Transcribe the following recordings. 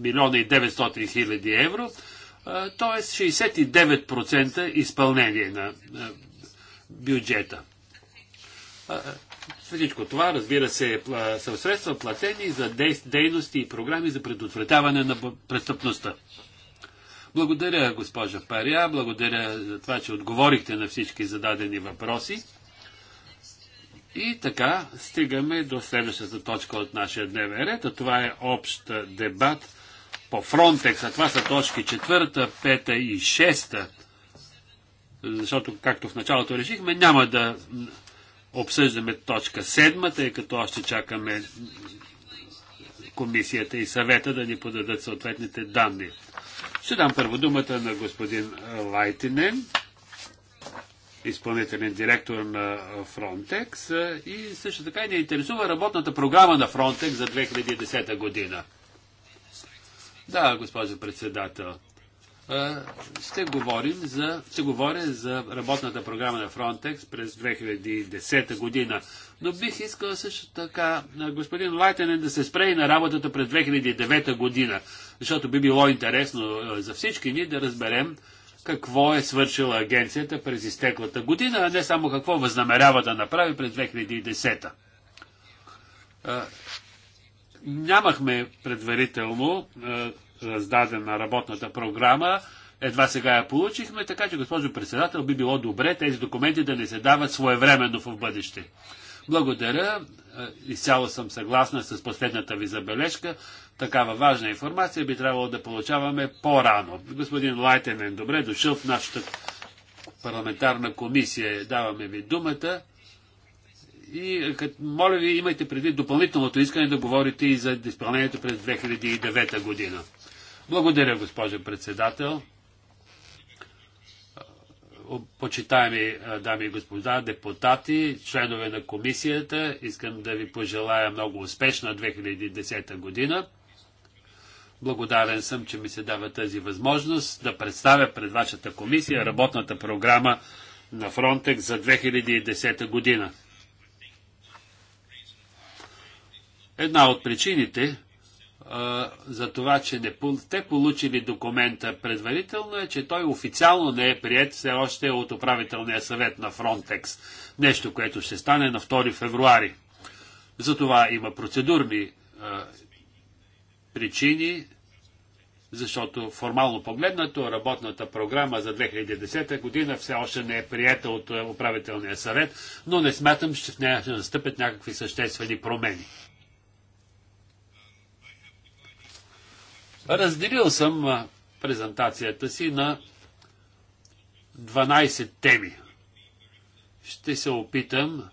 милиона и 900 хиляди евро, т.е. 69% изпълнение на бюджета. Всичко това, разбира се, са средства платени за дейности и програми за предотвратяване на престъпността. Благодаря, госпожа Паря, благодаря за това, че отговорихте на всички зададени въпроси. И така стигаме до следващата точка от нашия дневен ред, а това е общ дебат по Фронтекс, а това са точки четвърта, пета и шеста, защото, както в началото решихме, няма да обсъждаме точка седма, тъй като още чакаме комисията и съвета да ни подадат съответните данни. Ще дам първо думата на господин Лайтинен, изпълнителен директор на Фронтекс, и също така ни интересува работната програма на Фронтекс за 2010 година. Да, госпожо председател. Ще говорим за, ще говоря за работната програма на Frontex през 2010 година. Но бих искал също така господин Лайтенен да се спре и на работата през 2009 година, защото би било интересно за всички ни да разберем какво е свършила агенцията през изтеклата година, а не само какво възнамерява да направи през 2010. Нямахме предварително раздадена работната програма. Едва сега я получихме, така че, госпожо председател, би било добре тези документи да не се дават своевременно в бъдеще. Благодаря. Е, изцяло съм съгласна с последната ви забележка. Такава важна информация би трябвало да получаваме по-рано. Господин Лайтенен, добре дошъл в нашата парламентарна комисия. Даваме ви думата. И е, моля ви, имайте преди допълнителното искане да говорите и за изпълнението през 2009 година. Благодаря, госпожо председател. Почитаеми дами и господа, депутати, членове на комисията, искам да ви пожелая много успешна 2010 година. Благодарен съм, че ми се дава тази възможност да представя пред вашата комисия работната програма на Фронтекс за 2010 година. Една от причините, а, за това, че не, те получили документа предварително е, че той официално не е прият все още от управителния съвет на Фронтекс. Нещо, което ще стане на 2 февруари. Затова има процедурни а, причини, защото формално погледнато работната програма за 2010 година все още не е прията от управителния съвет, но не смятам, че в нея ще настъпят някакви съществени промени. Разделил съм презентацията си на 12 теми. Ще се опитам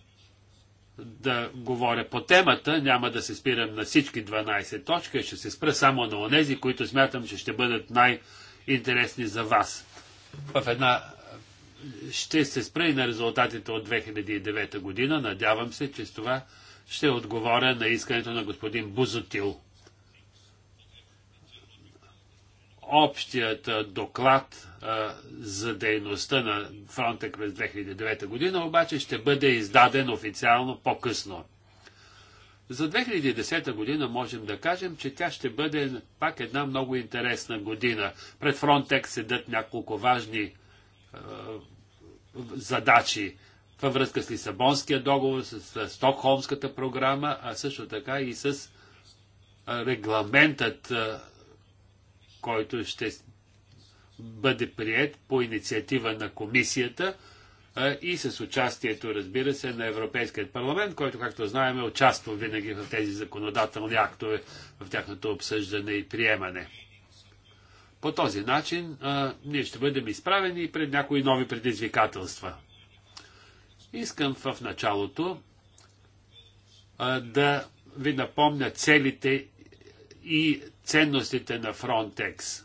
да говоря по темата, няма да се спирам на всички 12 точки, ще се спра само на онези, които смятам, че ще бъдат най-интересни за вас. В една ще се спра и на резултатите от 2009 година. Надявам се, че с това ще отговоря на искането на господин Бузотил. общият доклад за дейността на Фронтек през 2009 година, обаче ще бъде издаден официално по-късно. За 2010 година можем да кажем, че тя ще бъде пак една много интересна година. Пред Фронтек седат няколко важни е, задачи във връзка с Лисабонския договор, с, с Стокхолмската програма, а също така и с регламентът който ще бъде прият по инициатива на комисията и с участието, разбира се, на Европейският парламент, който, както знаем, е винаги в тези законодателни актове, в тяхното обсъждане и приемане. По този начин а, ние ще бъдем изправени и пред някои нови предизвикателства. Искам в началото а, да ви напомня целите и ценностите на Фронтекс.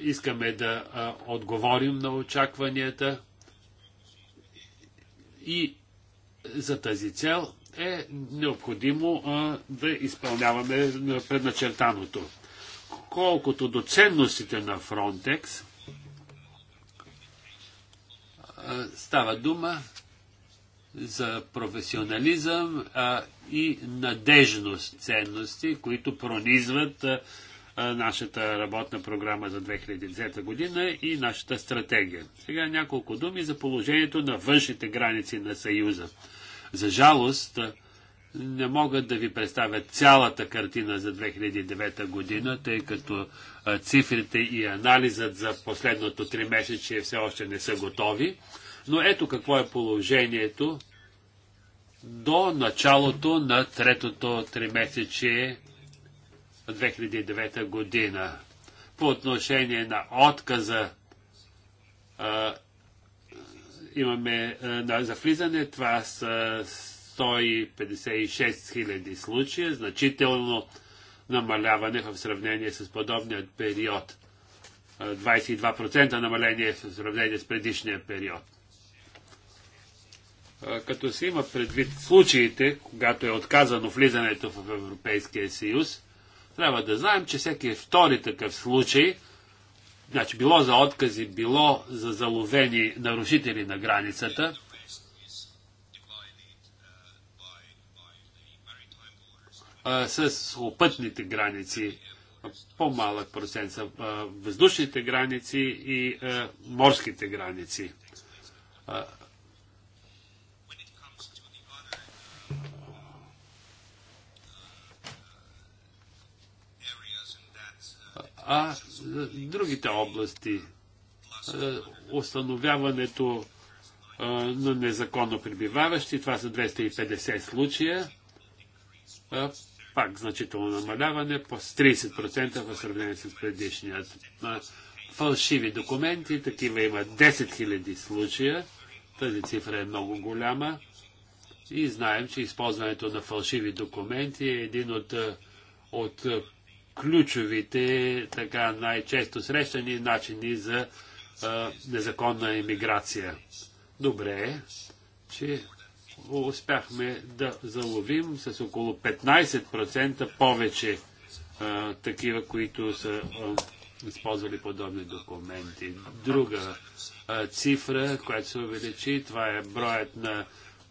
Искаме да а, отговорим на очакванията и за тази цел е необходимо а, да изпълняваме предначертаното. Колкото до ценностите на Фронтекс, става дума за професионализъм а, и надежност ценности, които пронизват а, а, нашата работна програма за 2010 година и нашата стратегия. Сега няколко думи за положението на външните граници на Съюза. За жалост, не могат да ви представя цялата картина за 2009 година, тъй като а, цифрите и анализът за последното три месече все още не са готови. Но ето какво е положението до началото на третото тримесечие 2009 година. По отношение на отказа а, имаме а, за влизане, това са 156 000 случая, значително намаляване в сравнение с подобният период. 22% намаление в сравнение с предишния период като се има предвид случаите, когато е отказано влизането в Европейския съюз, трябва да знаем, че всеки е втори такъв случай, значи било за откази, било за заловени нарушители на границата, с опътните граници, по-малък процент са въздушните граници и морските граници. а е, другите области, е, установяването е, на незаконно прибиваващи, това са 250 случая, пак значително намаляване, по 30% в сравнение с предишният. Фалшиви документи, такива има 10 000 случая, тази цифра е много голяма и знаем, че използването на фалшиви документи е един от, от ключовите, така най-често срещани начини за а, незаконна емиграция. Добре, е, че успяхме да заловим с около 15% повече а, такива, които са а, използвали подобни документи. Друга а, цифра, която се увеличи, това е броят на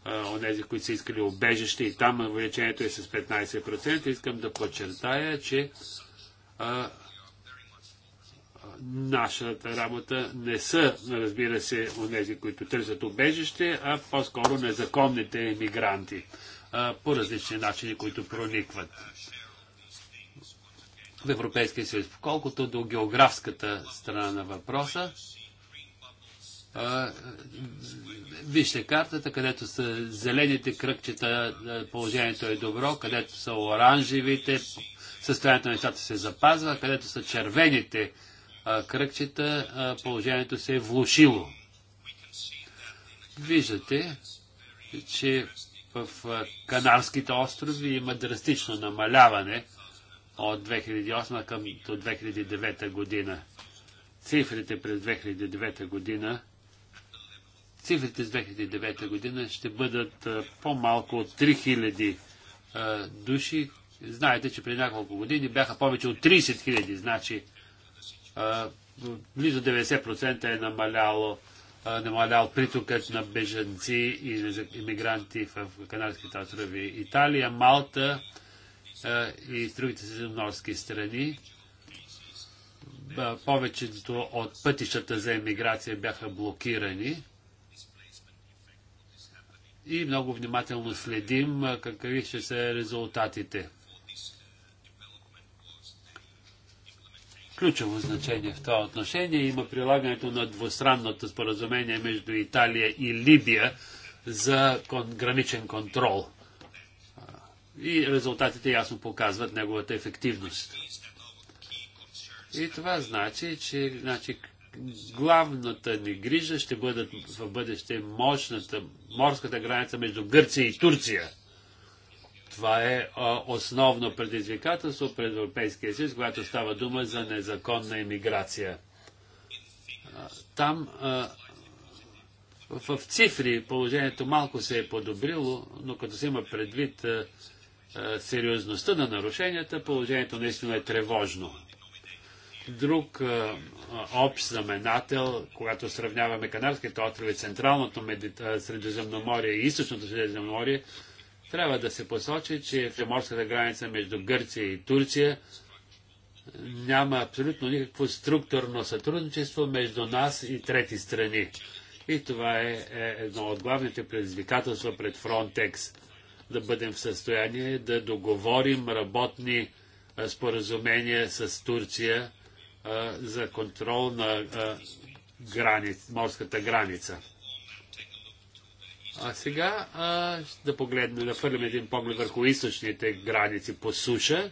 от тези, които са искали обежище и там увеличението е с 15%. Искам да подчертая, че а, нашата работа не са, разбира се, от тези, които търсят обежище, а по-скоро незаконните емигранти а, по различни начини, които проникват в Европейския съюз. Колкото до географската страна на въпроса, Вижте картата, където са зелените кръгчета, положението е добро, където са оранжевите, състоянието на нещата се запазва, където са червените кръгчета, положението се е влушило. Виждате, че в Канарските острови има драстично намаляване от 2008 към до 2009 година. Цифрите през 2009 година Цифрите с 2009 година ще бъдат по-малко от 3000 души. Знаете, че при няколко години бяха повече от 30 000, значи близо 90% е намаляло намалял притокът на беженци и иммигранти в Канарските острови. Италия, Малта и другите средноморски страни. Повечето от пътищата за емиграция бяха блокирани и много внимателно следим какви ще са резултатите. Ключово значение в това отношение има прилагането на двустранното споразумение между Италия и Либия за граничен контрол. И резултатите ясно показват неговата ефективност. И това значи, че значи, главната ни грижа ще бъдат в бъдеще мощната, морската граница между Гърция и Турция. Това е а, основно предизвикателство пред Европейския съюз, когато става дума за незаконна иммиграция. А, там а, в, в цифри положението малко се е подобрило, но като се има предвид сериозността на нарушенията, положението наистина е тревожно друг а, общ знаменател, когато сравняваме Канарските острови, Централното Медит... Средиземноморие и Източното Средиземноморие, трябва да се посочи, че в морската граница между Гърция и Турция няма абсолютно никакво структурно сътрудничество между нас и трети страни. И това е, е едно от главните предизвикателства пред Фронтекс. Да бъдем в състояние да договорим работни споразумения с Турция за контрол на морската граница. А сега а, да погледнем, да фърлим един поглед върху източните граници по суша.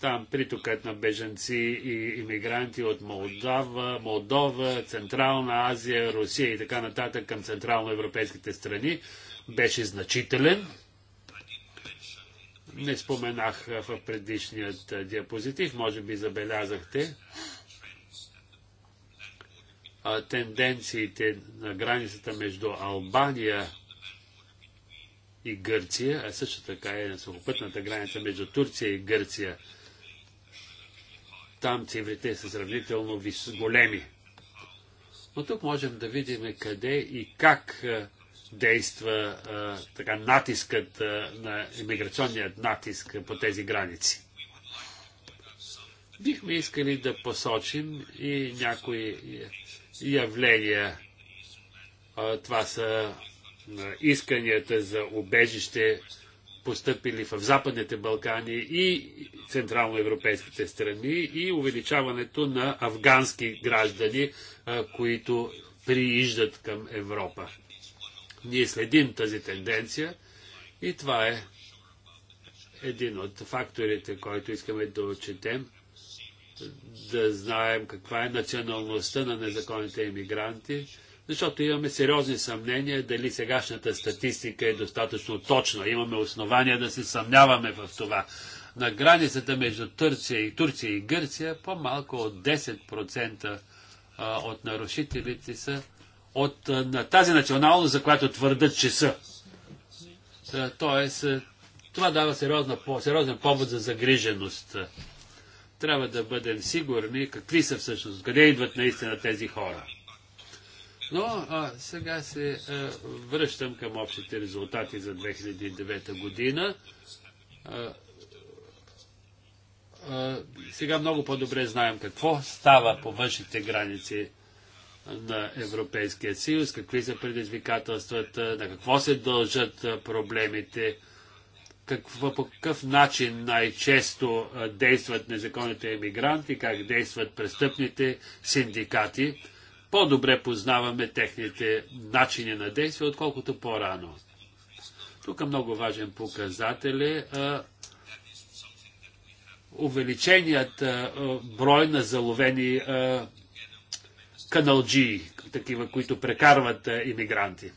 Там притокът на беженци и иммигранти от Молдова, Молдова, Централна Азия, Русия и така нататък към централноевропейските страни беше значителен не споменах в предишният диапозитив, може би забелязахте тенденциите на границата между Албания и Гърция, а също така и на сухопътната граница между Турция и Гърция. Там цифрите са сравнително големи. Но тук можем да видим къде и как действа а, така натискът а, на иммиграционният натиск по тези граници. Бихме искали да посочим и някои явления. А, това са исканията за убежище, постъпили в Западните Балкани и Централноевропейските страни и увеличаването на афгански граждани, които прииждат към Европа. Ние следим тази тенденция и това е един от факторите, който искаме да отчетем, да знаем каква е националността на незаконните иммигранти, защото имаме сериозни съмнения дали сегашната статистика е достатъчно точна. Имаме основания да се съмняваме в това. На границата между Турция и Турция и Гърция по-малко от 10% от нарушителите са от на тази националност, за която твърдат, че са. Е, тоест, е, това дава сериозна, сериозен повод за загриженост. Трябва да бъдем сигурни какви са всъщност, къде идват наистина тези хора. Но а, сега се а, връщам към общите резултати за 2009 година. А, а, сега много по-добре знаем какво става по външните граници на Европейския съюз, какви са предизвикателствата, на какво се дължат проблемите, какво, по какъв начин най-често действат незаконните емигранти, как действат престъпните синдикати. По-добре познаваме техните начини на действие, отколкото по-рано. Тук е много важен показател е увеличеният брой на заловени а, каналджии, такива, които прекарват е, иммигранти.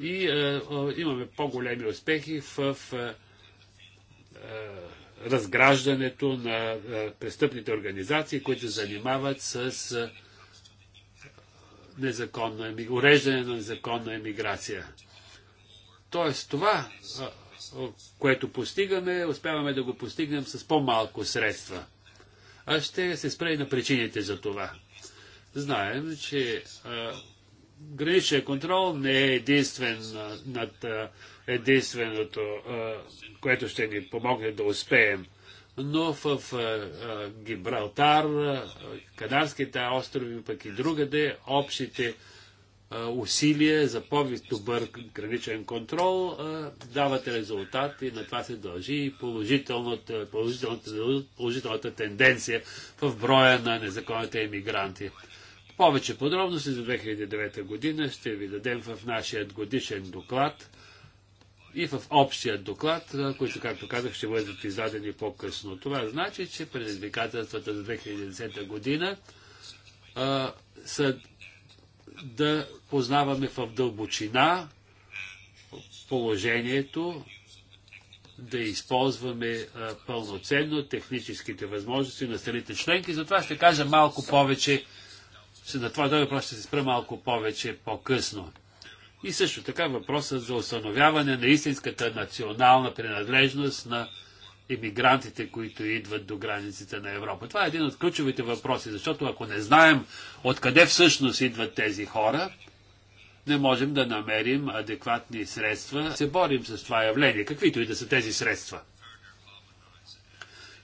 И е, имаме по-големи успехи в е, разграждането на престъпните организации, които занимават с незаконно уреждане на незаконна емиграция. Тоест това, което постигаме, успяваме да го постигнем с по-малко средства а ще се спре и на причините за това. Знаем, че а, граничен контрол не е единствен над единственото, а, което ще ни помогне да успеем. Но в а, Гибралтар, Канарските острови, пък и другаде, общите усилие за по-добър граничен контрол дават резултат и на това се дължи и положителната, положителната, положителната тенденция в броя на незаконните емигранти. Повече подробности за 2009 година ще ви дадем в нашия годишен доклад и в общия доклад, които, както казах, ще бъдат издадени по-късно. Това значи, че предизвикателствата за 2010 година а, са да познаваме в дълбочина положението, да използваме пълноценно техническите възможности на страните членки. Затова ще кажа малко повече, ще на това този въпрос ще се спра малко повече по-късно. И също така въпросът за установяване на истинската национална принадлежност на иммигрантите, които идват до границите на Европа. Това е един от ключовите въпроси, защото ако не знаем откъде всъщност идват тези хора, не можем да намерим адекватни средства. Се борим с това явление, каквито и да са тези средства.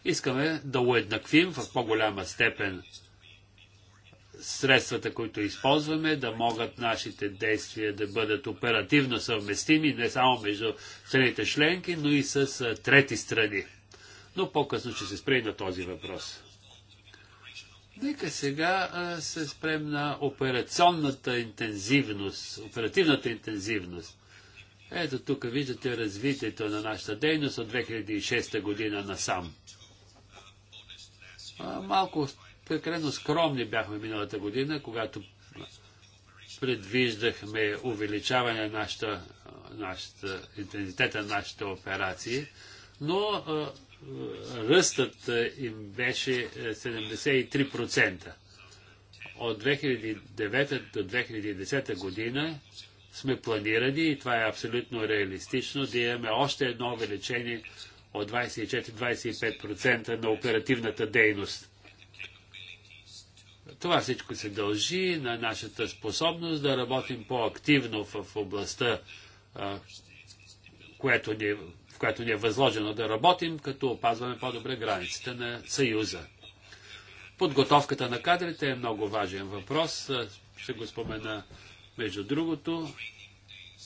Искаме да уеднаквим в по-голяма степен средствата, които използваме, да могат нашите действия да бъдат оперативно съвместими не само между страните членки, но и с трети страни но по-късно ще се спре на този въпрос. Нека сега а, се спрем на операционната интензивност, оперативната интензивност. Ето тук виждате развитието на нашата дейност от 2006 година насам. А, малко прекалено скромни бяхме миналата година, когато предвиждахме увеличаване на нашата, нашата, интензитета на нашите операции, но а, ръстът е, им беше 73%. Е, от 2009 до 2010 година сме планирани и това е абсолютно реалистично да имаме още едно увеличение от 24-25% на оперативната дейност. Това всичко се дължи на нашата способност да работим по-активно в областта, която ни е която ни е възложено да работим, като опазваме по-добре границите на Съюза. Подготовката на кадрите е много важен въпрос. Ще го спомена между другото.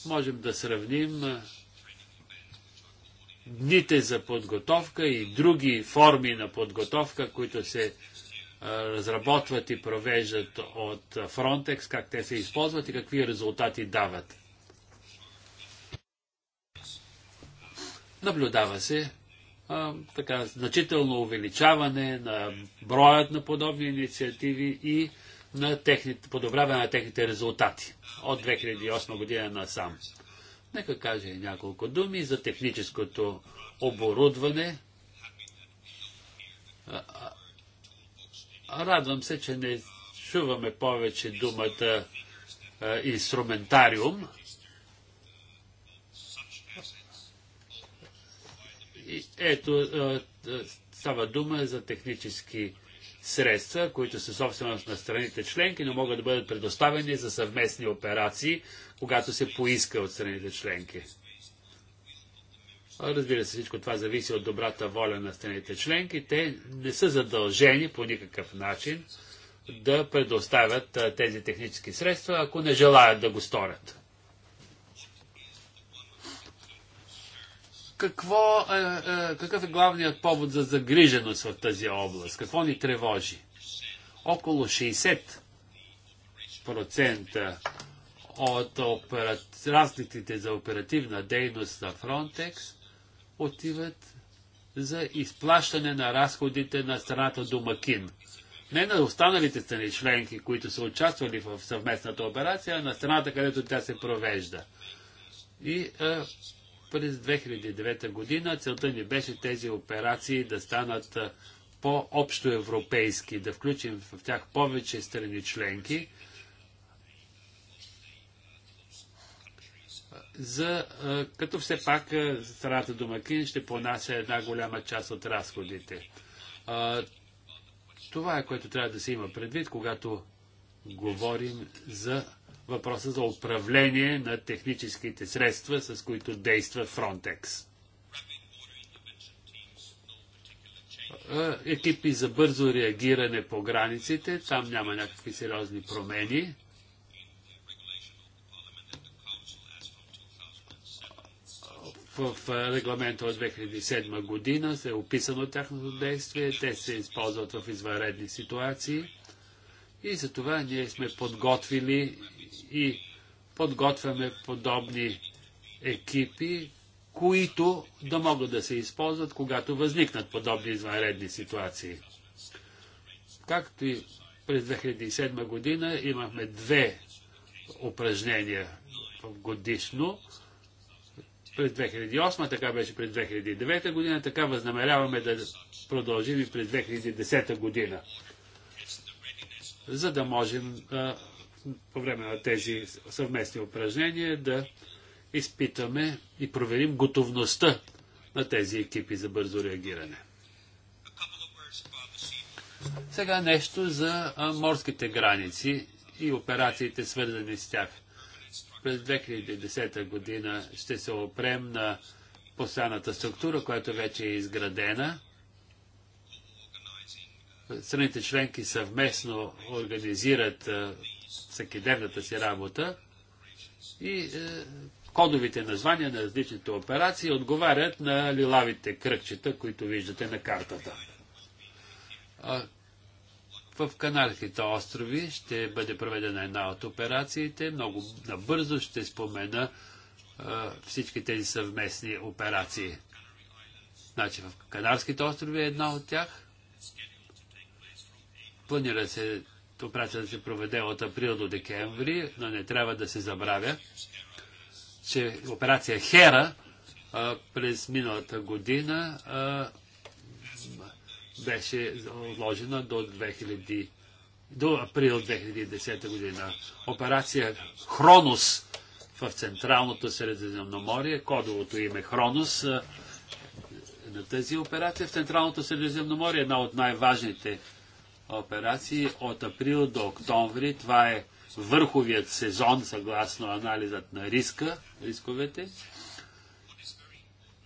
Можем да сравним дните за подготовка и други форми на подготовка, които се разработват и провеждат от Frontex, как те се използват и какви резултати дават. Наблюдава се а, така, значително увеличаване на броят на подобни инициативи и на техните, подобряване на техните резултати от 2008 година насам. Нека каже няколко думи за техническото оборудване. Радвам се, че не чуваме повече думата инструментариум, ето, става дума за технически средства, които са собственост на страните членки, но могат да бъдат предоставени за съвместни операции, когато се поиска от страните членки. Разбира се, всичко това зависи от добрата воля на страните членки. Те не са задължени по никакъв начин да предоставят тези технически средства, ако не желаят да го сторят. какво, е, е, какъв е главният повод за загриженост в тази област? Какво ни тревожи? Около 60% от разликите за оперативна дейност на Frontex отиват за изплащане на разходите на страната Домакин. Не на останалите страни членки, които са участвали в съвместната операция, а на страната, където тя се провежда. И е, през 2009 година целта ни беше тези операции да станат по-общо европейски, да включим в тях повече страни членки, за, като все пак страната домакин ще понася една голяма част от разходите. Това е което трябва да се има предвид, когато говорим за въпроса за управление на техническите средства, с които действа Фронтекс. Екипи за бързо реагиране по границите, там няма някакви сериозни промени. в регламента от 2007 година се е описано тяхното действие, те се използват в извънредни ситуации и за това ние сме подготвили и подготвяме подобни екипи, които да могат да се използват, когато възникнат подобни извънредни ситуации. Както и през 2007 година имахме две упражнения годишно. През 2008, така беше през 2009 година, така възнамеряваме да продължим и през 2010 година, за да можем а, по време на тези съвместни упражнения да изпитаме и проверим готовността на тези екипи за бързо реагиране. Сега нещо за морските граници и операциите свързани с тях. През 2010 година ще се опрем на постоянната структура, която вече е изградена. Страните членки съвместно организират всекидневната си работа и е, кодовите названия на различните операции отговарят на лилавите кръгчета, които виждате на картата. А, в Канарските острови ще бъде проведена една от операциите. Много набързо ще спомена е, всички тези съвместни операции. Значи в Канарските острови е една от тях. Планира се да се проведе от април до декември, но не трябва да се забравя, че операция Хера а, през миналата година а, беше отложена до 2000 до април 2010 година. Операция Хронос в Централното Средиземноморие, кодовото име Хронос, на тази операция в Централното Средиземноморие, една от най-важните операции от април до октомври. Това е върховият сезон, съгласно анализът на риска, рисковете.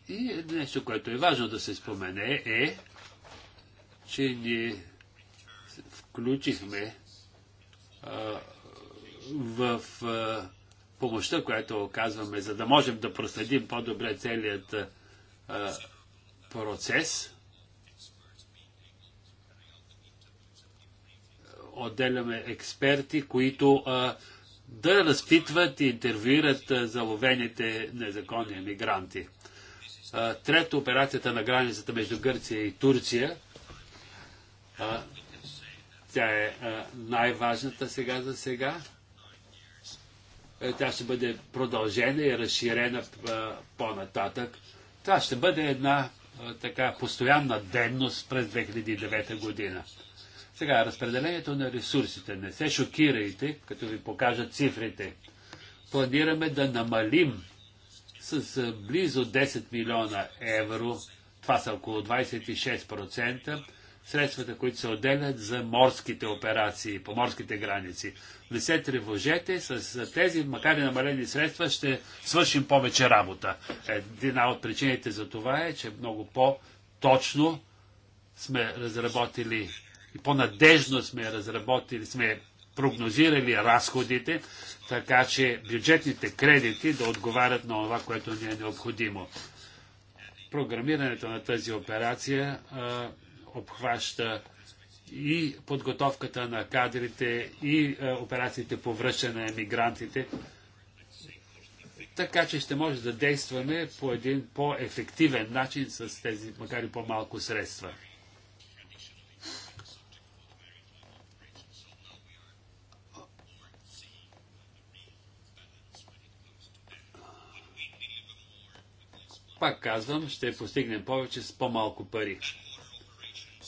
И нещо, което е важно да се спомене е, че ние включихме а, в а, помощта, която оказваме, за да можем да проследим по-добре целият а, процес отделяме експерти, които а, да разпитват и интервюират заловените незаконни мигранти. трето, операцията на границата между Гърция и Турция. А, тя е най-важната сега за сега. Е, тя ще бъде продължена и разширена по-нататък. Това ще бъде една така постоянна денност през 2009 година. Сега, разпределението на ресурсите. Не се шокирайте, като ви покажа цифрите. Планираме да намалим с близо 10 милиона евро, това са около 26%, средствата, които се отделят за морските операции, по морските граници. Не се тревожете, с тези, макар и намалени средства, ще свършим повече работа. Една от причините за това е, че много по-точно сме разработили и по-надежно сме разработили, сме прогнозирали разходите, така че бюджетните кредити да отговарят на това, което ни е необходимо. Програмирането на тази операция а, обхваща и подготовката на кадрите, и а, операциите по връщане на мигрантите, така че ще може да действаме по един по-ефективен начин с тези, макар и по-малко средства. Пак казвам, ще постигнем повече с по-малко пари.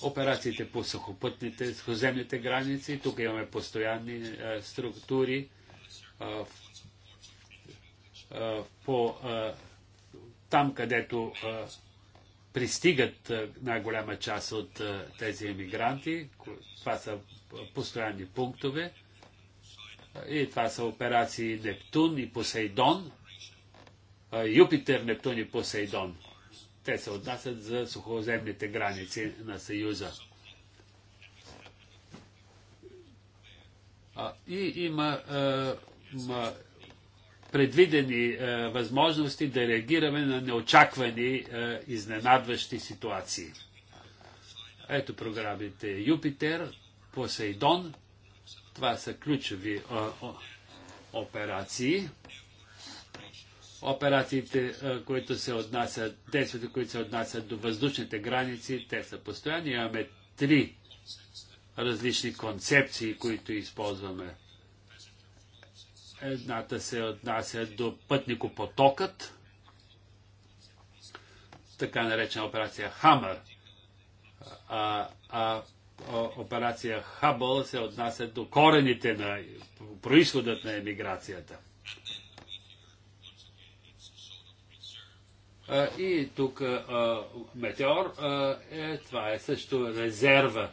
Операциите по сухопътните, сухоземните граници, тук имаме постоянни а, е, структури а, е, а, е, по там, където пристигат най-голяма част от тези емигранти. Това са постоянни пунктове. И това са операции Нептун и Посейдон. Юпитер, Нептун и Посейдон. Те се отнасят за сухоземните граници на Съюза. И има предвидени възможности да реагираме на неочаквани изненадващи ситуации. Ето програмите Юпитер, Посейдон. Това са ключови операции. Операциите, е, които се отнасят, действията, които се отнасят до въздушните граници, те са постоянни. Имаме три различни концепции, които използваме. Едната се отнася до пътникопотокът, така наречена операция Хамър. А, а операция Хабъл се отнася до корените на происходът на емиграцията. И тук Метеор, е, това е също резерва.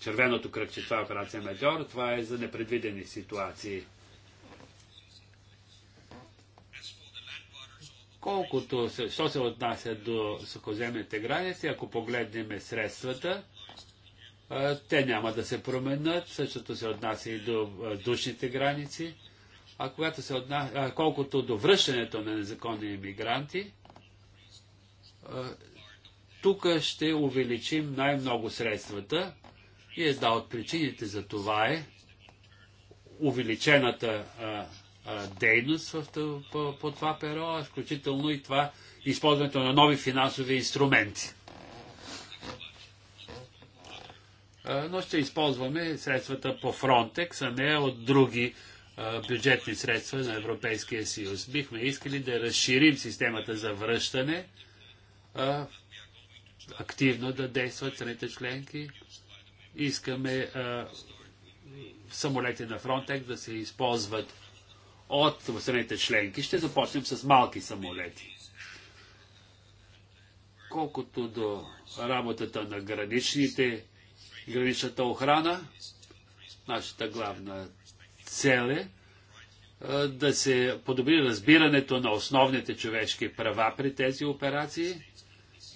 Червеното кръгче, това е операция Метеор, това е за непредвидени ситуации. Колкото, се, що се отнася до сухоземните граници, ако погледнем средствата, те няма да се променят. Същото се отнася и до душните граници. А когато се отна... а, колкото до връщането на незаконни иммигранти, тук ще увеличим най-много средствата и една от причините за това е увеличената а, а, дейност в, по, по това перо, включително и това използването на нови финансови инструменти. но ще използваме средствата по Frontex, а не от други бюджетни средства на Европейския съюз. Бихме искали да разширим системата за връщане, а, активно да действат страните членки. Искаме самолети на фронтек да се използват от страните членки. Ще започнем с малки самолети. Колкото до работата на граничните, граничната охрана, нашата главна цел е да се подобри разбирането на основните човешки права при тези операции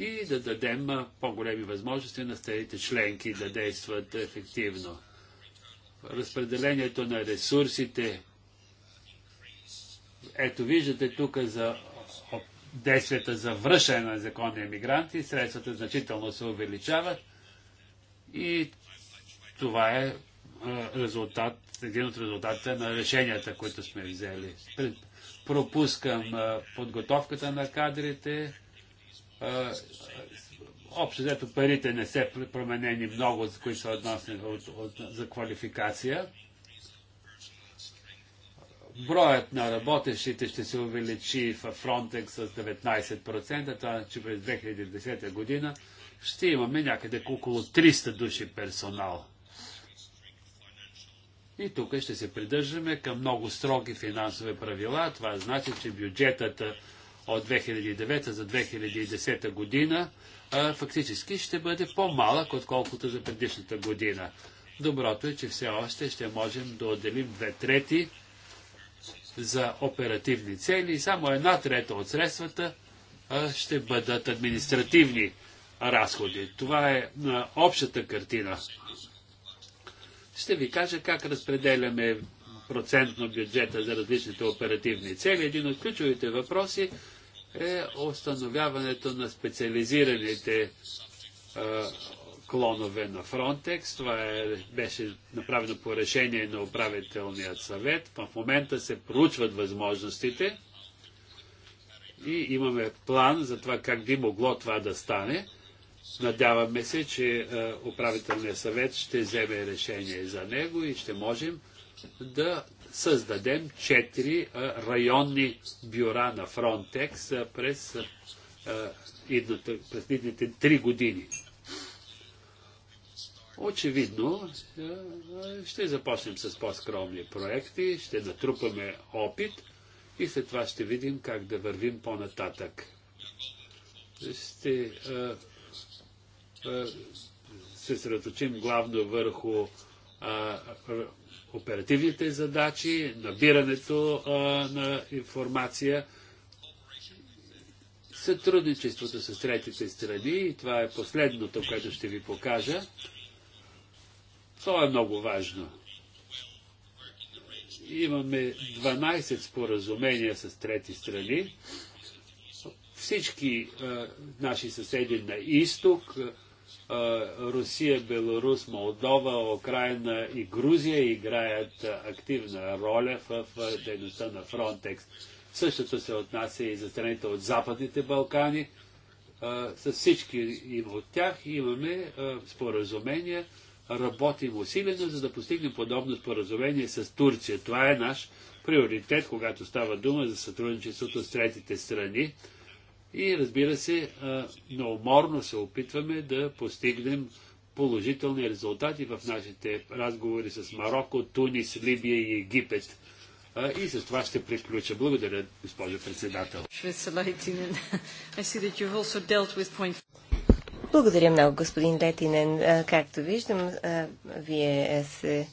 и да дадем по-големи възможности на старите членки да действат ефективно. Разпределението на ресурсите. Ето виждате тук за действията за връщане на законни емигранти. Средствата значително се увеличават и това е резултат, един от резултатите на решенията, които сме взели. Пропускам подготовката на кадрите. Общо взето парите не се променени много, за които са относни от, от, за квалификация. Броят на работещите ще се увеличи в Frontex с 19%, това че значи през 2010 година ще имаме някъде около 300 души персонал. И тук ще се придържаме към много строги финансови правила. Това значи, че бюджетът от 2009 за 2010 година а, фактически ще бъде по-малък, отколкото за предишната година. Доброто е, че все още ще можем да отделим две трети за оперативни цели и само една трета от средствата а, ще бъдат административни разходи. Това е а, общата картина ще ви кажа как разпределяме процентно бюджета за различните оперативни цели. Един от ключовите въпроси е установяването на специализираните а, клонове на Фронтекс. Това е, беше направено по решение на управителният съвет. В момента се проучват възможностите и имаме план за това как би могло това да стане. Надяваме се, че е, управителният съвет ще вземе решение за него и ще можем да създадем четири е, районни бюра на Фронтекс през, е, през идните три години. Очевидно ще започнем с по-скромни проекти, ще натрупаме опит и след това ще видим как да вървим по-нататък. Ще е, се средоточим главно върху а, оперативните задачи, набирането а, на информация, сътрудничеството с третите страни, и това е последното, което ще ви покажа, то е много важно. Имаме 12 споразумения с трети страни. Всички а, наши съседи на изток, Русия, Беларус, Молдова, Украина и Грузия играят активна роля в дейността на Фронтекс. Същото се отнася и за страните от Западните Балкани. С всички им от тях имаме споразумения, работим усилено, за да постигнем подобно споразумение с Турция. Това е наш приоритет, когато става дума за сътрудничеството с третите страни и разбира се, науморно се опитваме да постигнем положителни резултати в нашите разговори с Марокко, Тунис, Либия и Египет. И с това ще приключа. Благодаря, госпожо председател. Благодаря много, господин Летинен. Както виждам, вие се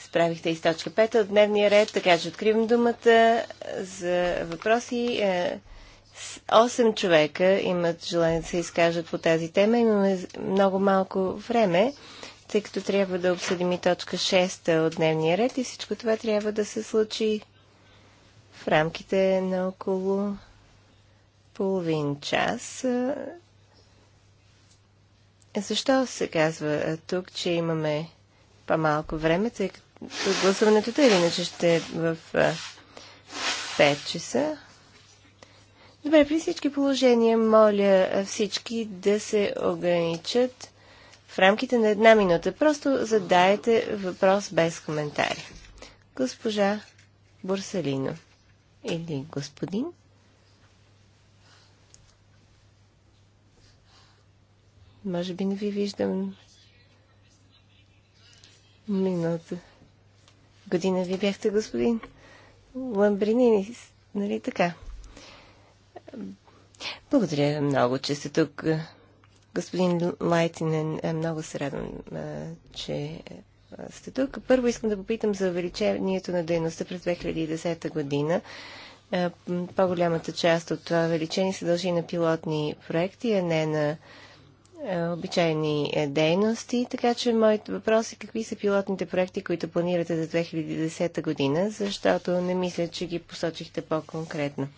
справихте и с точка 5 от дневния ред, така че откривам думата за въпроси. Осем човека имат желание да се изкажат по тази тема, но много малко време, тъй като трябва да обсъдим и точка 6 от дневния ред и всичко това трябва да се случи в рамките на около половин час. Защо се казва тук, че имаме по-малко време, тъй като гласуването е иначе ще е в 5 часа? Добре, при всички положения моля всички да се ограничат в рамките на една минута. Просто задайте въпрос без коментари. Госпожа Борсалино или господин. Може би не ви виждам минута. Година ви бяхте господин Ламбринини, нали така? Благодаря много, че сте тук. Господин Лайтинен, много се радвам, че сте тук. Първо искам да попитам за увеличението на дейността през 2010 година. По-голямата част от това увеличение се дължи на пилотни проекти, а не на обичайни дейности. Така че моят въпрос е какви са пилотните проекти, които планирате за 2010 година, защото не мисля, че ги посочихте по-конкретно.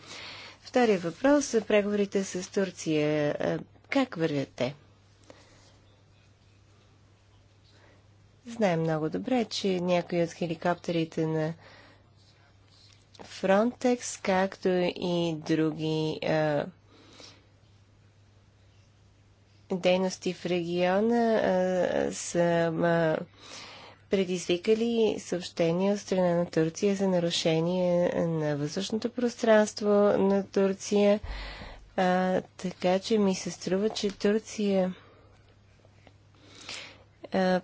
Втория въпрос за е преговорите с Турция. Е, как вървят те? Знаем много добре, че някои от хеликоптерите на Фронтекс, както и други а, е, дейности в региона, а, са а, предизвикали съобщения от страна на Турция за нарушение на въздушното пространство на Турция. А, така че ми се струва, че Турция а,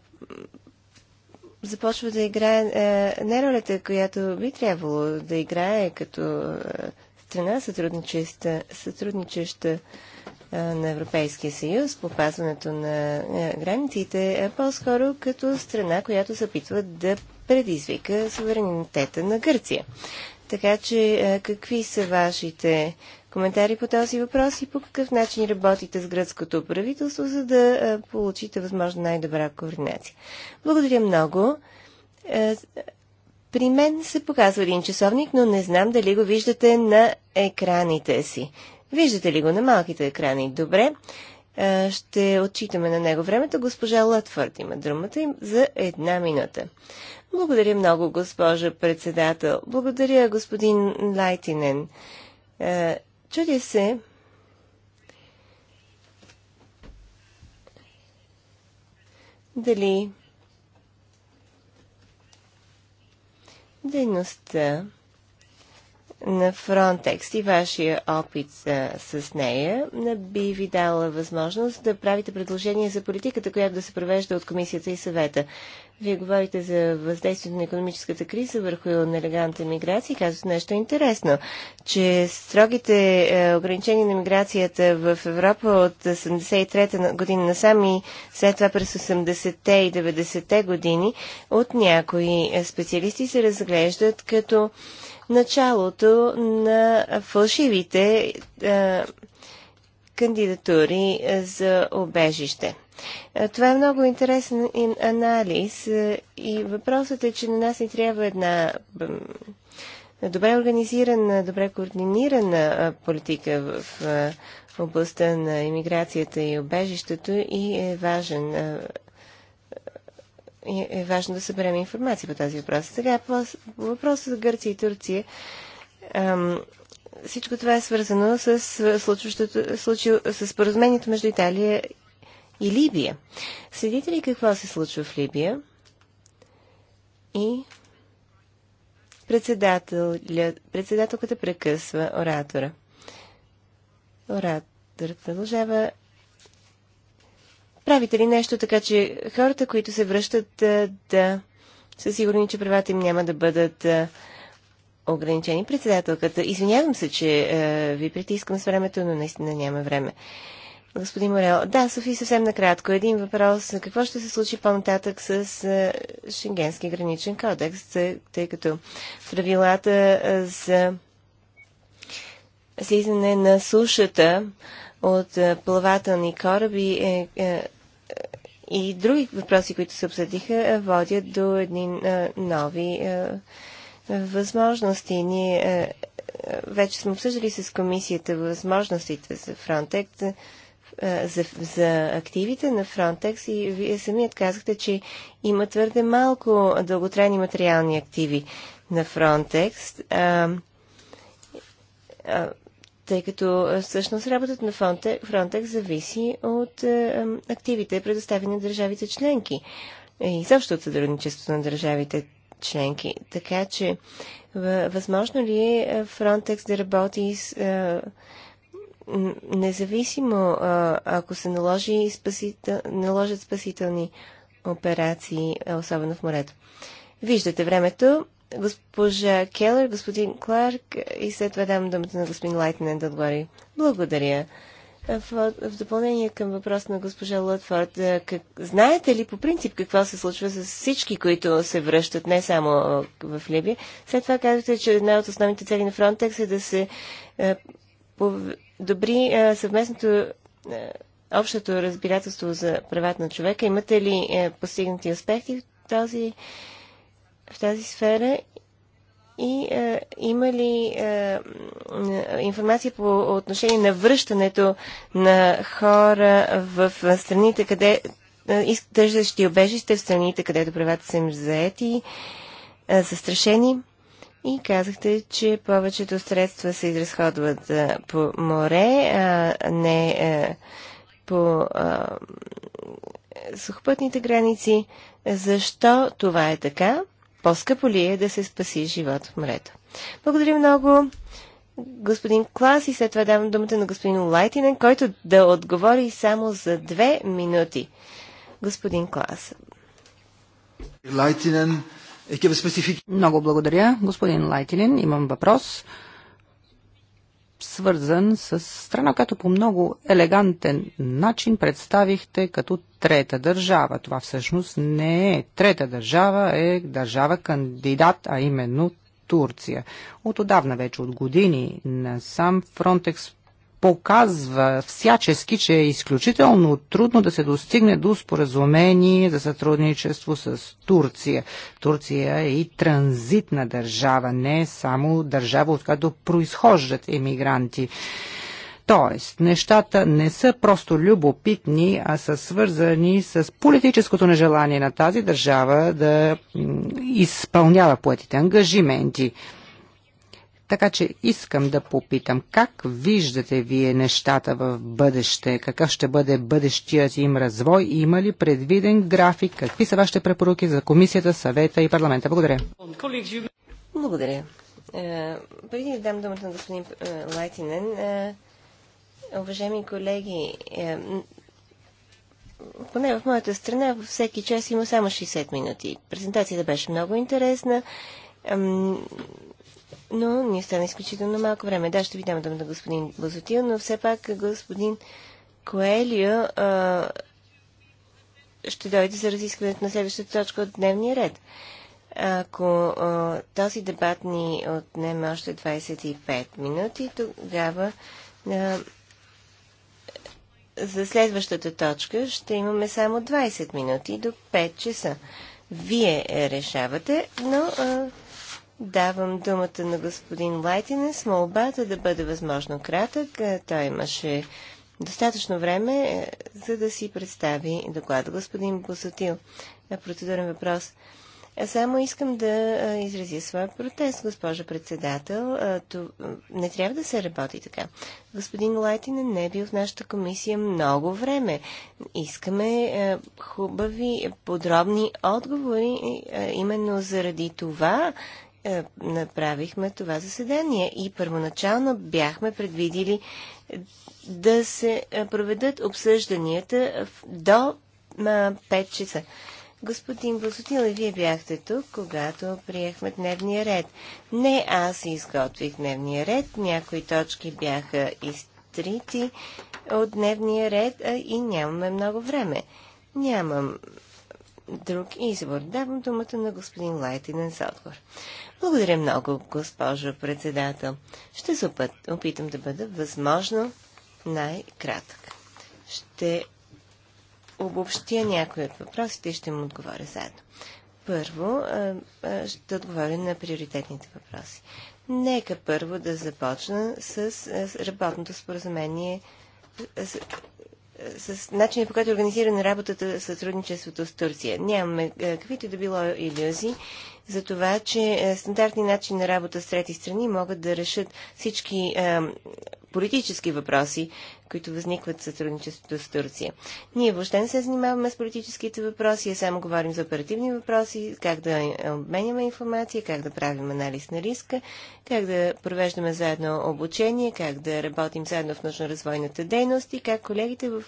започва да играе а, не ролята, която би трябвало да играе като а, страна сътрудничеща, сътрудничеща на Европейския съюз по пазването на границите, а по-скоро като страна, която се опитва да предизвика суверенитета на Гърция. Така че какви са вашите коментари по този въпрос и по какъв начин работите с гръцкото правителство, за да получите възможно най-добра координация? Благодаря много. При мен се показва един часовник, но не знам дали го виждате на екраните си. Виждате ли го на малките екрани? Добре. Ще отчитаме на него времето. Госпожа Лътфорд има думата им за една минута. Благодаря много, госпожа председател. Благодаря, господин Лайтинен. Чуди се, дали дейността на Frontex и вашия опит а, с нея би ви дала възможност да правите предложение за политиката, която да се провежда от комисията и съвета. Вие говорите за въздействието на економическата криза върху нелегалната миграция и казвате нещо интересно, че строгите ограничения на миграцията в Европа от 73-та година насам и след това през 80-те и 90-те години от някои специалисти се разглеждат като началото на фалшивите а, кандидатури за обежище. Това е много интересен анализ и въпросът е, че на нас ни трябва една добре организирана, добре координирана политика в областта на иммиграцията и обежището и е важен е важно да съберем информация по тази въпрос. Сега по въпроса за Гърция и Турция. Ам, всичко това е свързано с, случил, с споразумението между Италия и Либия. Следите ли какво се случва в Либия? И председателката прекъсва оратора. Оратор продължава. Правите ли нещо така, че хората, които се връщат да са сигурни, че правата им няма да бъдат ограничени? Председателката, извинявам се, че е, ви притискам с времето, но наистина няма време. Господин Морел, да, Софи, съвсем накратко. Един въпрос. Какво ще се случи по-нататък с е, Шенгенски граничен кодекс, тъй като правилата за слизане на сушата от плавателни кораби е, е и други въпроси, които се обсъдиха, е, водят до едни е, нови е, възможности. Ние вече сме обсъждали с комисията възможностите за Frontex, за, за активите на Frontex и вие самият казахте, че има твърде малко дълготрайни материални активи на Frontex. А, а, тъй като всъщност работата на Frontex зависи от активите, предоставени на държавите членки и също от сътрудничеството на държавите членки. Така че възможно ли е Frontex да работи с, независимо, ако се наложи спасител, наложат спасителни операции, особено в морето? Виждате времето госпожа Келър, господин Кларк и след това дам думата на господин Лайтнен да отговори. Благодаря. В, в допълнение към въпрос на госпожа Лотфорд, как, знаете ли по принцип какво се случва с всички, които се връщат, не само в Либия? След това казвате, че една от основните цели на Фронтекс е да се е, подобри е, съвместното е, общото разбирателство за правата на човека. Имате ли постигнати аспекти в този в тази сфера и а, е, има ли а, е, информация по отношение на връщането на хора в страните, къде е, тържащи обежище в страните, където правата са им заети, а, застрашени? И казахте, че повечето средства се изразходват а, по море, а не а, по а, сухопътните граници. Защо това е така? по-скъпо ли е да се спаси живот в морето? Благодаря много, господин Клас, и след това давам думата на господин Лайтинен, който да отговори само за две минути. Господин Клас. Лайтинен, е, Много благодаря, господин Лайтинен. Имам въпрос свързан с страна, която по много елегантен начин представихте като трета държава. Това всъщност не е трета държава, е държава кандидат, а именно Турция. От отдавна вече, от години насам, Фронтекс показва всячески, че е изключително трудно да се достигне до споразумение за сътрудничество с Турция. Турция е и транзитна държава, не е само държава, от която произхождат емигранти. Тоест, нещата не са просто любопитни, а са свързани с политическото нежелание на тази държава да изпълнява поетите ангажименти. Така че искам да попитам, как виждате вие нещата в бъдеще? Какъв ще бъде бъдещият им развой? Има ли предвиден график? Какви са вашите препоръки за комисията, съвета и парламента? Благодаря. Благодаря. Е, преди да дам думата на господин е, Лайтинен, е, уважаеми колеги, е, поне в моята страна във всеки час има само 60 минути. Презентацията беше много интересна но ни остана изключително малко време. Да, ще ви дам дума на господин Бозотил, но все пак господин Коелио а, ще дойде за разискването на следващата точка от дневния ред. Ако а, този дебат ни отнеме още 25 минути, тогава а, за следващата точка ще имаме само 20 минути до 5 часа. Вие решавате, но а, Давам думата на господин Лайтинес с молбата да бъде възможно кратък. Е, той имаше достатъчно време, е, за да си представи доклада. Господин Босотил, е процедурен въпрос. Само искам да изразя своя протест, госпожа председател. Не трябва да се работи така. Господин Лайтин, не е бил в нашата комисия много време. Искаме хубави, подробни отговори. Именно заради това е, направихме това заседание и първоначално бяхме предвидили да се е, проведат обсъжданията до 5 часа. Господин Босотил, и вие бяхте тук, когато приехме дневния ред. Не, аз изготвих дневния ред. Някои точки бяха изтрити от дневния ред а и нямаме много време. Нямам друг избор. Давам думата на господин Лайтинен за благодаря много, госпожо председател. Ще се опитам да бъда възможно най-кратък. Ще обобщя някои от въпросите и ще му отговоря заедно. Първо, ще отговоря на приоритетните въпроси. Нека първо да започна с работното споразумение с начина по който е организирана работата, сътрудничеството с Турция. Нямаме е, каквито да било иллюзии за това, че е, стандартни начин на работа с трети страни могат да решат всички е, политически въпроси, които възникват в сътрудничеството с Турция. Ние въобще не се занимаваме с политическите въпроси, а само говорим за оперативни въпроси, как да обменяме информация, как да правим анализ на риска, как да провеждаме заедно обучение, как да работим заедно в нужно развойната дейност и как колегите в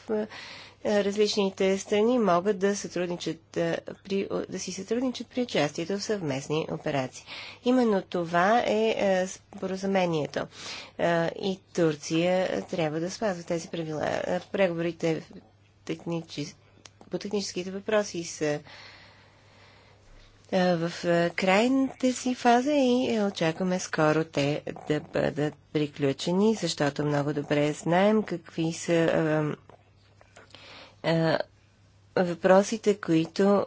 е, различните страни могат да, сътрудничат, е, при, да си сътрудничат при участието в съвместни операции. Именно това е, е споразумението. И Турция трябва да спазва тези правила. Преговорите по техническите въпроси са в крайната си фаза и очакваме скоро те да бъдат приключени, защото много добре знаем какви са а, е, въпросите, които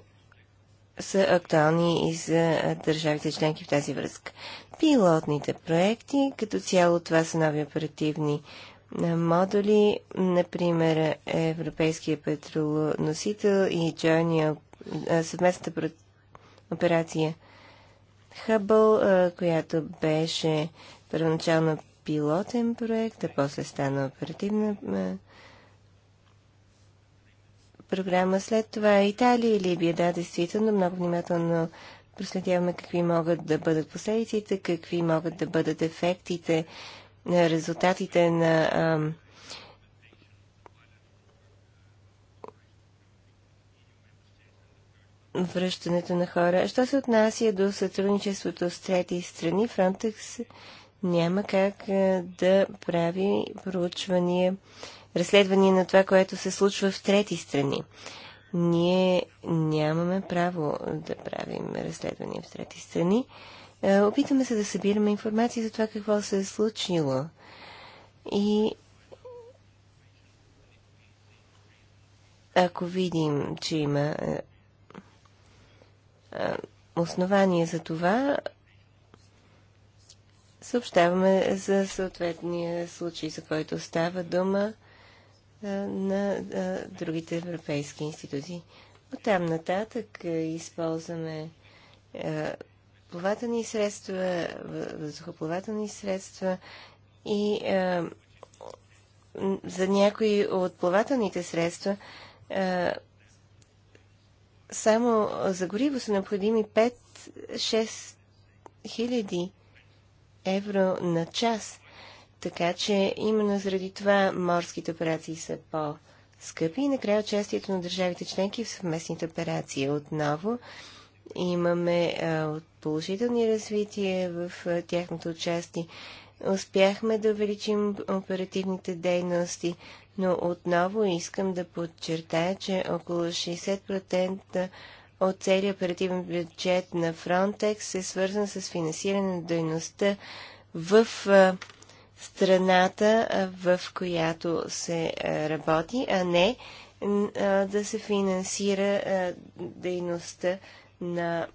са актуални и за държавите членки в тази връзка. Пилотните проекти, като цяло това са нови оперативни е, модули, например Европейския петролоносител и Джойния е, съвместната операция Хъбъл, която беше първоначално пилотен проект, а после стана оперативна програма. След това Италия и Либия. Да, действително, много внимателно проследяваме какви могат да бъдат последиците, какви могат да бъдат ефектите, на резултатите на ам, връщането на хора. Що се отнася до сътрудничеството с трети страни, Фронтекс няма как да прави проучвания разследвания на това, което се случва в трети страни. Ние нямаме право да правим разследвания в трети страни. Е, опитваме се да събираме информация за това какво се е случило. И ако видим, че има е, е, основания за това, съобщаваме за съответния случай, за който става дума на другите европейски институции. От там нататък използваме плавателни средства, въздухоплавателни средства и за някои от плавателните средства само за гориво са необходими 5-6 хиляди евро на час. Така че именно заради това морските операции са по-скъпи и накрая участието на държавите членки в съвместните операции. Отново имаме положителни развития в тяхното участие. Успяхме да увеличим оперативните дейности, но отново искам да подчертая, че около 60% от целият оперативен бюджет на Frontex е свързан с финансиране на дейността в страната, в която се работи, а не да се финансира дейността на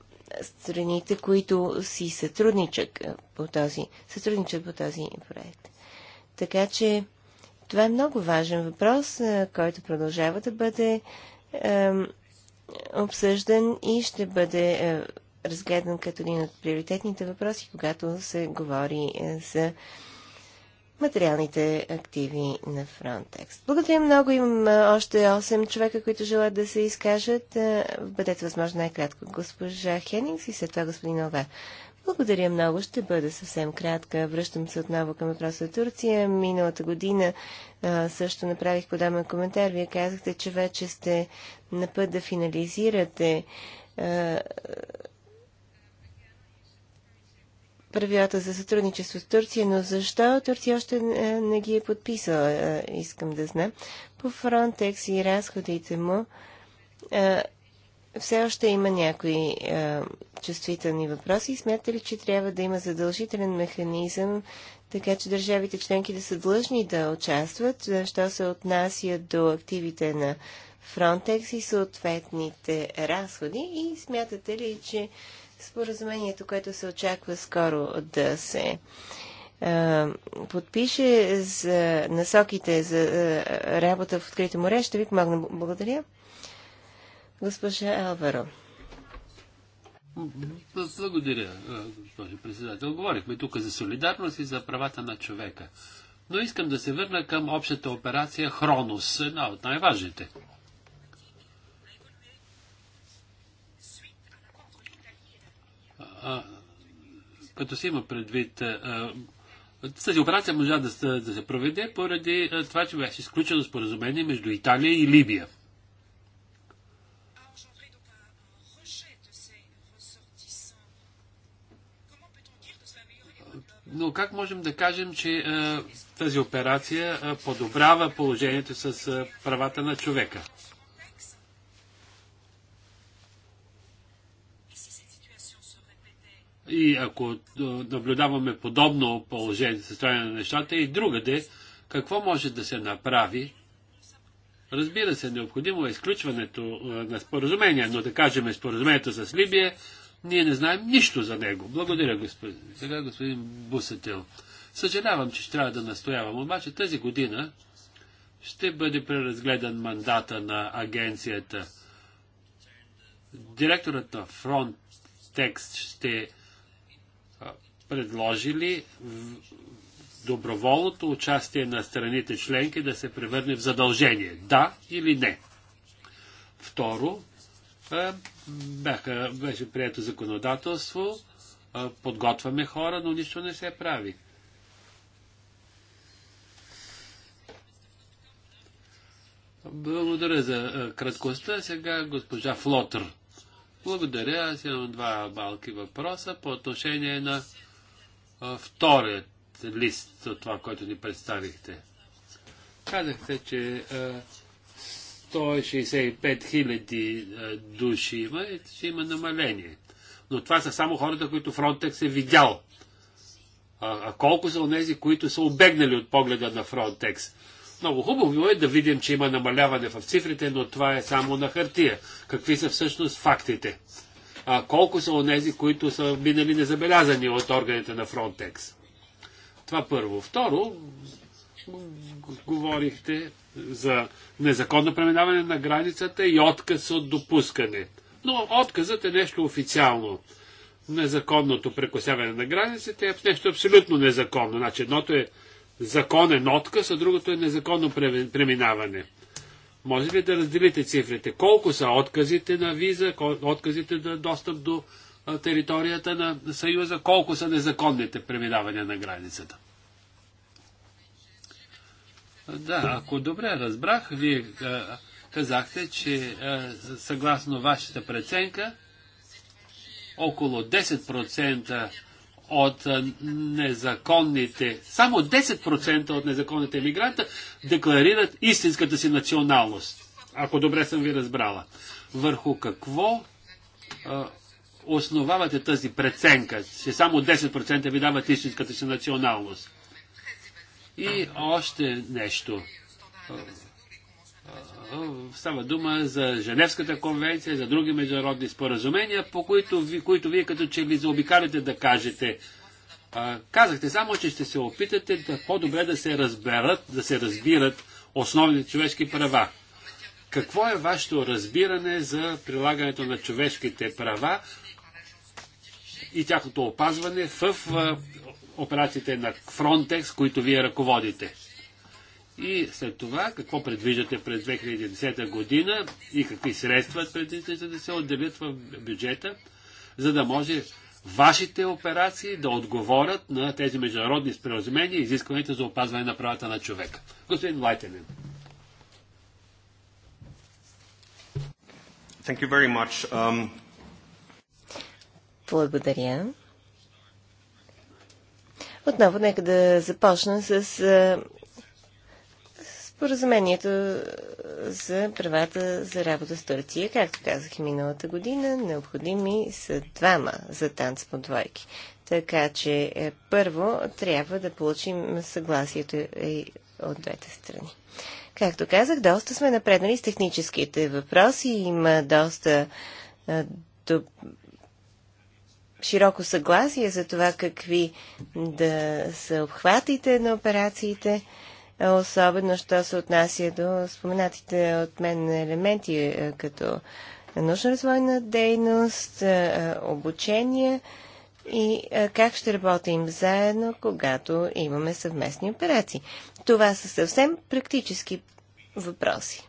страните, които си сътрудничат по този, сътрудничат по този проект. Така че това е много важен въпрос, който продължава да бъде е, обсъждан и ще бъде е, разгледан като един от приоритетните въпроси, когато се говори е, за материалните активи на Frontex. Благодаря много. Имам още 8 човека, които желаят да се изкажат. Бъдете възможно най-кратко госпожа Хенингс и след това господин Ове. Благодаря много. Ще бъда съвсем кратка. Връщам се отново към въпроса от Турция. Миналата година също направих подобен коментар. Вие казахте, че вече сте на път да финализирате правилата за сътрудничество с Турция, но защо Турция още не, ги е подписала, е, искам да знам. По Фронтекс и разходите му е, все още има някои е, чувствителни въпроси. Смятате ли, че трябва да има задължителен механизъм, така че държавите членки да са длъжни да участват, Защо се отнася до активите на Фронтекс и съответните разходи? И смятате ли, че споразумението, което се очаква скоро да се а, е, подпише за насоките за а, е, работа в открито море. Ще ви помогна. Благодаря. Госпожа Алваро. Благодаря, е, госпожо председател. Говорихме тук за солидарност и за правата на човека. Но искам да се върна към общата операция Хронос, една от най-важните. като се има предвид а, тази операция може да се, да се проведе поради а, това, че беше изключено споразумение между Италия и Либия. Но как можем да кажем, че а, тази операция а, подобрява положението с а, правата на човека? И ако наблюдаваме подобно положение, състояние на нещата и другаде, какво може да се направи? Разбира се, необходимо е изключването на споразумение, но да кажем споразумението с Либия, ние не знаем нищо за него. Благодаря, господин. Сега господин Бусател. Съжалявам, че ще трябва да настоявам, обаче тази година ще бъде преразгледан мандата на агенцията. Директорът на Фронтекст ще предложили доброволното участие на страните членки да се превърне в задължение. Да или не? Второ, е, беше прието законодателство, е, подготвяме хора, но нищо не се прави. Благодаря за е, краткостта. Сега госпожа Флотър. Благодаря. Аз имам два малки въпроса по отношение на вторият лист от това, което ни представихте. Казахте, че 165 хиляди души има и ще има намаление. Но това са само хората, които Фронтекс е видял. А, а колко са онези, които са обегнали от погледа на Фронтекс? Много хубаво е да видим, че има намаляване в цифрите, но това е само на хартия. Какви са всъщност фактите? а, колко са онези, които са минали незабелязани от органите на Фронтекс. Това първо. Второ, говорихте за незаконно преминаване на границата и отказ от допускане. Но отказът е нещо официално. Незаконното прекосяване на границите е нещо абсолютно незаконно. Значи едното е законен отказ, а другото е незаконно преминаване. Може ли да разделите цифрите? Колко са отказите на виза, отказите на достъп до територията на Съюза, колко са незаконните преминавания на границата? Да, ако добре разбрах, вие казахте, че съгласно вашата преценка, около 10% е, от незаконните, само 10% от незаконните мигранта декларират истинската си националност. Ако добре съм ви разбрала. Върху какво а, е, основавате тази преценка, че само 10% ви дават истинската си националност? И още нещо. Е, Става дума за Женевската конвенция, за други международни споразумения, по които, ви, които вие като че ли заобикаляте да кажете. казахте само, че ще се опитате да по-добре да се разберат, да се разбират основните човешки права. Какво е вашето разбиране за прилагането на човешките права и тяхното опазване в операциите на Фронтекс, които вие ръководите? И след това, какво предвиждате през 2010 година и какви средства предвиждате да се отделят в бюджета, за да може вашите операции да отговорят на тези международни споразумения и изискванията за опазване на правата на човека. Господин Лайтенен. Thank you very much. Um... Благодаря. Отново нека да започна с Споразумението за правата за работа с Турция, както казах и миналата година, необходими са двама за танц по двойки. Така че е, първо трябва да получим съгласието и от двете страни. Както казах, доста сме напреднали с техническите въпроси. Има доста е, до... широко съгласие за това какви да са обхватите на операциите. Е, особено що се отнася до споменатите от мен елементи, е, като научно-развойна дейност, е, обучение и как ще работим заедно, когато имаме съвместни операции. Това са съвсем практически въпроси.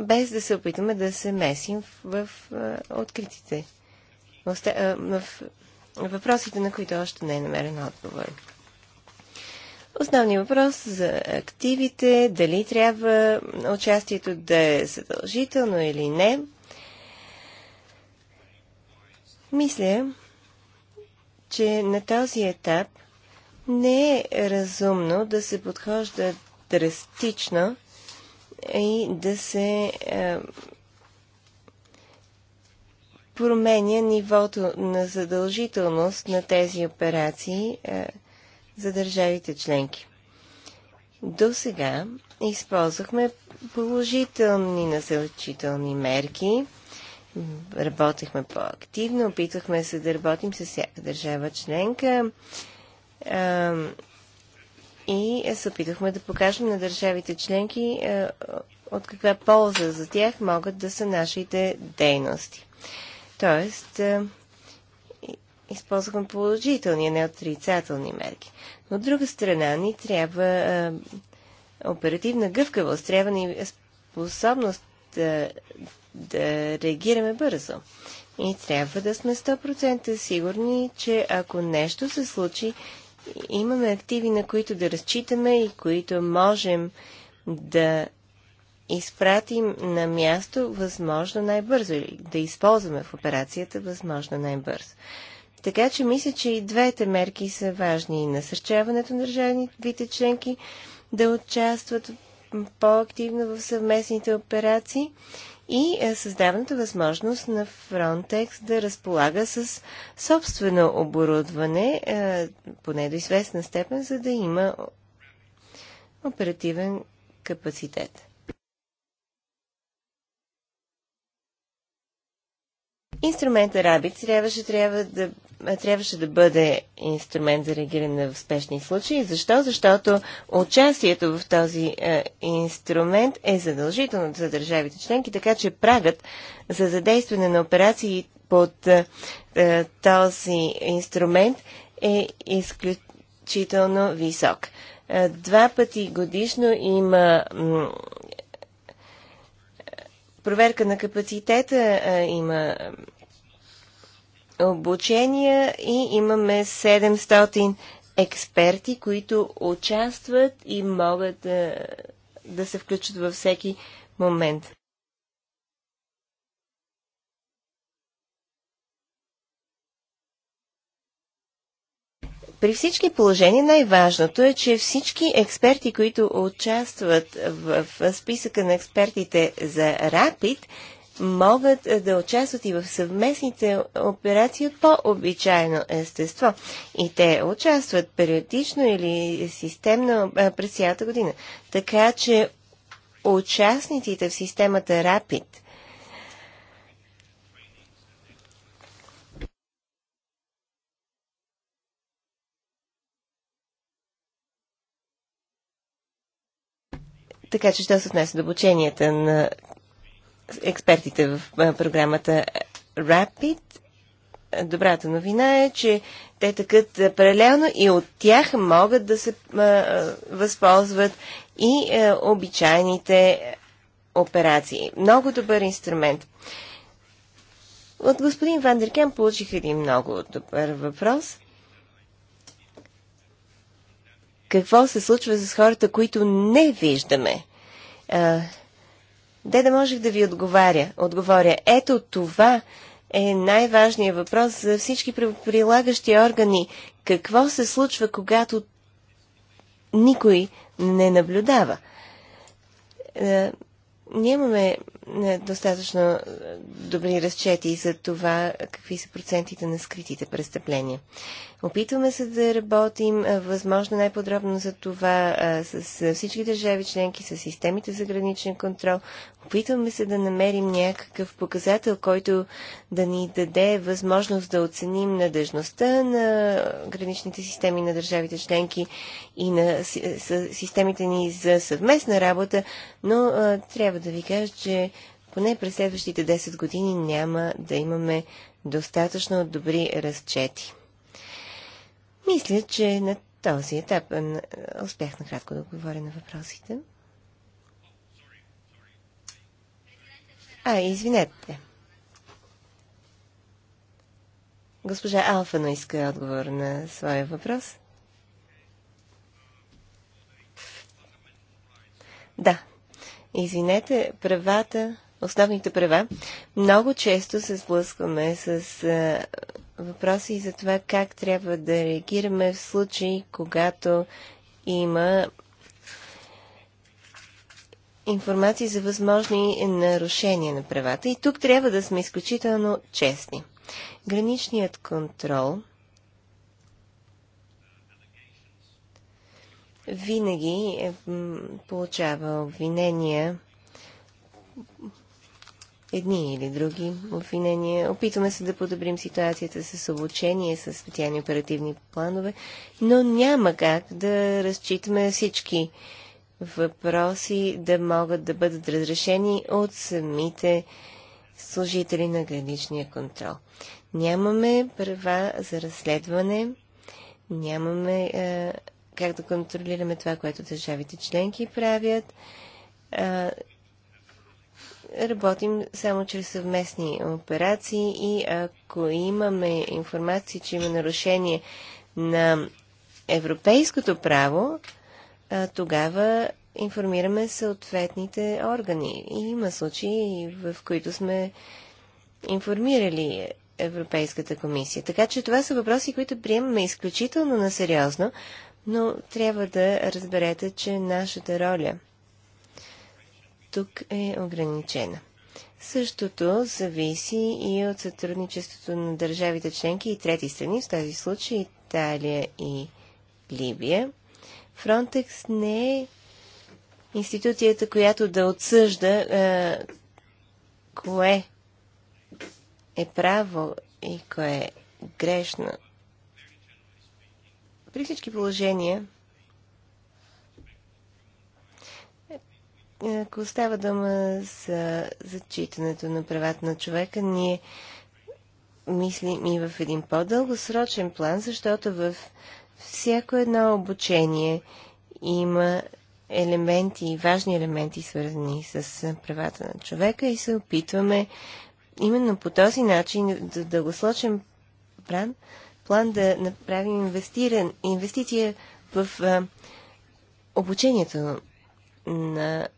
Без да се опитаме да се месим в, откритите, в въпросите, на които още не е намерен отговор. Основният въпрос за активите, дали трябва участието да е задължително или не. Мисля, че на този етап не е разумно да се подхожда драстично и да се е, променя нивото на задължителност на тези операции е, за държавите членки. До сега използвахме положителни насърчителни мерки, работехме по-активно, опитвахме се да работим с всяка държава членка е, и се опитвахме да покажем на държавите членки е, от каква полза за тях могат да са нашите дейности. Тоест, е, използвам положителни, не отрицателни мерки. Но от друга страна ни трябва а, е, оперативна гъвкавост, трябва ни способност да, да реагираме бързо. И трябва да сме 100% сигурни, че ако нещо се случи, имаме активи, на които да разчитаме и които можем да изпратим на място възможно най-бързо или да използваме в операцията възможно най-бързо. Така че мисля, че и двете мерки са важни. И насърчаването на държавните членки да участват по-активно в съвместните операции и е, създаването възможност на Frontex да разполага с собствено оборудване, е, поне до известна степен, за да има оперативен капацитет. Инструмента Рабит трябваше, трябва да, трябваше да бъде инструмент за реагиране в спешни случаи. Защо? Защото участието в този е, инструмент е задължително за държавите членки, така че прагът за задействане на операции под е, този инструмент е изключително висок. Два пъти годишно има проверка на капацитета а, има обучения и имаме 700 експерти, които участват и могат а, да се включат във всеки момент. При всички положения най-важното е, че всички експерти, които участват в, в списъка на експертите за РАПИД, могат да участват и в съвместните операции от по-обичайно естество. И те участват периодично или системно през цялата година. Така че участниците в системата РАПИД – Така че, що се отнася до обученията на експертите в програмата Rapid, добрата новина е, че те такът паралелно и от тях могат да се възползват и обичайните операции. Много добър инструмент. От господин Вандеркен получих един много добър въпрос – какво се случва с хората, които не виждаме. А, де да можех да ви отговаря, отговоря. Ето това е най-важният въпрос за всички прилагащи органи. Какво се случва, когато никой не наблюдава? А, ние имаме достатъчно добри разчети за това какви са процентите на скритите престъпления. Опитваме се да работим възможно най-подробно за това с всички държави членки, с системите за граничен контрол. Опитваме се да намерим някакъв показател, който да ни даде възможност да оценим надежността на граничните системи на държавите членки и на системите ни за съвместна работа, но трябва да ви кажа, че поне през следващите 10 години няма да имаме достатъчно добри разчети. Мисля, че на този етап успях накратко да отговоря на въпросите. А, извинете. Госпожа Алфано иска отговор на своя въпрос. Да. Извинете, правата, основните права, много често се сблъскваме с а, въпроса и за това как трябва да реагираме в случай, когато има информация за възможни нарушения на правата. И тук трябва да сме изключително честни. Граничният контрол винаги е, получава обвинения едни или други обвинения. Опитваме се да подобрим ситуацията с обучение, с специални оперативни планове, но няма как да разчитаме всички въпроси да могат да бъдат разрешени от самите служители на граничния контрол. Нямаме права за разследване, нямаме е, как да контролираме това, което държавите членки правят. Е, работим само чрез съвместни операции и ако имаме информация, че има нарушение на европейското право, тогава информираме съответните органи. И има случаи, в които сме информирали Европейската комисия. Така че това са въпроси, които приемаме изключително на сериозно, но трябва да разберете, че нашата роля – тук е ограничена. Същото зависи и от сътрудничеството на държавите членки и трети страни, в тази случай Италия и Либия. Фронтекс не е институцията, която да отсъжда е, кое е право и кое е грешно. При всички положения, ако става дума за зачитането на правата на човека, ние мислим и в един по-дългосрочен план, защото в всяко едно обучение има елементи, важни елементи, свързани с правата на човека и се опитваме именно по този начин да дългосрочен план, план да направим инвестиран, инвестиция в а, обучението на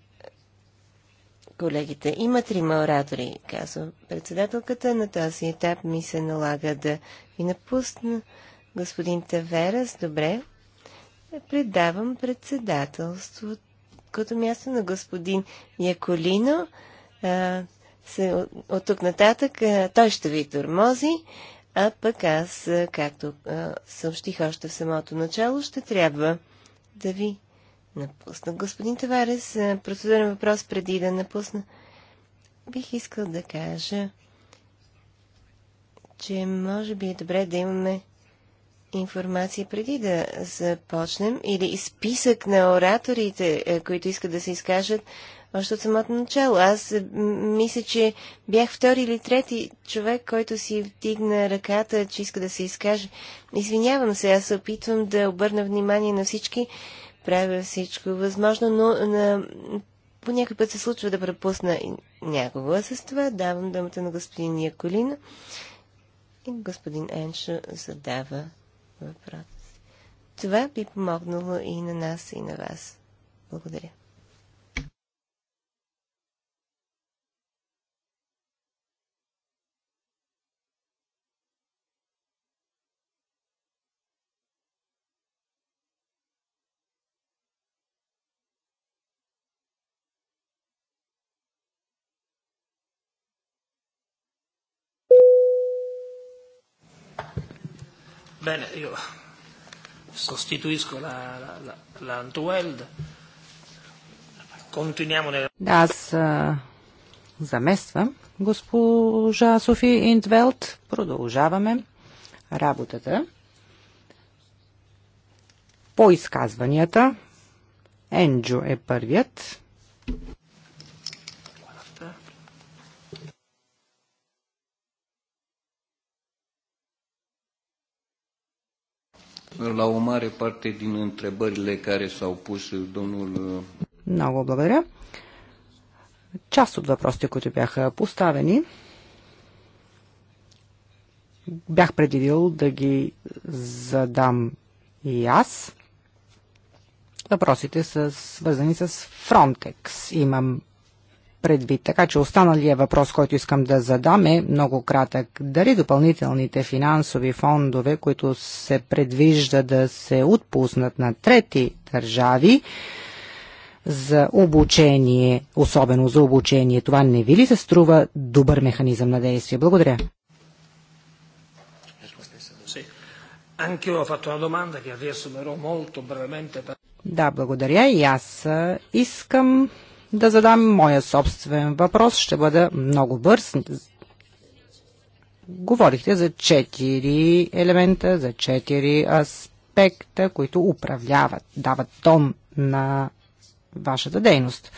колегите. Има трима оратори, казва председателката. На този етап ми се налага да ви напусна. Господин Таверас, добре. Предавам председателството като място на господин Яколино. А, се, от, тук нататък а, той ще ви тормози, а пък аз, както а, съобщих още в самото начало, ще трябва да ви напусна. Господин Таварес, процедурен въпрос преди да напусна. Бих искал да кажа, че може би е добре да имаме информация преди да започнем или списък на ораторите, е, които искат да се изкажат още от самото начало. Аз е, мисля, че бях втори или трети човек, който си вдигна ръката, че иска да се изкаже. Извинявам се, аз се опитвам да обърна внимание на всички, правя всичко възможно, но на... по някой път се случва да пропусна някого. с това давам думата на господин Яколина и господин Еншо задава въпрос. Това би помогнало и на нас, и на вас. Благодаря. Bene, io sostituisco la, la, la, la Antweld. Continuiamo nel... Аз а, замествам госпожа Софи Интвелт. Продължаваме работата по изказванията. Енджо е първият. La o mare parte din întrebările care s-au pus domnul... Много благодаря. Част от въпросите, които бяха поставени, бях предвидил да ги задам и аз. Въпросите са свързани с Frontex. Имам предвид. Така че останалия въпрос, който искам да задам е много кратък. Дали допълнителните финансови фондове, които се предвижда да се отпуснат на трети държави за обучение, особено за обучение, това не ви ли се струва добър механизъм на действие? Благодаря. Да, благодаря. И аз искам да задам моя собствен въпрос. Ще бъда много бърз. Говорихте за четири елемента, за четири аспекта, които управляват, дават тон на вашата дейност.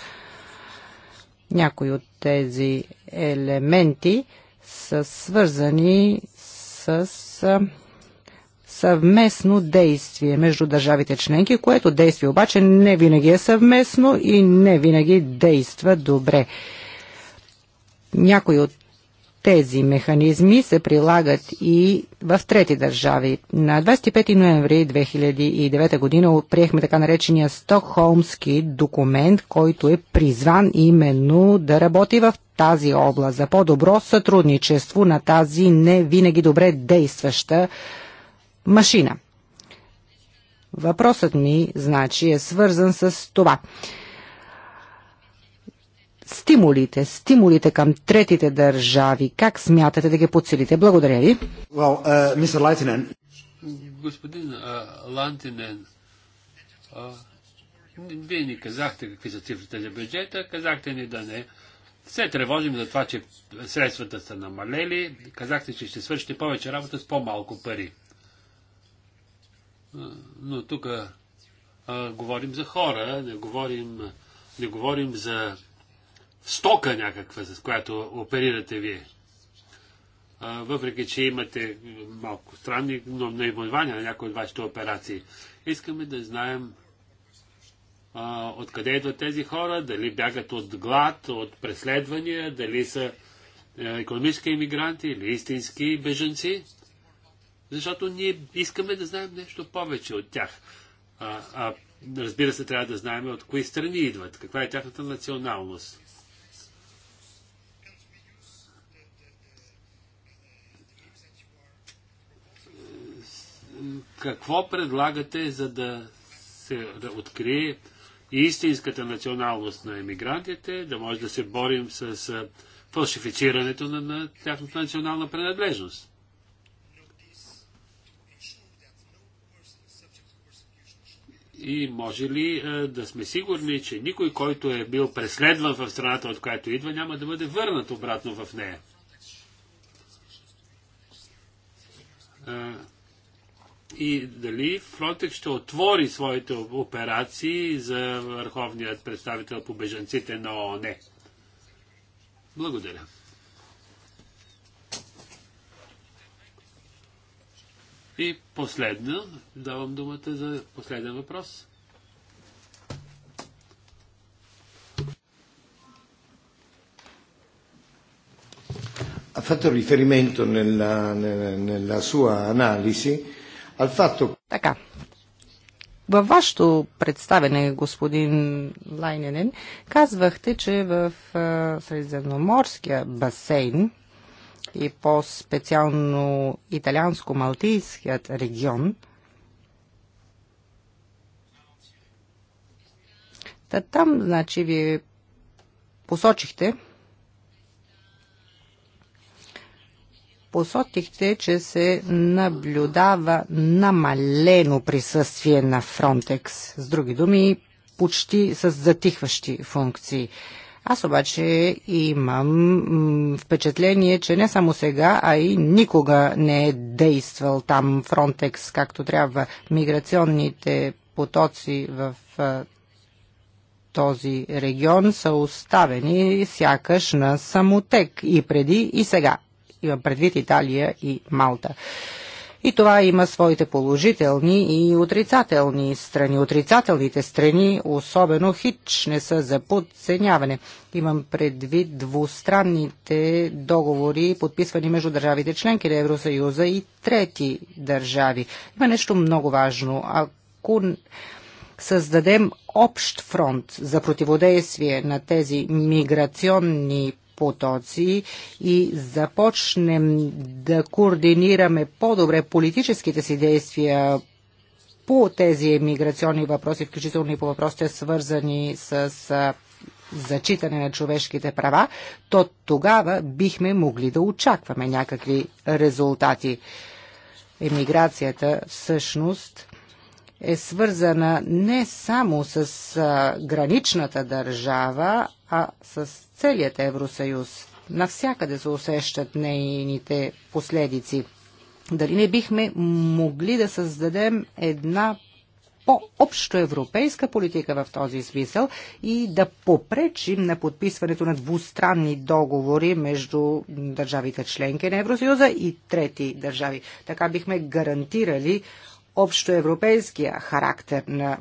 Някои от тези елементи са свързани с съвместно действие между държавите членки, което действие обаче не винаги е съвместно и не винаги действа добре. Някои от тези механизми се прилагат и в трети държави. На 25 ноември 2009 година приехме така наречения Стокхолмски документ, който е призван именно да работи в тази област за по-добро сътрудничество на тази не винаги добре действаща машина. Въпросът ми, значи, е свързан с това. Стимулите, стимулите към третите държави, как смятате да ги подсилите? Благодаря ви. Well, uh, Mr. Господин uh, Лантинен, uh, вие ни казахте какви са цифрите за бюджета, казахте ни да не. Се тревожим за това, че средствата са намалели, казахте, че ще свършите повече работа с по-малко пари но тук говорим за хора, не говорим, не говорим за стока някаква, с която оперирате вие. А, въпреки, че имате малко странни но наименования на някои от вашите операции. Искаме да знаем а, откъде идват тези хора, дали бягат от глад, от преследвания, дали са економически иммигранти или истински беженци защото ние искаме да знаем нещо повече от тях. А, а разбира се, трябва да знаем от кои страни идват, каква е тяхната националност. Какво предлагате, за да се да открие истинската националност на емигрантите, да може да се борим с фалшифицирането на, на тяхната национална принадлежност? И може ли е, да сме сигурни, че никой, който е бил преследван в страната, от която идва, няма да бъде върнат обратно в нея? Е, и дали Фронтек ще отвори своите операции за върховният представител по бежанците на ООН. Благодаря. И последно, давам думата за последен въпрос. Ha fatto riferimento nella, nella nella sua analisi al fatto... che. Във вашето представене, господин Лайненен, казвахте, че в Средиземноморския басейн и по-специално италианско-малтийският регион. Та там, значи, ви посочихте, Посочихте, че се наблюдава намалено присъствие на Фронтекс. С други думи, почти с затихващи функции. Аз обаче имам впечатление, че не само сега, а и никога не е действал там Фронтекс както трябва. Миграционните потоци в този регион са оставени сякаш на самотек и преди и сега. Имам предвид Италия и Малта. И това има своите положителни и отрицателни страни. Отрицателните страни, особено хич, не са за подценяване. Имам предвид двустранните договори, подписвани между държавите членки на Евросъюза и трети държави. Има нещо много важно. Ако създадем общ фронт за противодействие на тези миграционни потоци и започнем да координираме по-добре политическите си действия по тези миграционни въпроси, включително и по въпросите свързани с зачитане на човешките права, то тогава бихме могли да очакваме някакви резултати. Емиграцията всъщност е свързана не само с граничната държава, а с целият Евросъюз. Навсякъде се усещат нейните последици. Дали не бихме могли да създадем една по-общо европейска политика в този смисъл и да попречим на подписването на двустранни договори между държавите членки на Евросъюза и трети държави. Така бихме гарантирали общоевропейския характер на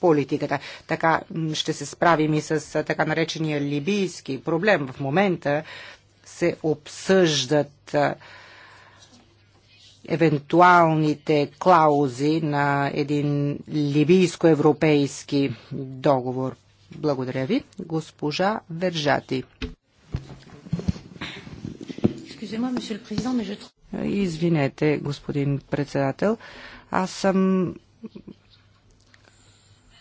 политиката. Така ще се справим и с така наречения либийски проблем. В момента се обсъждат евентуалните клаузи на един либийско-европейски договор. Благодаря ви, госпожа Вержати. Извинете, господин председател. Аз съм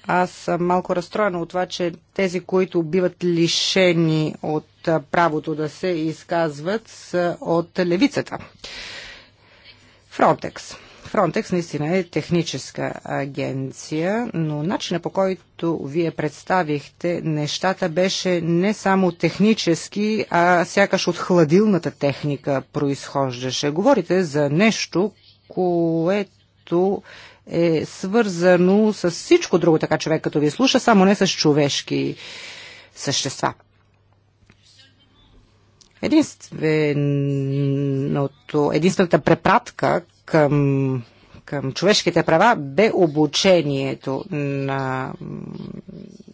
аз съм малко разстроена от това, че тези, които биват лишени от правото да се изказват, са от левицата. Фронтекс. Фронтекс наистина е техническа агенция, но начина по който вие представихте нещата беше не само технически, а сякаш от хладилната техника произхождаше. Говорите за нещо, което нещо е свързано с всичко друго, така човек като ви слуша, само не с човешки същества. Единственото, единствената препратка към, към човешките права бе обучението на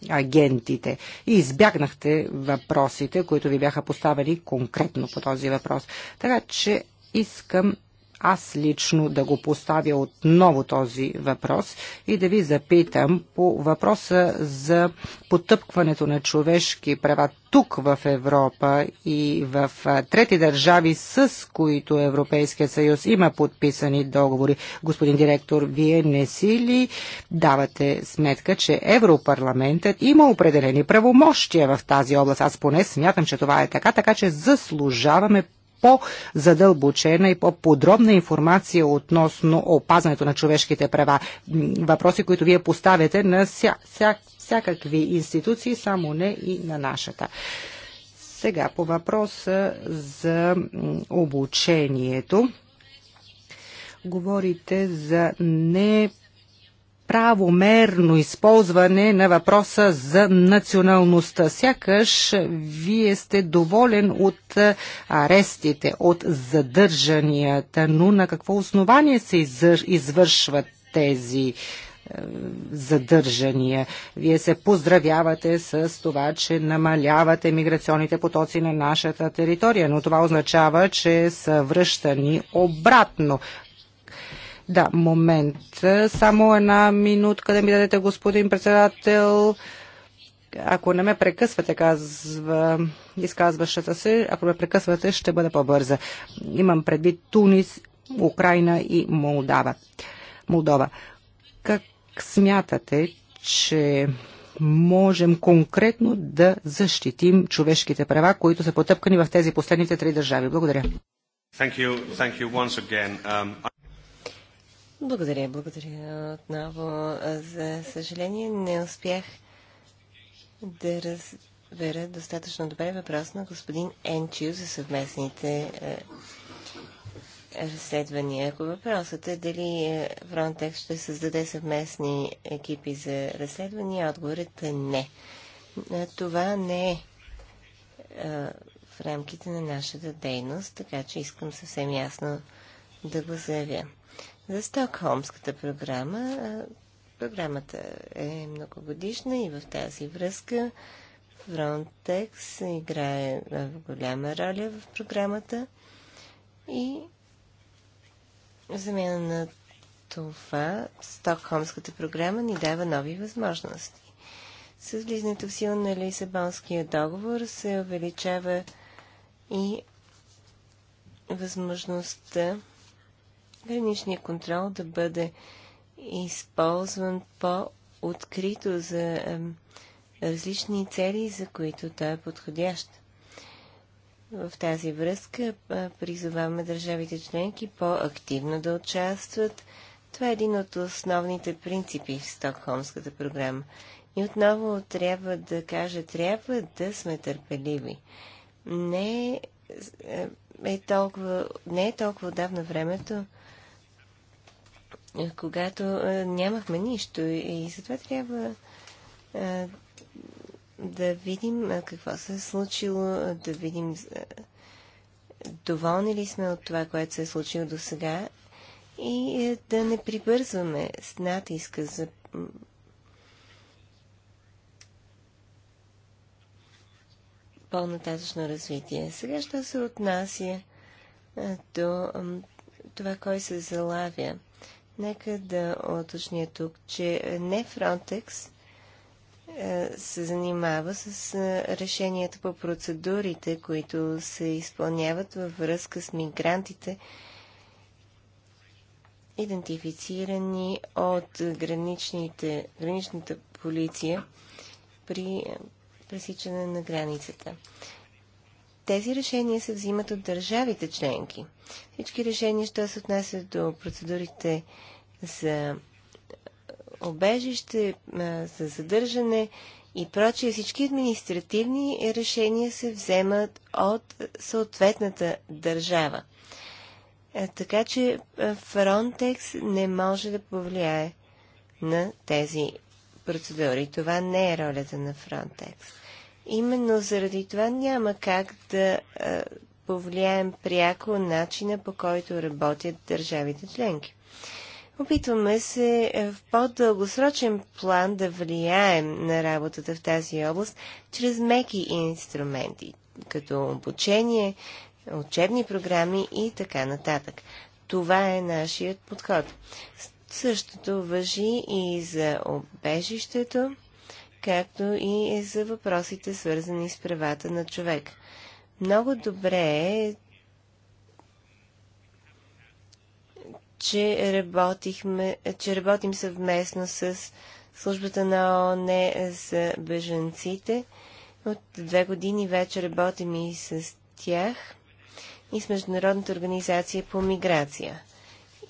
агентите. И избягнахте въпросите, които ви бяха поставени конкретно по този въпрос. Така че искам аз лично да го поставя отново този въпрос и да ви запитам по въпроса за потъпкването на човешки права тук в Европа и в трети държави, с които Европейския съюз има подписани договори. Господин директор, вие не си ли давате сметка, че Европарламентът има определени правомощия в тази област? Аз поне смятам, че това е така, така че заслужаваме по-задълбочена и по-подробна информация относно опазването на човешките права. Въпроси, които вие поставяте на вся, вся, всякакви институции, само не и на нашата. Сега по въпроса за обучението говорите за не правомерно използване на въпроса за националността. Сякаш вие сте доволен от арестите, от задържанията, но на какво основание се извършват тези задържания. Вие се поздравявате с това, че намалявате миграционните потоци на нашата територия, но това означава, че са връщани обратно. Да, момент. Само една минутка да ми дадете, господин председател. Ако не ме прекъсвате, казва изказващата се, ако ме прекъсвате, ще бъда по-бърза. Имам предвид Тунис, Украина и Молдава. Молдова. Как смятате, че можем конкретно да защитим човешките права, които са потъпкани в тези последните три държави? Благодаря. Thank you, thank you um, благодаря, благодаря отново. За съжаление не успях да разбера достатъчно добре въпрос на господин Енчил за съвместните е, разследвания. Ако въпросът е дали е, Frontex ще създаде съвместни екипи за разследвания, отговорът е не. Това не е в рамките на нашата дейност, така че искам съвсем ясно да го заявя за Стокхолмската програма. Програмата е многогодишна и в тази връзка Frontex играе голяма роля в програмата и замена замяна на това Стокхолмската програма ни дава нови възможности. С влизането в сила на Лисабонския договор се увеличава и възможността граничния контрол да бъде използван по-открито за различни цели, за които той е подходящ. В тази връзка е, призоваваме държавите членки по-активно да участват. Това е един от основните принципи в Стокхолмската програма. И отново трябва да кажа, трябва да сме търпеливи. Не е, е, е толкова, не е толкова отдавна времето, е, когато е, нямахме нищо. И затова трябва е, да видим какво се е случило, да видим доволни ли сме от това, което се е случило до сега и да не прибързваме с натиска за по развитие. Сега ще се отнася до това, кой се залавя. Нека да оточня тук, че е, не Фронтекс е, се занимава с е, решенията по процедурите, които се изпълняват във връзка с мигрантите, идентифицирани от граничните, граничната полиция при пресичане на границата тези решения се взимат от държавите членки. Всички решения, що се отнасят до процедурите за обежище, за задържане и прочие, всички административни решения се вземат от съответната държава. Така че Frontex не може да повлияе на тези процедури. Това не е ролята на Frontex. Именно заради това няма как да а, повлияем пряко начина по който работят държавите членки. Опитваме се в по-дългосрочен план да влияем на работата в тази област чрез меки инструменти, като обучение, учебни програми и така нататък. Това е нашият подход. Същото въжи и за обежището както и за въпросите, свързани с правата на човек. Много добре е, че, работихме, че работим съвместно с службата на ООН за бежанците. От две години вече работим и с тях и с Международната организация по миграция.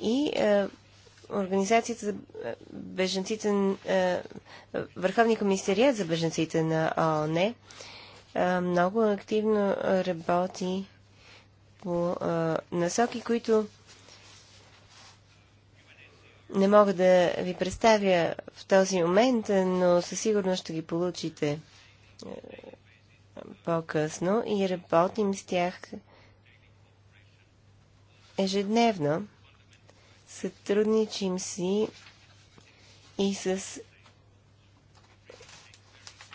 И а, Организацията за беженците, е, Върховния комисариат за беженците на ООН е, много активно работи по е, насоки, които не мога да ви представя в този момент, но със сигурност ще ги получите по-късно и работим с тях ежедневно. Сътрудничим си и с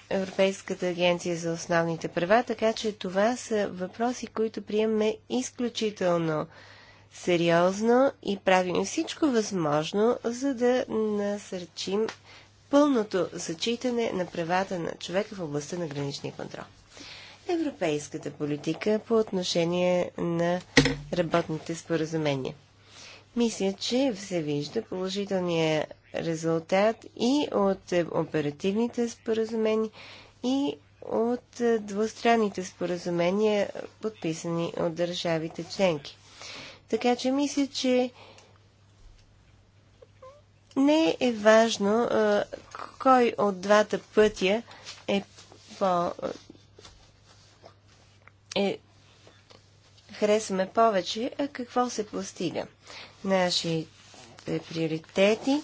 Европейската агенция за основните права, така че това са въпроси, които приемаме изключително сериозно и правим всичко възможно, за да насърчим пълното зачитане на правата на човека в областта на граничния контрол. Европейската политика по отношение на работните споразумения. Мисля, че се вижда положителният резултат и от е, оперативните споразумения, и от е, двустранните споразумения, подписани от държавите членки. Така че мисля, че не е важно е, кой от двата пътя е по... е... харесваме повече, а какво се постига. Нашите приоритети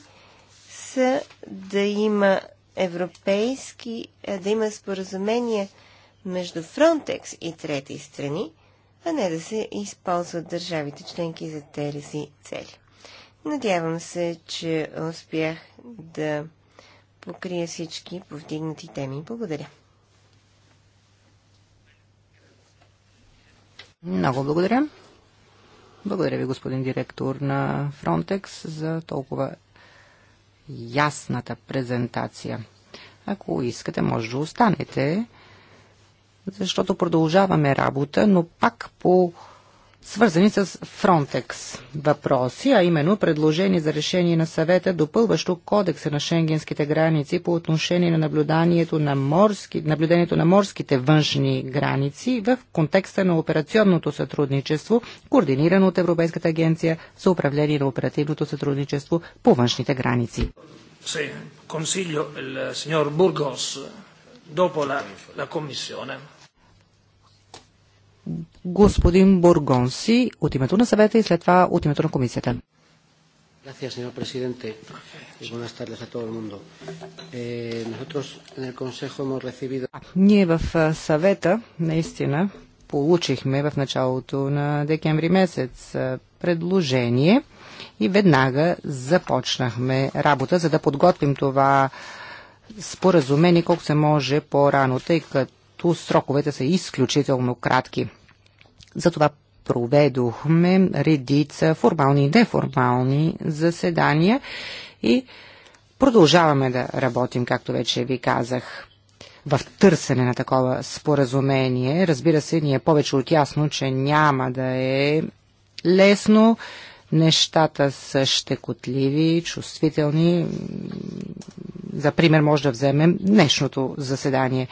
са да има европейски, е, да има споразумения между Фронтекс и трети страни, а не да се използват държавите членки за тези цели. Надявам се, че успях да покрия всички повдигнати теми. Благодаря. Много благодаря. Благодаря ви, господин директор на Frontex, за толкова ясната презентация. Ако искате, може да останете, защото продължаваме работа, но пак по свързани с Фронтекс въпроси, а именно предложение за решение на съвета, допълващо кодекса на шенгенските граници по отношение на наблюдението на, морски, наблюдението на морските външни граници в контекста на операционното сътрудничество, координирано от Европейската агенция за управление на оперативното сътрудничество по външните граници. Sì, господин Бургонси от името на съвета и след това от името на комисията. Gracias, señor presidente. Y buenas tardes a todo el mundo. Eh, nosotros en el Consejo hemos recibido... Ние в съвета наистина получихме в началото на декември месец предложение и веднага започнахме работа, за да подготвим това споразумение колко се може по-рано, тъй като сроковете са изключително кратки. Затова проведохме редица формални и неформални заседания и продължаваме да работим, както вече ви казах в търсене на такова споразумение. Разбира се, ни е повече от ясно, че няма да е лесно. Нещата са щекотливи, чувствителни. За пример може да вземем днешното заседание.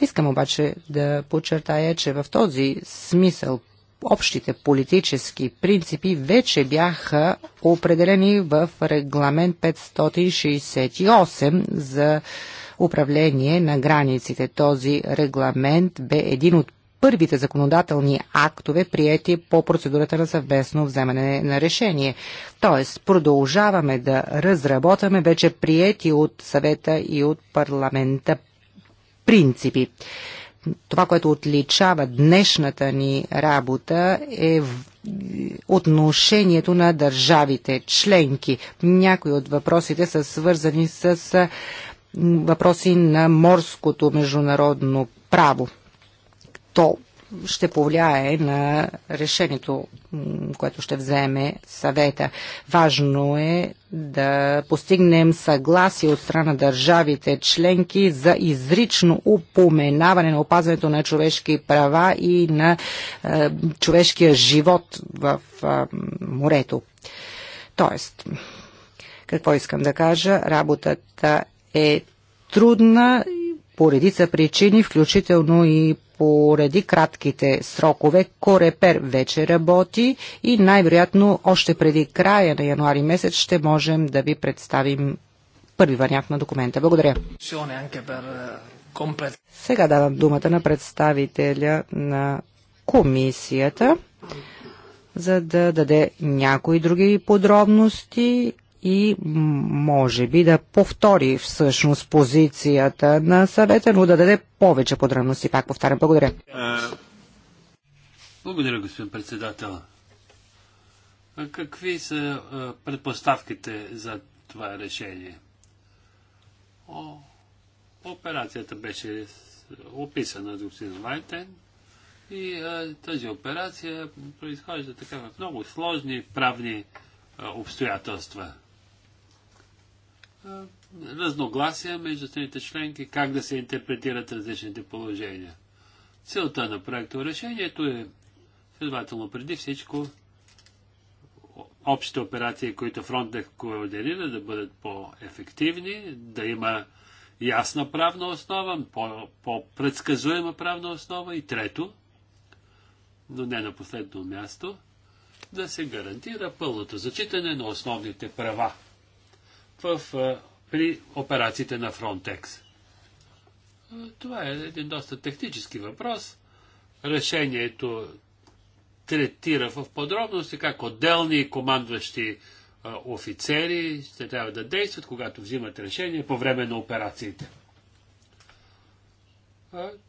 Искам обаче да подчертая, че в този смисъл общите политически принципи вече бяха определени в регламент 568 за управление на границите. Този регламент бе един от първите законодателни актове, приети по процедурата на съвместно вземане на решение. Тоест, продължаваме да разработваме вече приети от съвета и от парламента принципи. Това, което отличава днешната ни работа е отношението на държавите, членки. Някои от въпросите са свързани с въпроси на морското международно право. То ще повлияе на решението, което ще вземе съвета. Важно е да постигнем съгласие от страна държавите членки за изрично упоменаване на опазването на човешки права и на е, човешкия живот в е, морето. Тоест, какво искам да кажа, работата е трудна поредица причини, включително и поради кратките срокове. Корепер вече работи и най-вероятно още преди края на януари месец ще можем да ви представим първи вариант на документа. Благодаря. Сега давам думата на представителя на комисията, за да даде някои други подробности и може би да повтори всъщност позицията на съвета, но да даде повече подробности. Пак повтарям. Благодаря. Е, благодаря, господин председател. Какви са предпоставките за това решение? О, операцията беше описана от господин Вайтен и а, тази операция произхожда така в много сложни правни а, обстоятелства разногласия между страните членки, как да се интерпретират различните положения. Целта на проекта решението е, следователно преди всичко, общите операции, които Frontex координира, да бъдат по-ефективни, да има ясна правна основа, по-предсказуема -по правна основа и трето, но не на последно място, да се гарантира пълното зачитане на основните права в, при операциите на Фронтекс. Това е един доста технически въпрос. Решението третира в подробности как отделни командващи офицери ще трябва да действат, когато взимат решение по време на операциите.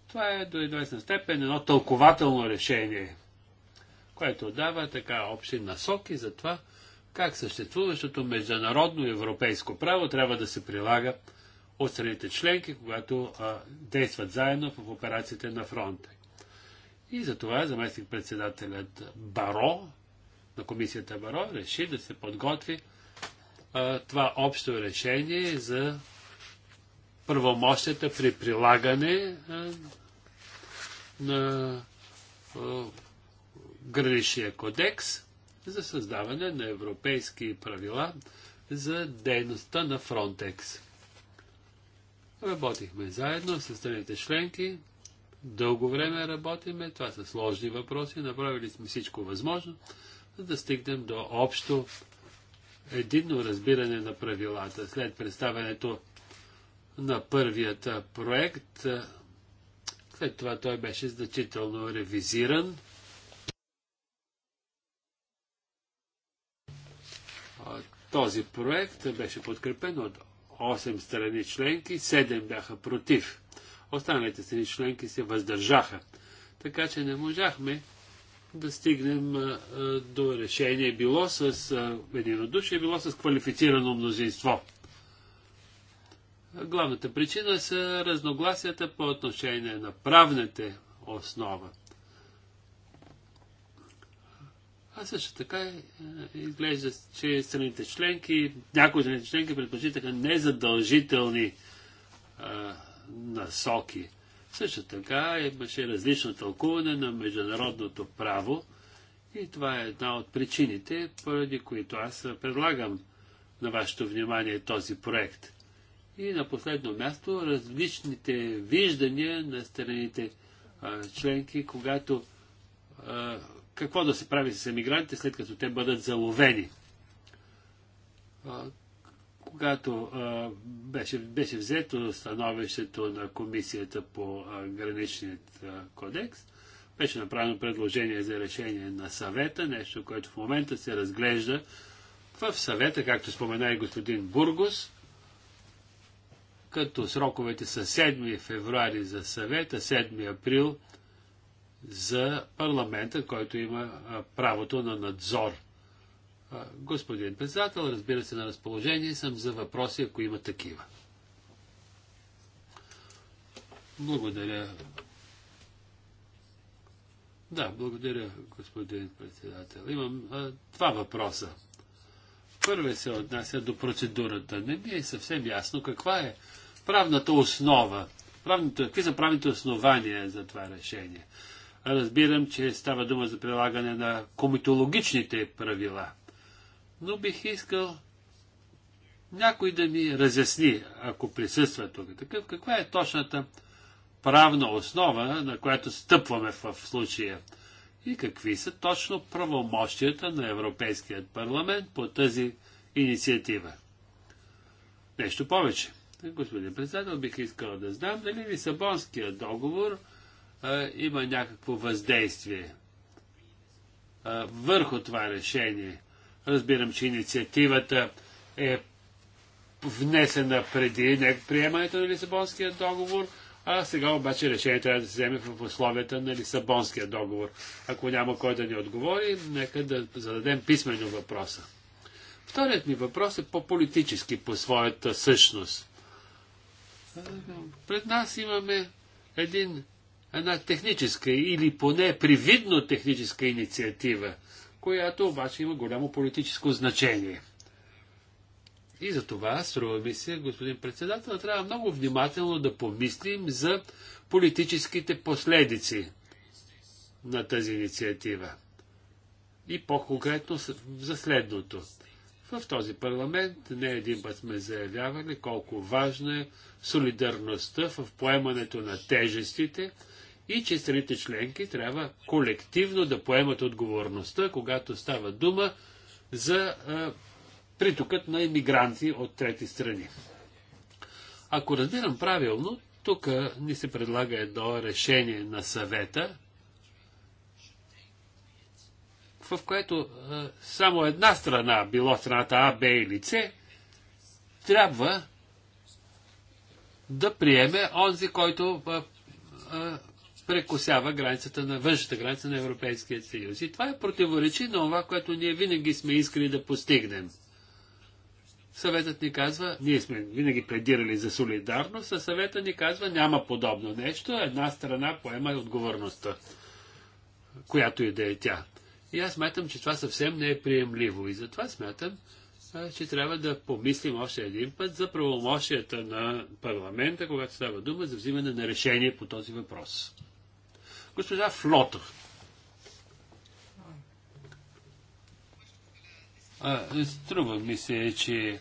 Това е до известна степен едно тълкователно решение, което дава така общи насоки за това как съществуващото международно европейско право трябва да се прилага от страните членки, когато а, действат заедно в операциите на фронта. И за това заместник председателят Баро, на комисията Баро, реши да се подготви а, това общо решение за правомощията при прилагане а, на а, граничния кодекс за създаване на европейски правила за дейността на Фронтекс. Работихме заедно с страните членки, дълго време работиме, това са сложни въпроси, направили сме всичко възможно, за да стигнем до общо единно разбиране на правилата. След представянето на първият проект, след това той беше значително ревизиран, Този проект беше подкрепен от 8 страни членки, 7 бяха против. Останалите страни членки се въздържаха. Така че не можахме да стигнем до решение, било с единодушие, било с квалифицирано мнозинство. Главната причина са разногласията по отношение на правните основа. А също така е, е, изглежда, че страните членки, някои страните членки предпочитаха незадължителни а, насоки. Също така имаше различно тълкуване на международното право и това е една от причините, поради които аз предлагам на вашето внимание този проект. И на последно място различните виждания на страните а, членки, когато какво да се прави с емигрантите, след като те бъдат заловени. Когато беше, беше взето становището на Комисията по граничният кодекс, беше направено предложение за решение на съвета, нещо, което в момента се разглежда в съвета, както спомена и господин Бургус, като сроковете са 7 февруари за съвета, 7 април за парламента, който има правото на надзор. Господин председател, разбира се, на разположение съм за въпроси, ако има такива. Благодаря. Да, благодаря, господин председател. Имам а, два въпроса. Първият се отнася до процедурата. Не ми е съвсем ясно каква е правната основа, правната, какви са правните основания за това решение. Разбирам, че става дума за прилагане на комитологичните правила. Но бих искал някой да ми разясни, ако присъства тук, такъв, каква е точната правна основа, на която стъпваме в случая и какви са точно правомощията на Европейският парламент по тази инициатива. Нещо повече. Господин председател, бих искал да знам дали Лисабонският договор има някакво въздействие върху това решение. Разбирам, че инициативата е внесена преди приемането на Лисабонския договор, а сега обаче решение трябва да се вземе в условията на Лисабонския договор. Ако няма кой да ни отговори, нека да зададем писменно въпроса. Вторият ми въпрос е по-политически по своята същност. Пред нас имаме един една техническа или поне привидно техническа инициатива, която обаче има голямо политическо значение. И за това, струва ми се, господин председател, трябва много внимателно да помислим за политическите последици на тази инициатива. И по-конкретно за следното. В този парламент не един път сме заявявали колко важна е солидарността в поемането на тежестите, и че страните членки трябва колективно да поемат отговорността, когато става дума за а, притокът на иммигранти от трети страни. Ако разбирам правилно, тук ни се предлага едно решение на съвета, в което а, само една страна, било страната А, Б или С, трябва да приеме онзи, който а, прекосява границата на външната граница на Европейския съюз. И това е противоречи на това, което ние винаги сме искали да постигнем. Съветът ни казва, ние сме винаги пледирали за солидарност, а съветът ни казва, няма подобно нещо, една страна поема отговорността, която и да е тя. И аз смятам, че това съвсем не е приемливо. И затова смятам, че трябва да помислим още един път за правомощията на парламента, когато става дума за взимане на решение по този въпрос. Госпожа Флотър. Струва ми се, че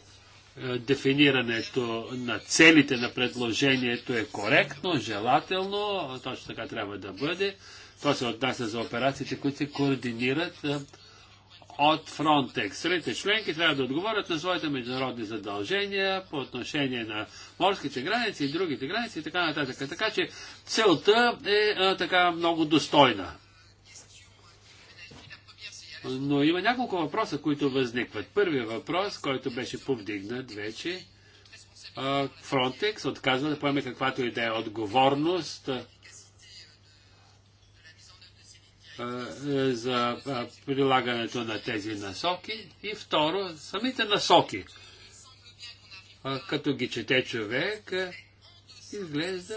дефинирането на целите на предложението е коректно, желателно, точно така трябва да бъде. То се отнася за операциите, които се координират от Фронтекс. Страните членки трябва да отговорят на своите международни задължения по отношение на морските граници и другите граници и така нататък. Така че целта е а, така много достойна. Но има няколко въпроса, които възникват. Първият въпрос, който беше повдигнат вече, Фронтекс отказва да поеме каквато и да е отговорност е, за прилагането на тези насоки и второ, самите насоки. Като ги чете човек, е, изглежда,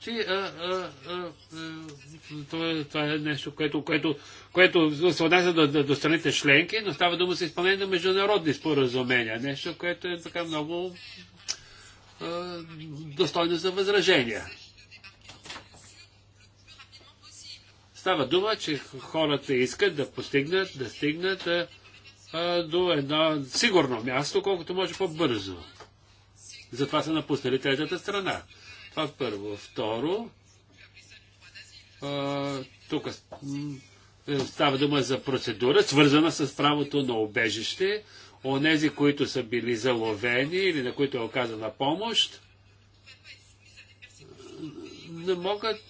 че а, а, а, това, това е нещо, което, което, което се отнася до, до, страните членки, но става дума за изпълнение на международни споразумения. Нещо, което е така много а, достойно за възражения. Става дума, че хората искат да постигнат, да стигнат а, до едно сигурно място, колкото може по-бързо. Затова са напуснали третата страна. Това първо. Второ, а, тук става дума за процедура, свързана с правото на обежище. Онези, които са били заловени или на които е оказана помощ, не могат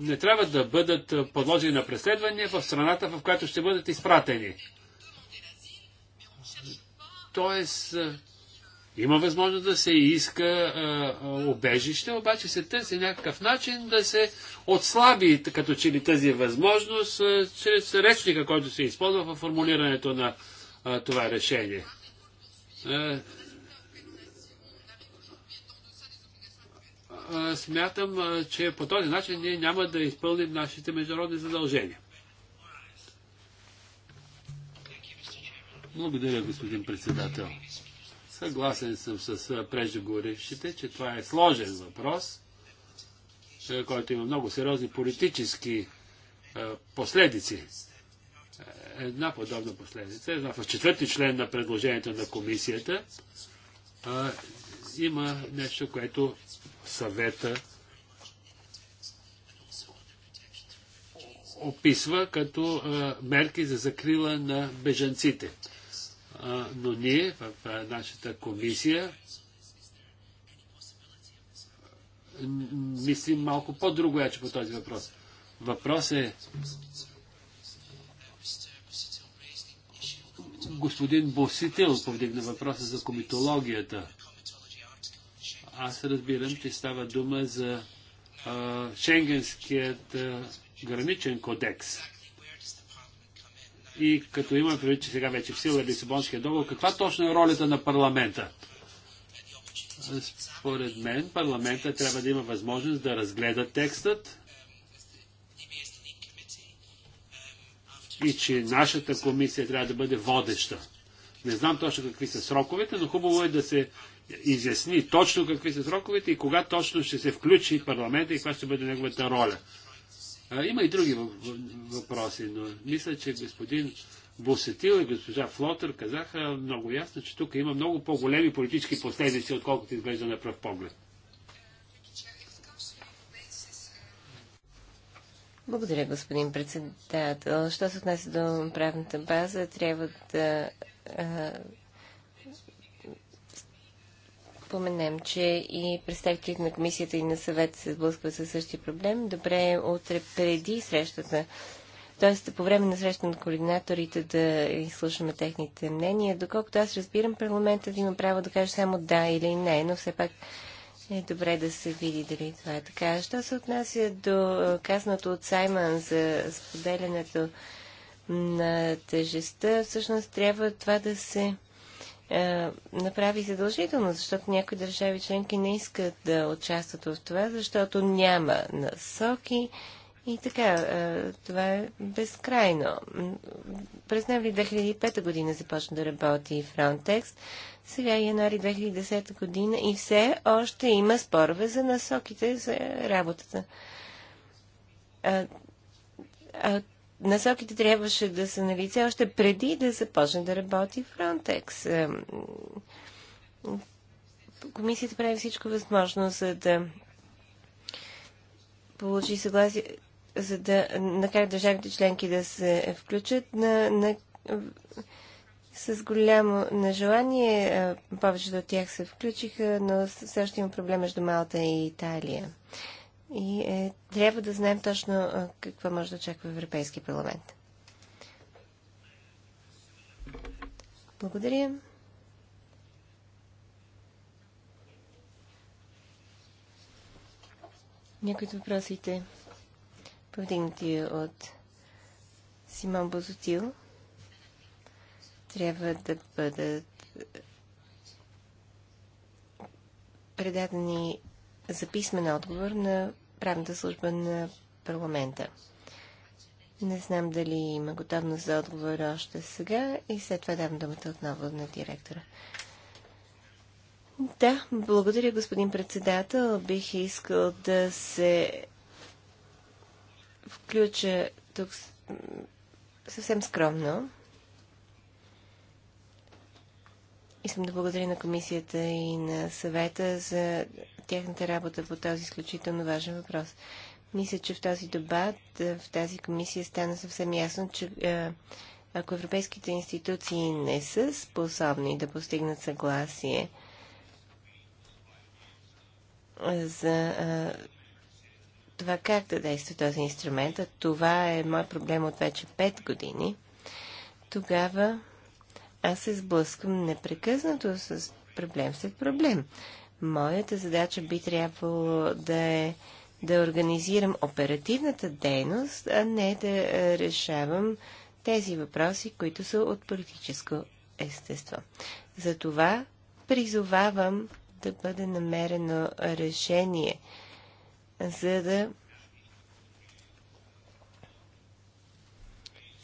не трябва да бъдат подложени на преследване в страната, в която ще бъдат изпратени. Тоест, има възможност да се иска а, обежище, обаче се търси някакъв начин да се отслаби като че ли тази възможност а, чрез речника, който се използва в формулирането на а, това решение. смятам, че по този начин ние няма да изпълним нашите международни задължения. Благодаря, господин председател. Съгласен съм с преждеговорившите, че това е сложен въпрос, който има много сериозни политически последици. Е, една подобна последица, една в четвърти член на предложението на комисията, има нещо, което съвета описва като а, мерки за закрила на бежанците. А, но ние в нашата комисия мислим малко по-друго по този въпрос. Въпрос е господин Босител повдигна въпроса за комитологията. Аз разбирам, че става дума за а, Шенгенският а, граничен кодекс. И като има предвид, че сега вече в сила е Лисабонския договор, каква точно е ролята на парламента? Според мен парламента трябва да има възможност да разгледа текстът и че нашата комисия трябва да бъде водеща. Не знам точно какви са сроковете, но хубаво е да се изясни точно какви са сроковете и кога точно ще се включи парламента и каква ще бъде неговата роля. А, има и други въпроси, но мисля, че господин Бусетил и госпожа Флотър казаха много ясно, че тук има много по-големи политически последици, отколкото изглежда на пръв поглед. Благодаря, господин председател. Що се отнася до правната база, трябва да споменем, че и представителите на комисията и на съвет се сблъскват със същия проблем. Добре е утре преди срещата, т.е. по време на среща на координаторите да изслушаме техните мнения. Доколкото аз разбирам, парламентът има право да каже само да или не, но все пак е добре да се види дали това е така. Що се отнася до е, казаното от Саймън за споделянето на тежестта, всъщност трябва това да се е, направи задължително, защото някои държави членки не искат да участват в това, защото няма насоки и така. Е, това е безкрайно. През ноември 2005 година започна да работи Frontex. Сега е януари 2010 година и все още има спорове за насоките за работата. А, а насоките трябваше да са на лице още преди да започне да работи Фронтекс. Комисията прави всичко възможно, за да получи съгласие, за да накара държавите членки да се включат на, на, с голямо нежелание. Повечето от тях се включиха, но все още има проблем между Малта и Италия. И е, трябва да знаем точно какво може да очаква Европейски парламент. Благодаря. Някои от въпросите, повдигнати от Симон Бозотил, трябва да бъдат предадени за писмен отговор на правната служба на парламента. Не знам дали има готовност за отговор още сега и след това давам думата отново на директора. Да, благодаря, господин председател. Бих искал да се включа тук съвсем скромно. Искам да благодаря на комисията и на съвета за тяхната работа по този изключително важен въпрос. Мисля, че в този дебат, е, в тази комисия стана съвсем ясно, че е, ако европейските институции не са способни да постигнат съгласие за е, това как да действа този инструмент, а това е мой проблем от вече 5 години, тогава аз се сблъсквам непрекъснато с проблем след проблем. Моята задача би трябвало да е да организирам оперативната дейност, а не да е, решавам тези въпроси, които са от политическо естество. Затова призовавам да бъде намерено решение, за да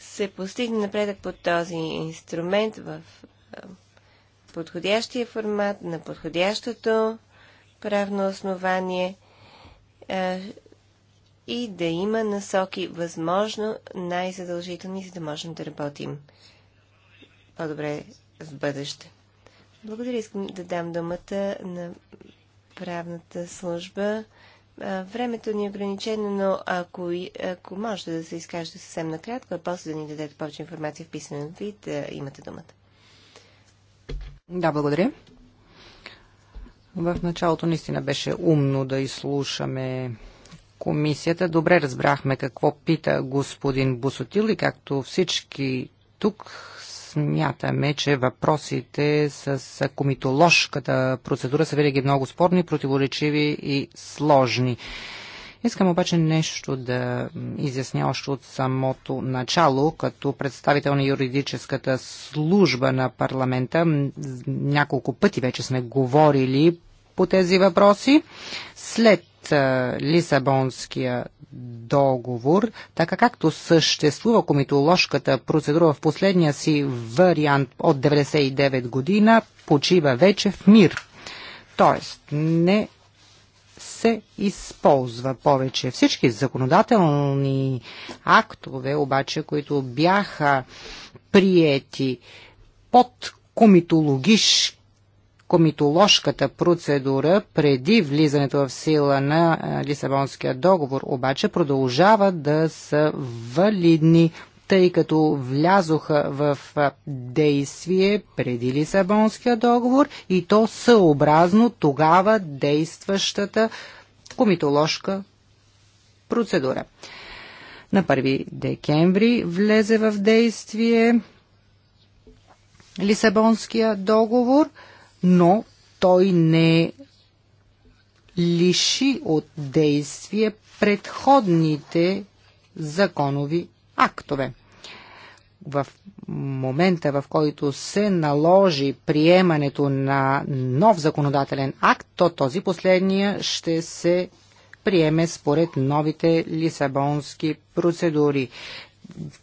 се постигне напредък по този инструмент в е, подходящия формат, на подходящото правно основание а, и да има насоки, възможно най-задължителни, за да можем да работим по-добре в бъдеще. Благодаря, искам да дам думата на правната служба. Времето ни е ограничено, но ако, ако можете да се изкажете съвсем накратко, а после да ни дадете повече информация в писмен вид, да имате думата. Да, благодаря. В началото наистина беше умно да изслушаме комисията. Добре разбрахме какво пита господин Бусотил и както всички тук смятаме, че въпросите с комитоложката процедура са винаги много спорни, противоречиви и сложни. Искам обаче нещо да изясня още от самото начало, като представител на юридическата служба на парламента. Няколко пъти вече сме говорили по тези въпроси. След Лисабонския договор, така както съществува комитоложката процедура в последния си вариант от 99 година, почива вече в мир. Тоест, не се използва повече. Всички законодателни актове, обаче, които бяха приети под комитологиш, комитоложката процедура преди влизането в сила на Лисабонския договор, обаче продължават да са валидни тъй като влязоха в действие преди Лисабонския договор и то съобразно тогава действащата комитоложка процедура. На 1 декември влезе в действие Лисабонския договор, но той не лиши от действие предходните законови актове. В момента, в който се наложи приемането на нов законодателен акт, то този последния ще се приеме според новите лисабонски процедури.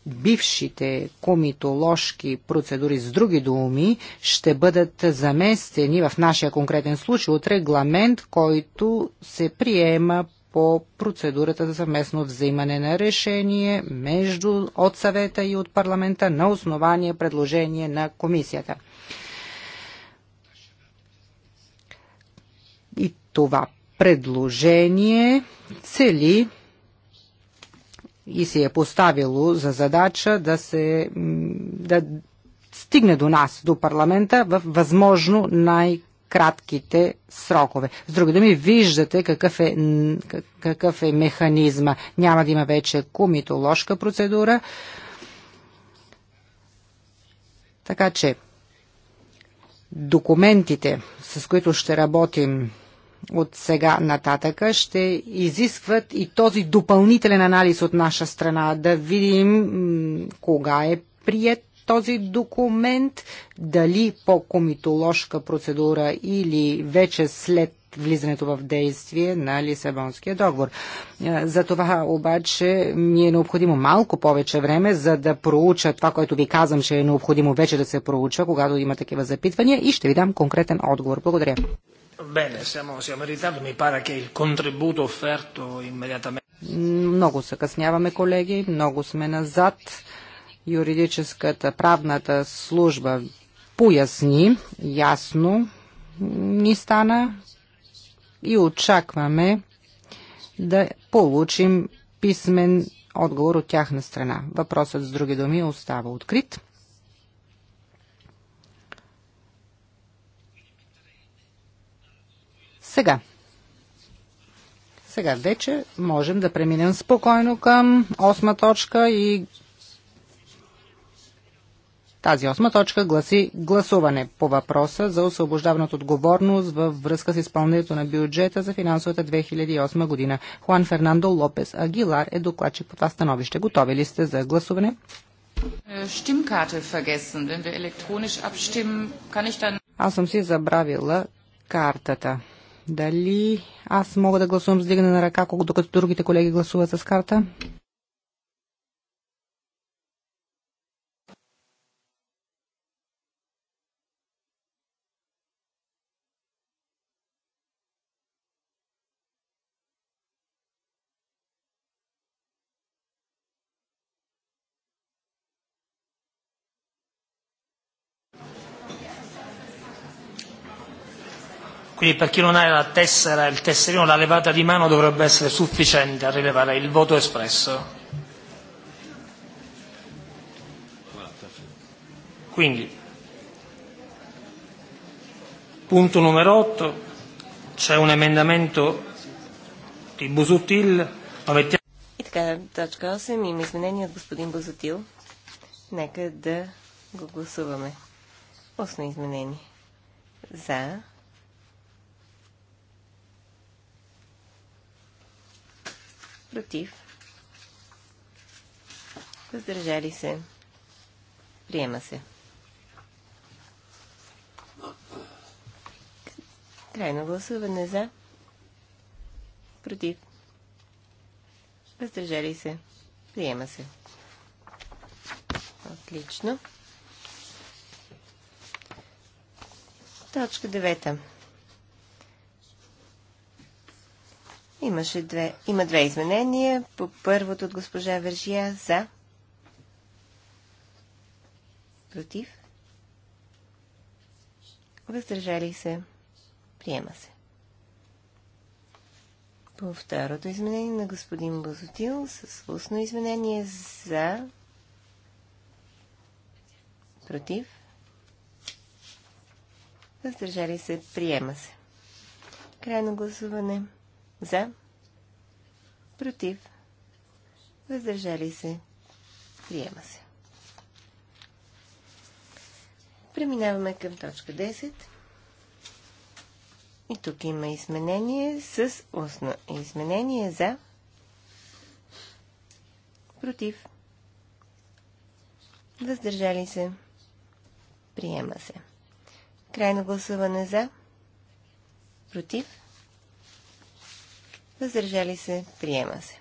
Бившите комитоложки процедури с други думи ще бъдат заместени в нашия конкретен случай от регламент, който се приема по процедурата за съвместно взимане на решение между от съвета и от парламента на основание предложение на комисията. И това предложение цели и си е поставило за задача да се да стигне до нас, до парламента, в възможно най- кратките срокове. С други думи, виждате какъв е, какъв е механизма. Няма да има вече комитоложка процедура. Така че документите, с които ще работим от сега нататъка ще изискват и този допълнителен анализ от наша страна, да видим кога е прият този документ, дали по комитоложка процедура или вече след влизането в действие на Лисабонския договор. Е, за това обаче ми е необходимо малко повече време, за да проуча това, което ви казвам, че е необходимо вече да се проуча, когато има такива запитвания и ще ви дам конкретен отговор. Благодаря. Bene, siamo, siamo ritardo, mi pare che il contributo offerto immediatamente... Много съкъсняваме, колеги, много сме назад юридическата правната служба поясни, ясно ни стана и очакваме да получим писмен отговор от тяхна страна. Въпросът с други думи остава открит. Сега. Сега вече можем да преминем спокойно към осма точка и тази осма точка гласи гласуване по въпроса за освобождаване от отговорност във връзка с изпълнението на бюджета за финансовата 2008 година. Хуан Фернандо Лопес Агилар е докладчик по това становище. Готови ли сте за гласуване? Е, е е аз съм си забравила картата. Дали аз мога да гласувам с дигане на ръка, докато другите колеги гласуват с карта? Quindi per chi non ha la tessera, il tesserino, la levata di mano dovrebbe essere sufficiente a rilevare il voto espresso. Quindi, punto numero 8, c'è un emendamento di Busutil. И така, точка 8, има изменение от господин Бозотил. Нека да го гласуваме. Осно изменение. За. против, въздържали се, приема се. Крайно гласуване за, против, въздържали се, приема се. Отлично. Точка 9. Имаше две, има две изменения. По първото от госпожа Вержия за. Против. Въздържали се. Приема се. По второто изменение на господин Бозотил с устно изменение за. Против. Въздържали се. Приема се. Крайно гласуване. За. Против. Въздържали се. Приема се. Преминаваме към точка 10. И тук има изменение с устно изменение за против въздържали се приема се крайно гласуване за против Въздържали се. Приема се.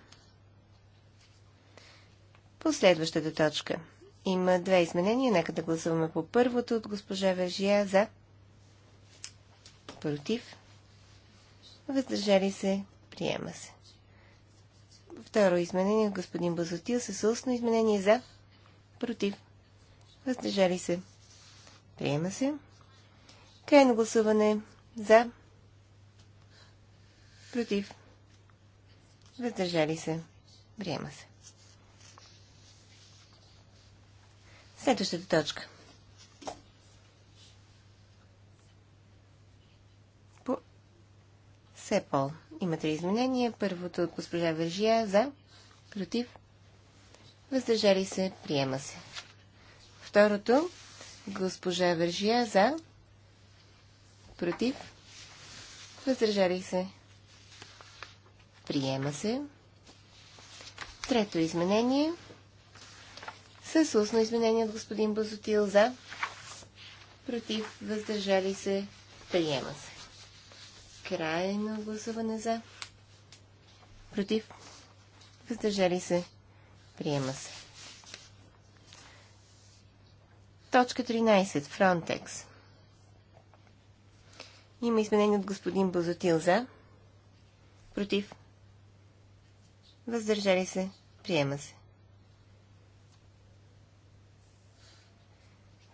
Последващата точка. Има две изменения. Нека да гласуваме по първото от госпожа Вержия за. Против. Въздържали се. Приема се. Второ изменение от господин Базотил с устно изменение за. Против. Въздържали се. Приема се. Крайно гласуване за. Против въздържали се, приема се. Следващата точка. По Сепол. Има три изменения. Първото от госпожа Вържия за, против, въздържали се, приема се. Второто, госпожа Вържия за, против, въздържали се, Приема се. Трето изменение. С устно изменение от господин Базотил за. Против. Въздържали се. Приема се. Крайно гласуване за. Против. Въздържали се. Приема се. Точка 13. Фронтекс. Има изменение от господин Базотил за. Против. Въздържали се. Приема се.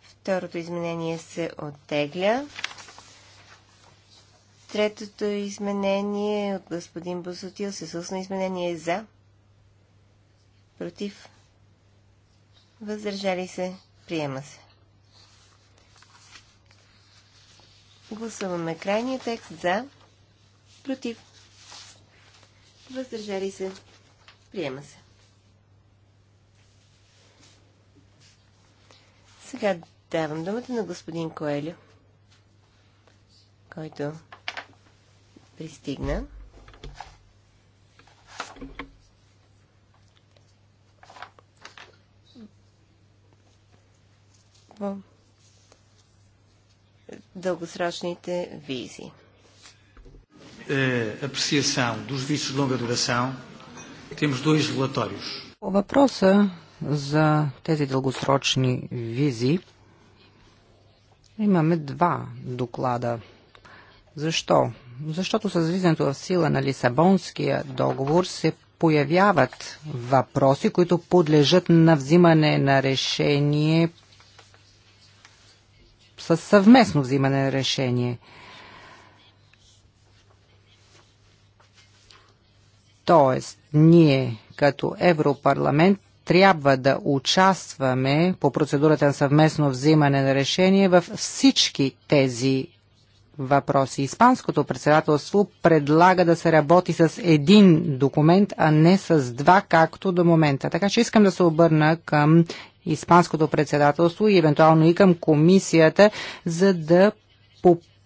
Второто изменение се оттегля. Третото изменение е от господин Босотил се сусна изменение е за. Против. Въздържали се. Приема се. Гласуваме крайния текст за. Против. Въздържали се. Приема се. Сега давам думата на господин Коелю, който пристигна. дългосрочните визи. Е, Апресиация apreciação dos vistos по въпроса за тези дългосрочни визи имаме два доклада. Защо? Защото с влизането в сила на Лисабонския договор се появяват въпроси, които подлежат на взимане на решение със съвместно взимане на решение. Тоест, ние като Европарламент трябва да участваме по процедурата на съвместно взимане на решение в всички тези въпроси. Испанското председателство предлага да се работи с един документ, а не с два, както до момента. Така че искам да се обърна към Испанското председателство и евентуално и към комисията, за да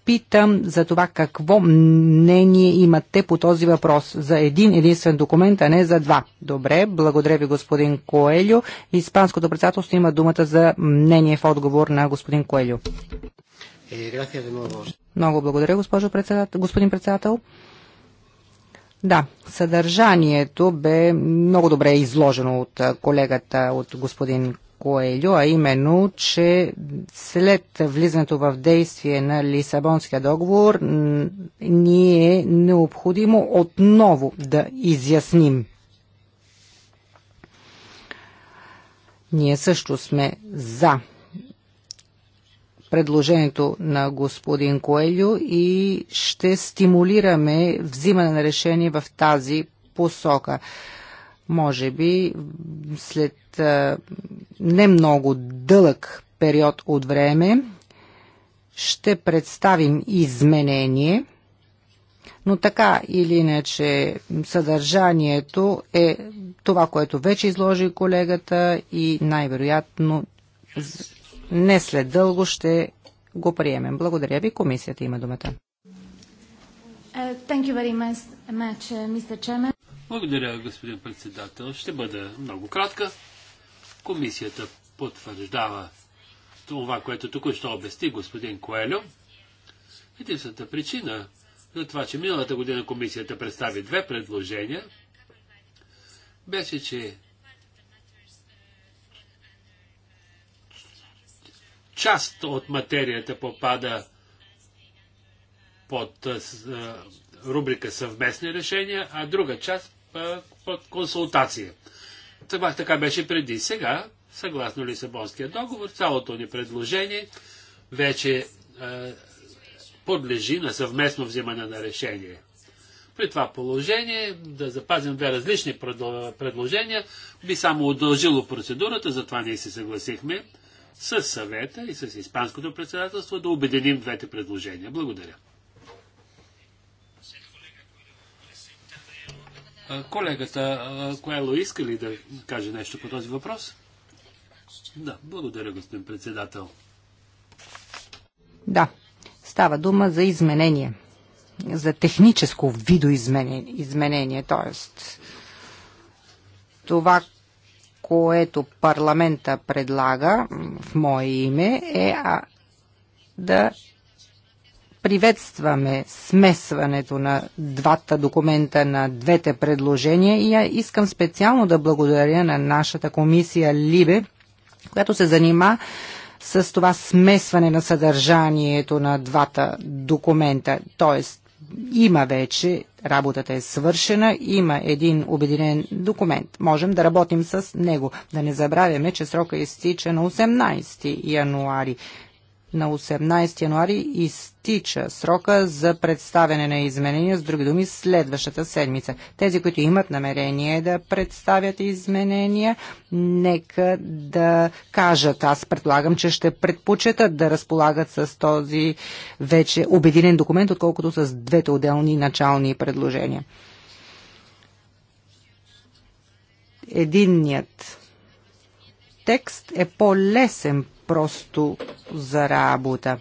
питам за това какво мнение имате по този въпрос. За един единствен документ, а не за два. Добре, благодаря ви господин Коелю. Испанското председателство има думата за мнение в отговор на господин Коелю. Е, много благодаря, госпожо председател, господин председател. Да, съдържанието бе много добре изложено от колегата, от господин Коелю, а именно, че след влизането в действие на Лисабонския договор ни е необходимо отново да изясним. Ние също сме за предложението на господин Коелю и ще стимулираме взимане на решение в тази посока. Може би след не много дълъг период от време ще представим изменение, но така или иначе съдържанието е това, което вече изложи колегата и най-вероятно не след дълго ще го приемем. Благодаря ви. Комисията има думата. Uh, much, uh, much, благодаря, господин председател. Ще бъда много кратка. Комисията потвърждава това, което току-що обясни господин Коелю. Единствената причина за това, че миналата година комисията представи две предложения, беше, че част от материята попада под рубрика съвместни решения, а друга част под консултация. Това така беше преди. Сега, съгласно Лисабонския договор, цялото ни предложение вече е, подлежи на съвместно взимане на решение. При това положение да запазим две различни предложения би само удължило процедурата, затова ние се съгласихме с съвета и с Испанското председателство да обединим двете предложения. Благодаря. Колегата Коело иска ли да каже нещо по този въпрос? Да, благодаря, господин председател. Да, става дума за изменение. За техническо видоизменение, т.е. това, което парламента предлага в мое име е да приветстваме смесването на двата документа, на двете предложения и я искам специално да благодаря на нашата комисия Либе, която се занима с това смесване на съдържанието на двата документа. Тоест, има вече, работата е свършена, има един обединен документ. Можем да работим с него. Да не забравяме, че срока изтича на 18 януари на 18 януари изтича срока за представяне на изменения, с други думи следващата седмица. Тези, които имат намерение да представят изменения, нека да кажат. Аз предлагам, че ще предпочитат да разполагат с този вече обединен документ, отколкото с двете отделни начални предложения. Единният текст е по-лесен просто за работа.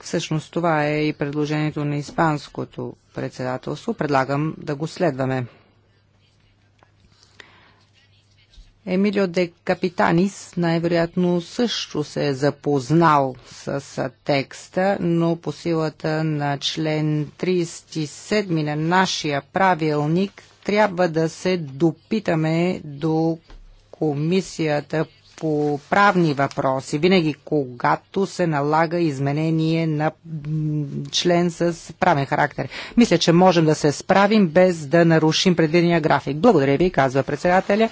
Всъщност това е и предложението на Испанското председателство. Предлагам да го следваме. Емилио де Капитанис най-вероятно също се е запознал с текста, но по силата на член 37 на нашия правилник трябва да се допитаме до комисията по правни въпроси, винаги когато се налага изменение на член с правен характер. Мисля, че можем да се справим без да нарушим предвидения график. Благодаря ви, казва председателя.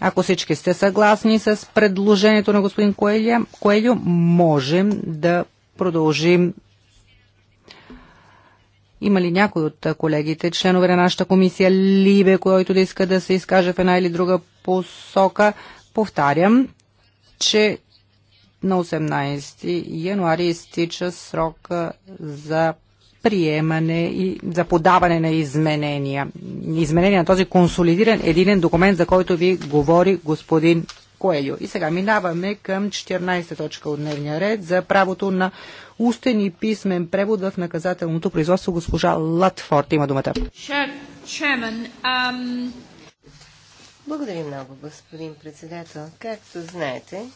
Ако всички сте съгласни с предложението на господин Коелио, можем да продължим има ли някой от колегите, членове на нашата комисия Либе, който да иска да се изкаже в една или друга посока? Повтарям, че на 18 януари изтича срока за приемане и за подаване на изменения. Изменения на този консолидиран единен документ, за който ви говори господин Коелю. И сега минаваме към 14 точка от дневния ред за правото на устен и писмен превод в наказателното производство. Госпожа Латфорд има думата. Благодаря много, господин председател. Както знаете,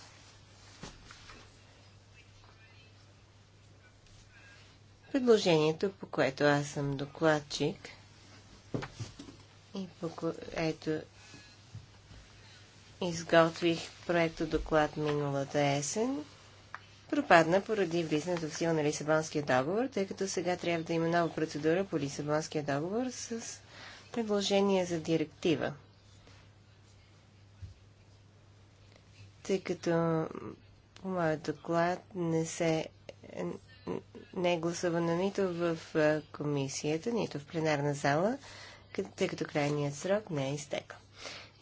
предложението, по което аз съм докладчик и по което изготвих проекто доклад миналата есен, пропадна поради влизането в сила на Лисабонския договор, тъй като сега трябва да има нова процедура по Лисабонския договор с предложение за директива. Тъй като по моят доклад не се не е гласувано нито в комисията, нито в пленарна зала, тъй като крайният срок не е изтекал.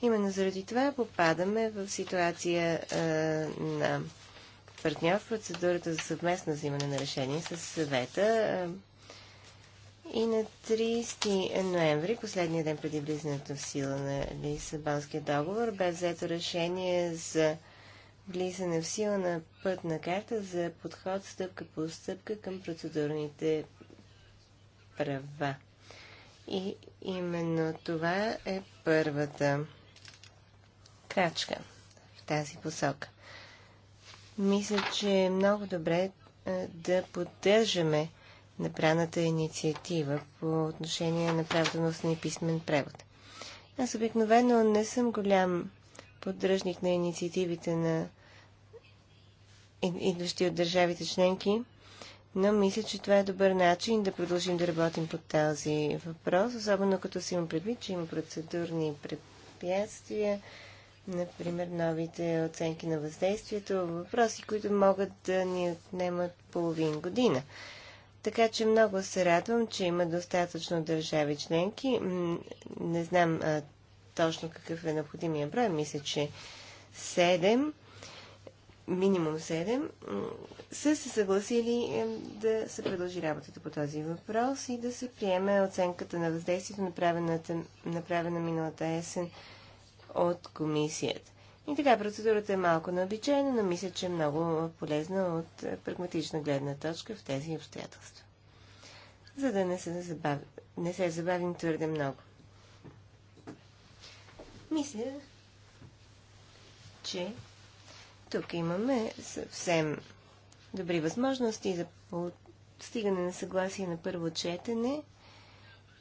Именно заради това попадаме в ситуация а, на партньор в процедурата за съвместно взимане на решение с съвета. И на 30 ноември, последния ден преди влизането в сила на Лисабонския договор, бе взето решение за влизане в сила на пътна карта за подход стъпка по стъпка към процедурните права. И именно това е първата крачка в тази посока. Мисля, че е много добре е, да поддържаме направената инициатива по отношение на правото на писмен превод. Аз обикновено не съм голям поддръжник на инициативите на идващи от държавите членки, но мисля, че това е добър начин да продължим да работим по този въпрос, особено като си има предвид, че има процедурни препятствия, например, новите оценки на въздействието, въпроси, които могат да ни отнемат половин година. Така че много се радвам, че има достатъчно държави членки. Не знам а, точно какъв е необходимия брой. Мисля, че 7, минимум 7, са се съгласили е, да се продължи работата по този въпрос и да се приеме оценката на въздействието, направена, направена миналата есен от комисията. И така, процедурата е малко необичайна, но мисля, че е много полезна от е, прагматична гледна точка в тези обстоятелства. За да не се, забав... не се забавим твърде много. Мисля, че тук имаме съвсем добри възможности за постигане на съгласие на първо четене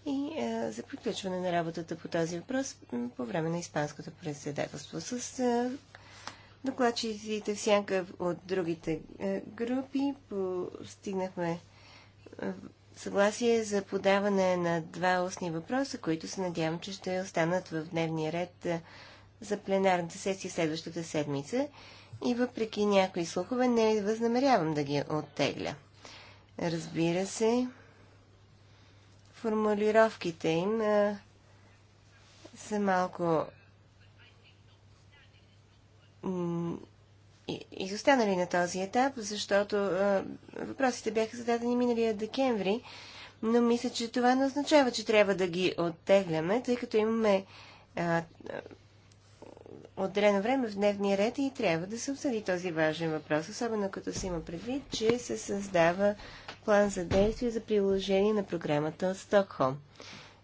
и а, е, за приключване на работата по този въпрос по време на Испанското председателство. С а, е, докладчиците в сянка от другите а, е, групи постигнахме съгласие за подаване на два устни въпроса, които се надявам, че ще останат в дневния ред за пленарната сесия следващата седмица и въпреки някои слухове не възнамерявам да ги оттегля. Разбира се, формулировките им са малко изостанали на този етап, защото въпросите бяха зададени миналия декември, но мисля, че това не означава, че трябва да ги оттегляме, тъй като имаме отделено време в дневния ред и трябва да се обсъди този важен въпрос, особено като се има предвид, че се създава план за действие за приложение на програмата от Стокхолм.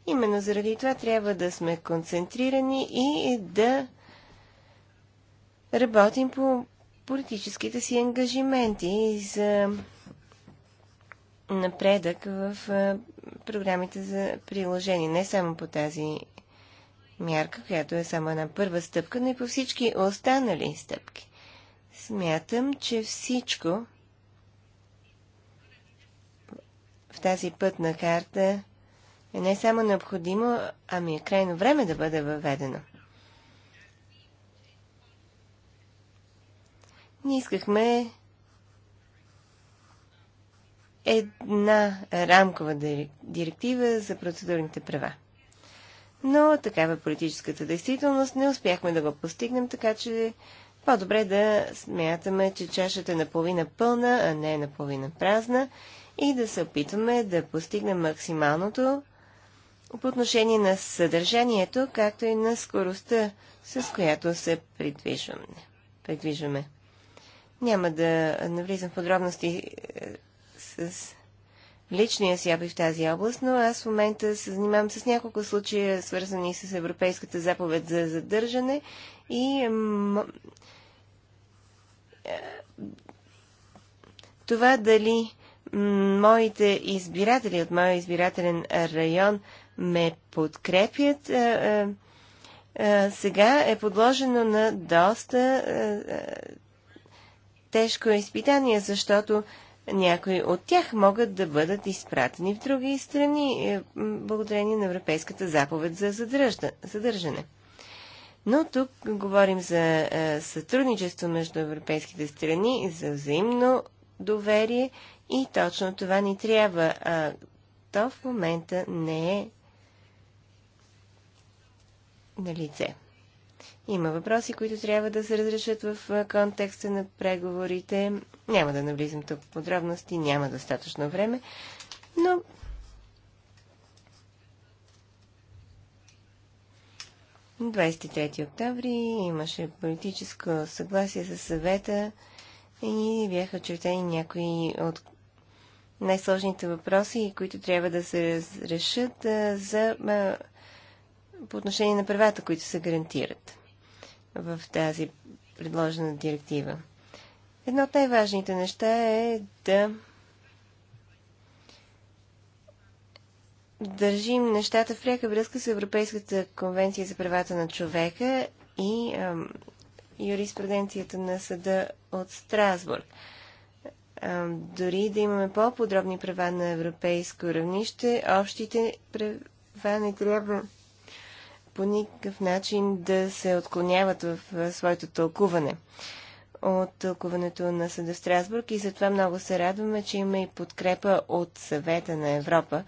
Именно заради това трябва да сме концентрирани и да работим по политическите си ангажименти за напредък в програмите за приложение, не само по тази мярка, която е само една първа стъпка, но и по всички останали стъпки. Смятам, че всичко в тази пътна карта е не само необходимо, ами е крайно време да бъде въведено. Ние искахме една рамкова директива за процедурните права но такава е политическата действителност. Не успяхме да го постигнем, така че по-добре да смятаме, че чашата е наполовина пълна, а не е наполовина празна и да се опитваме да постигнем максималното по отношение на съдържанието, както и на скоростта, с която се придвижваме. придвижваме. Няма да навлизам в подробности е, с личния си опит в тази област, но аз в момента се занимавам с няколко случая, свързани с Европейската заповед за задържане и е, това дали моите избиратели от моя избирателен район ме подкрепят, е, е, сега е подложено на доста тежко изпитание, защото някои от тях могат да бъдат изпратени в други страни, е, благодарение на Европейската заповед за задържане. Но тук говорим за е, сътрудничество между европейските страни, за взаимно доверие и точно това ни трябва. А то в момента не е на лице. Има въпроси, които трябва да се разрешат в е, контекста на преговорите няма да навлизам тук в подробности, няма достатъчно време, но на 23 октомври имаше политическо съгласие със съвета и бяха очертани някои от най-сложните въпроси, които трябва да се разрешат за, по отношение на правата, които се гарантират в тази предложена директива. Едно от най-важните неща е да държим нещата в пряка връзка с Европейската конвенция за правата на човека и ам, юриспруденцията на съда от Страсбург. Ам, дори да имаме по-подробни права на европейско равнище, общите права не трябва по никакъв начин да се отклоняват в своето тълкуване от тълкуването на Съда Страсбург и затова много се радваме, че има и подкрепа от Съвета на Европа,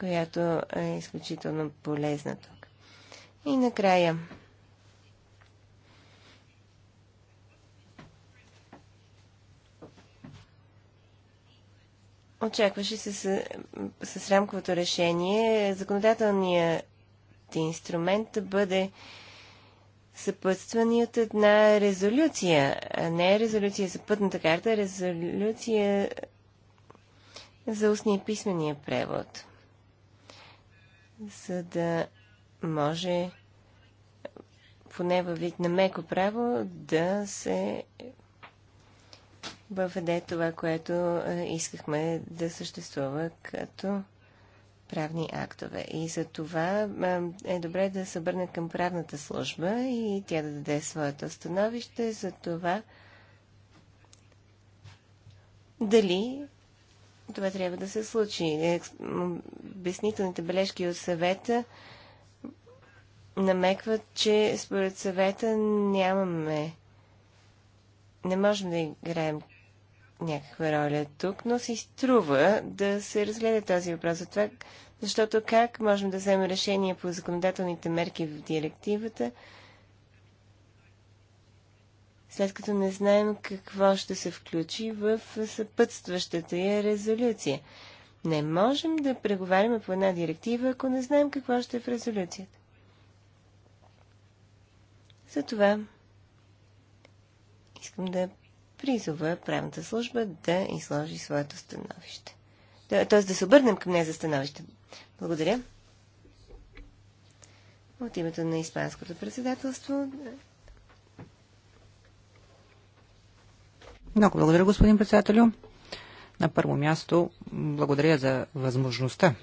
която е изключително полезна тук. И накрая. Очакваше се с, с рамковото решение законодателният инструмент да бъде съпътствани от една е резолюция, а не е резолюция за пътната карта, а е резолюция за устния писмения превод. За да може поне във вид на меко право да се въведе това, което искахме да съществува като правни актове. И за това е добре да се обърне към правната служба и тя да даде своето становище за това дали това трябва да се случи. Е, обяснителните бележки от съвета намекват, че според съвета нямаме не можем да играем някаква роля тук, но си струва да се разгледа този въпрос от това, защото как можем да вземем решение по законодателните мерки в директивата, след като не знаем какво ще се включи в съпътстващата я резолюция. Не можем да преговаряме по една директива, ако не знаем какво ще е в резолюцията. Затова искам да призова правната служба да изложи своето становище. Т.е. да се обърнем към нея за становище. Благодаря. От името на Испанското председателство. Много благодаря, господин председателю. На първо място, благодаря за възможността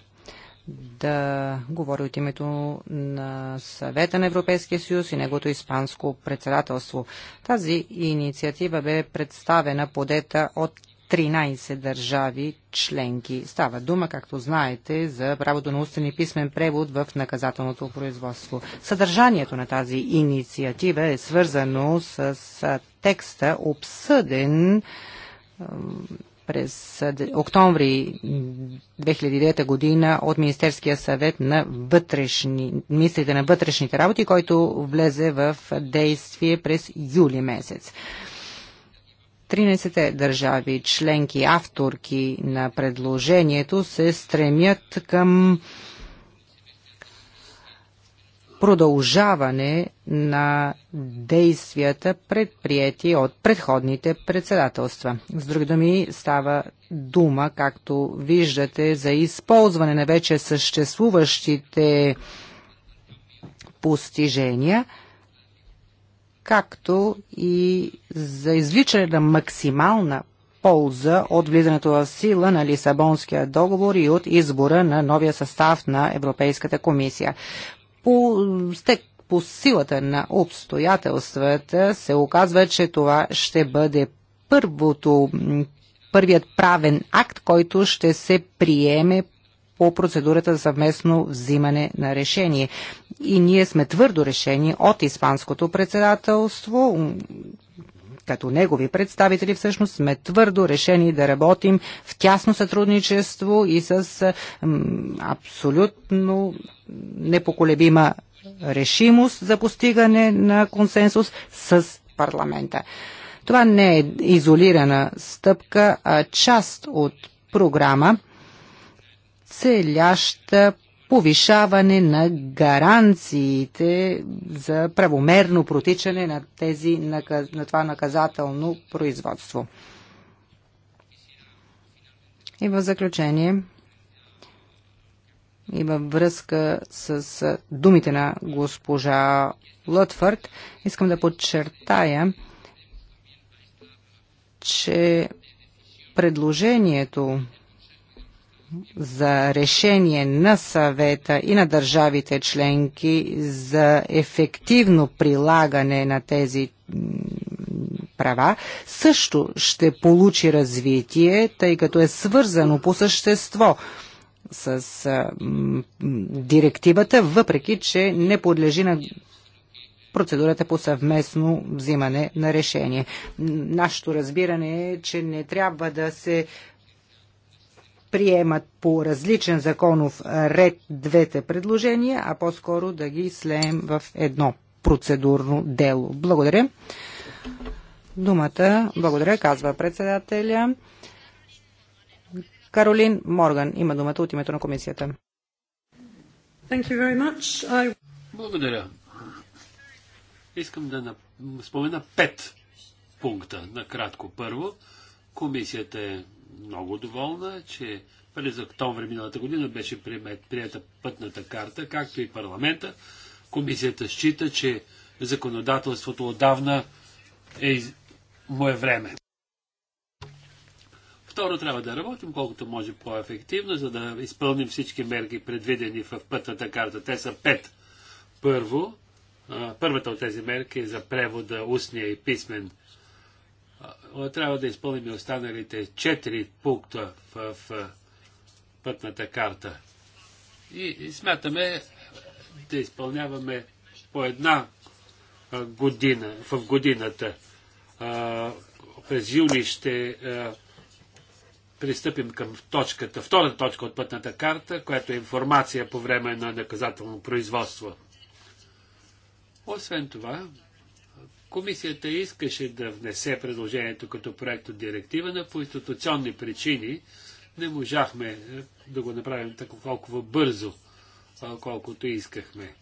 да говори от името на съвета на Европейския съюз и неговото испанско председателство. Тази инициатива бе представена подета от 13 държави членки. Става дума, както знаете, за правото на устен и писмен превод в наказателното производство. Съдържанието на тази инициатива е свързано с текста, обсъден през октомври 2009 година от Министерския съвет на вътрешни, министрите на вътрешните работи, който влезе в действие през юли месец. 13-те държави, членки, авторки на предложението се стремят към продължаване на действията предприяти от предходните председателства. С други думи става дума, както виждате, за използване на вече съществуващите постижения, както и за извличане на максимална полза от влизането в сила на Лисабонския договор и от избора на новия състав на Европейската комисия по, стек, по силата на обстоятелствата се оказва, че това ще бъде първото, първият правен акт, който ще се приеме по процедурата за съвместно взимане на решение. И ние сме твърдо решени от Испанското председателство като негови представители всъщност сме твърдо решени да работим в тясно сътрудничество и с абсолютно непоколебима решимост за постигане на консенсус с парламента. Това не е изолирана стъпка, а част от програма, целяща повишаване на гаранциите за правомерно протичане на, тези, на това наказателно производство. И в заключение, и във връзка с думите на госпожа Лътфърт, искам да подчертая, че предложението за решение на съвета и на държавите членки за ефективно прилагане на тези права, също ще получи развитие, тъй като е свързано по същество с директивата, въпреки че не подлежи на процедурата по съвместно взимане на решение. Нашето разбиране е, че не трябва да се приемат по различен законов ред двете предложения, а по-скоро да ги слеем в едно процедурно дело. Благодаря. Думата, благодаря, казва председателя. Каролин Морган има думата от името на комисията. I... Благодаря. Искам да спомена пет пункта. Накратко първо, комисията е много доволна, че през октомври миналата година беше прията пътната карта, както и парламента. Комисията счита, че законодателството отдавна е му е време. Второ, трябва да работим колкото може по-ефективно, за да изпълним всички мерки, предвидени в пътната карта. Те са пет. Първо, първата от тези мерки е за превода устния и писмен трябва да изпълним останалите 4 пункта в, в пътната карта. И, и смятаме да изпълняваме по една година, в годината. А, през юни ще а, пристъпим към точката, втората точка от пътната карта, която е информация по време на наказателно производство. Освен това, Комисията искаше да внесе предложението като проект от директива, но по институционни причини не можахме е, да го направим така колкова бързо, е, колкото искахме.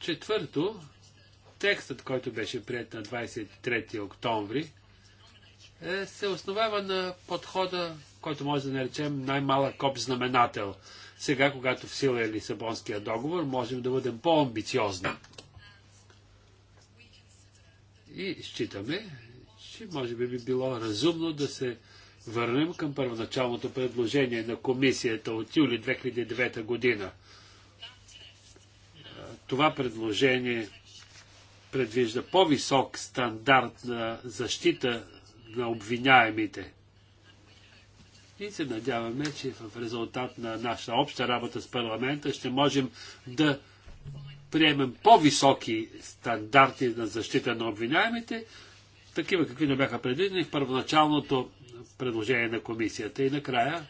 Четвърто, текстът, който беше прият на 23 октомври, е, се основава на подхода, който може да наречем най-малък общ знаменател. Сега, когато в сила е Лисабонския договор, можем да бъдем по-амбициозни. И считаме, че може би би било разумно да се върнем към първоначалното предложение на комисията от юли 2009 година. Това предложение предвижда по-висок стандарт на защита на обвиняемите. И се надяваме, че в резултат на нашата обща работа с парламента ще можем да приемем по-високи стандарти на защита на обвиняемите, такива какви не бяха предвидени в първоначалното предложение на комисията. И накрая,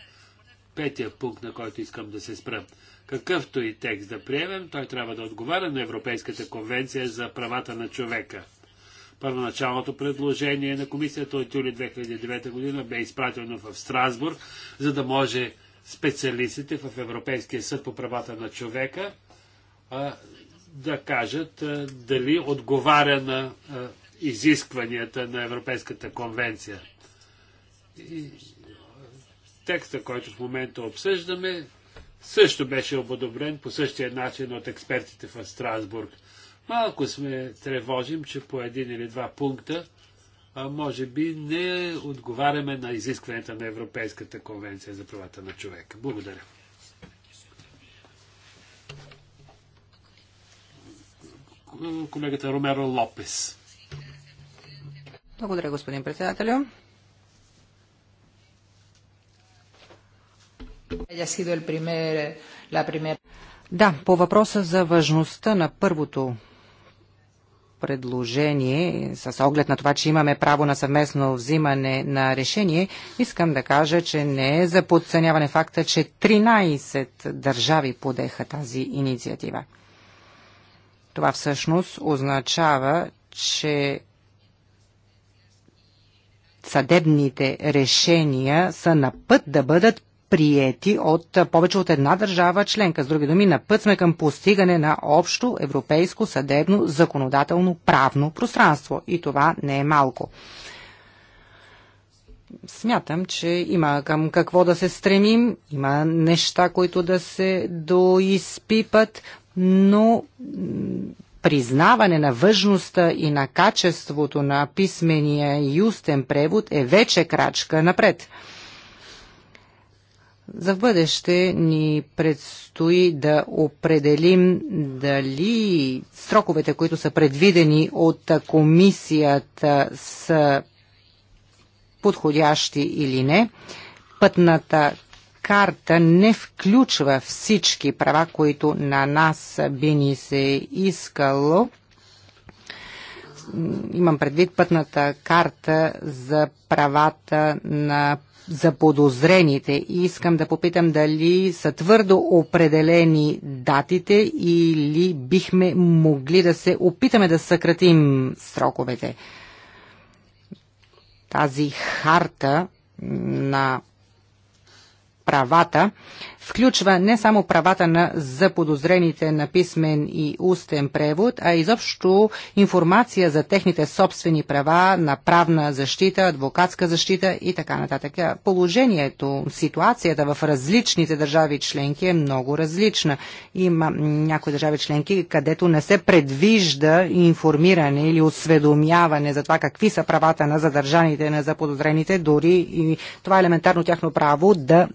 петия пункт, на който искам да се спра. Какъвто и текст да приемем, той трябва да отговаря на Европейската конвенция за правата на човека – Първоначалното предложение на комисията от юли 2009 година бе изпратено в Страсбург, за да може специалистите в Европейския съд по правата на човека а, да кажат а, дали отговаря на а, изискванията на Европейската конвенция. И, текста, който в момента обсъждаме, също беше ободобрен по същия начин от експертите в Страсбург. Малко сме тревожим, че по един или два пункта може би не отговаряме на изискването на Европейската конвенция за правата на човека. Благодаря. Колегата Ромеро Лопес. Благодаря, господин председателю. Да, по въпроса за важността на първото предложение, с оглед на това, че имаме право на съвместно взимане на решение, искам да кажа, че не е за подценяване факта, че 13 държави подеха тази инициатива. Това всъщност означава, че съдебните решения са на път да бъдат приети от повече от една държава членка. С други думи, на път сме към постигане на общо европейско съдебно законодателно правно пространство. И това не е малко. Смятам, че има към какво да се стремим, има неща, които да се доизпипат, но признаване на въжността и на качеството на писмения и устен превод е вече крачка напред. За в бъдеще ни предстои да определим дали сроковете, които са предвидени от комисията са подходящи или не. Пътната карта не включва всички права, които на нас би ни се искало. Имам предвид пътната карта за правата на заподозрените. Искам да попитам дали са твърдо определени датите или бихме могли да се опитаме да съкратим сроковете. Тази харта на правата включва не само правата на заподозрените на писмен и устен превод, а изобщо информация за техните собствени права на правна защита, адвокатска защита и така нататък. Положението, ситуацията в различните държави членки е много различна. Има някои държави членки, където не се предвижда информиране или осведомяване за това какви са правата на задържаните, на заподозрените, дори и това елементарно тяхно право да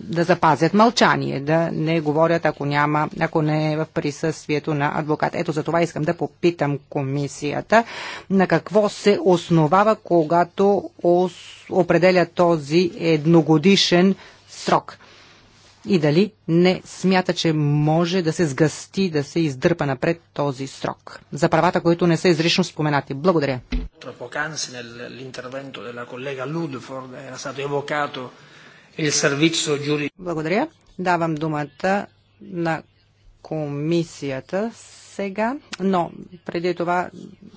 да запазят мълчание, да не говорят, ако, няма, ако не е в присъствието на адвокат. Ето за това искам да попитам комисията на какво се основава, когато определя този едногодишен срок. И дали не смята, че може да се сгъсти, да се издърпа напред този срок. За правата, които не са изрично споменати. Благодаря. nell'intervento della collega Ludford era stato evocato благодаря. Давам думата на комисията сега, но преди това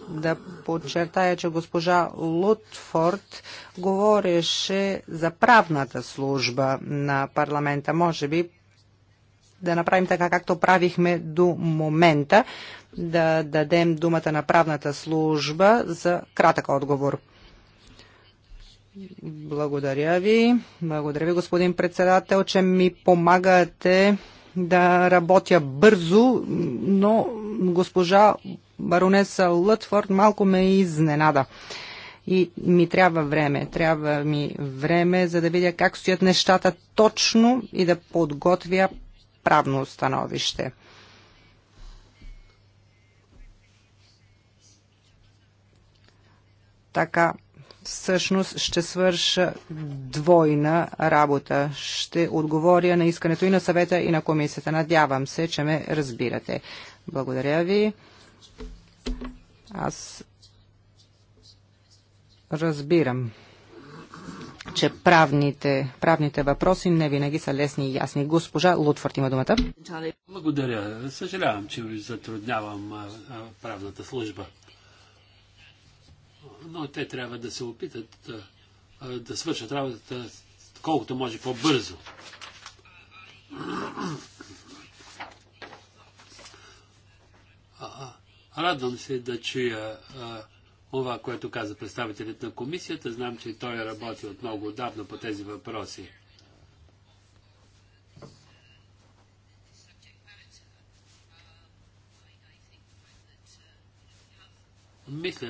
да подчертая, че госпожа Лутфорд говореше за правната служба на парламента. Може би да направим така, както правихме до момента, да дадем думата на правната служба за кратък отговор. Благодаря ви. Благодаря ви, господин председател, че ми помагате да работя бързо, но госпожа баронеса Лътфорд малко ме изненада. И ми трябва време. Трябва ми време, за да видя как стоят нещата точно и да подготвя правно становище. Така, всъщност ще свърша двойна работа. Ще отговоря на искането и на съвета и на комисията. Надявам се, че ме разбирате. Благодаря ви. Аз разбирам, че правните, правните въпроси не винаги са лесни и ясни. Госпожа Лутфорд има думата. Благодаря. Съжалявам, че затруднявам правната служба но те трябва да се опитат да, свършат работата колкото може по-бързо. Радвам се да чуя това, което каза представителят на комисията. Знам, че той е работи от много отдавна по тези въпроси. Мисля,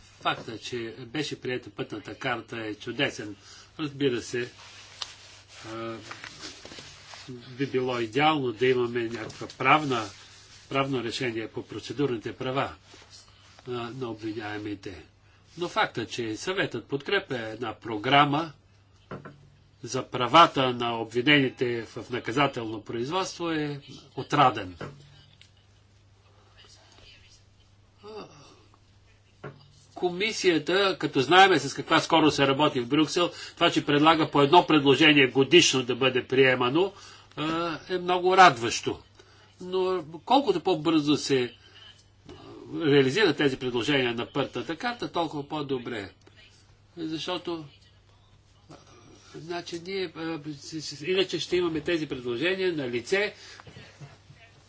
в Факта, че беше прията пътната карта е чудесен. Разбира се, би било идеално да имаме някаква правна, правно решение по процедурните права на обвиняемите. Но факта, че съветът подкрепя една програма за правата на обвинените в наказателно производство е отраден. комисията, като знаеме с каква скоро се работи в Брюксел, това, че предлага по едно предложение годишно да бъде приемано, е, е много радващо. Но колкото по-бързо се е, реализират тези предложения на пъртата карта, толкова по-добре. Защото е, Значи ние, иначе ще имаме тези предложения на лице,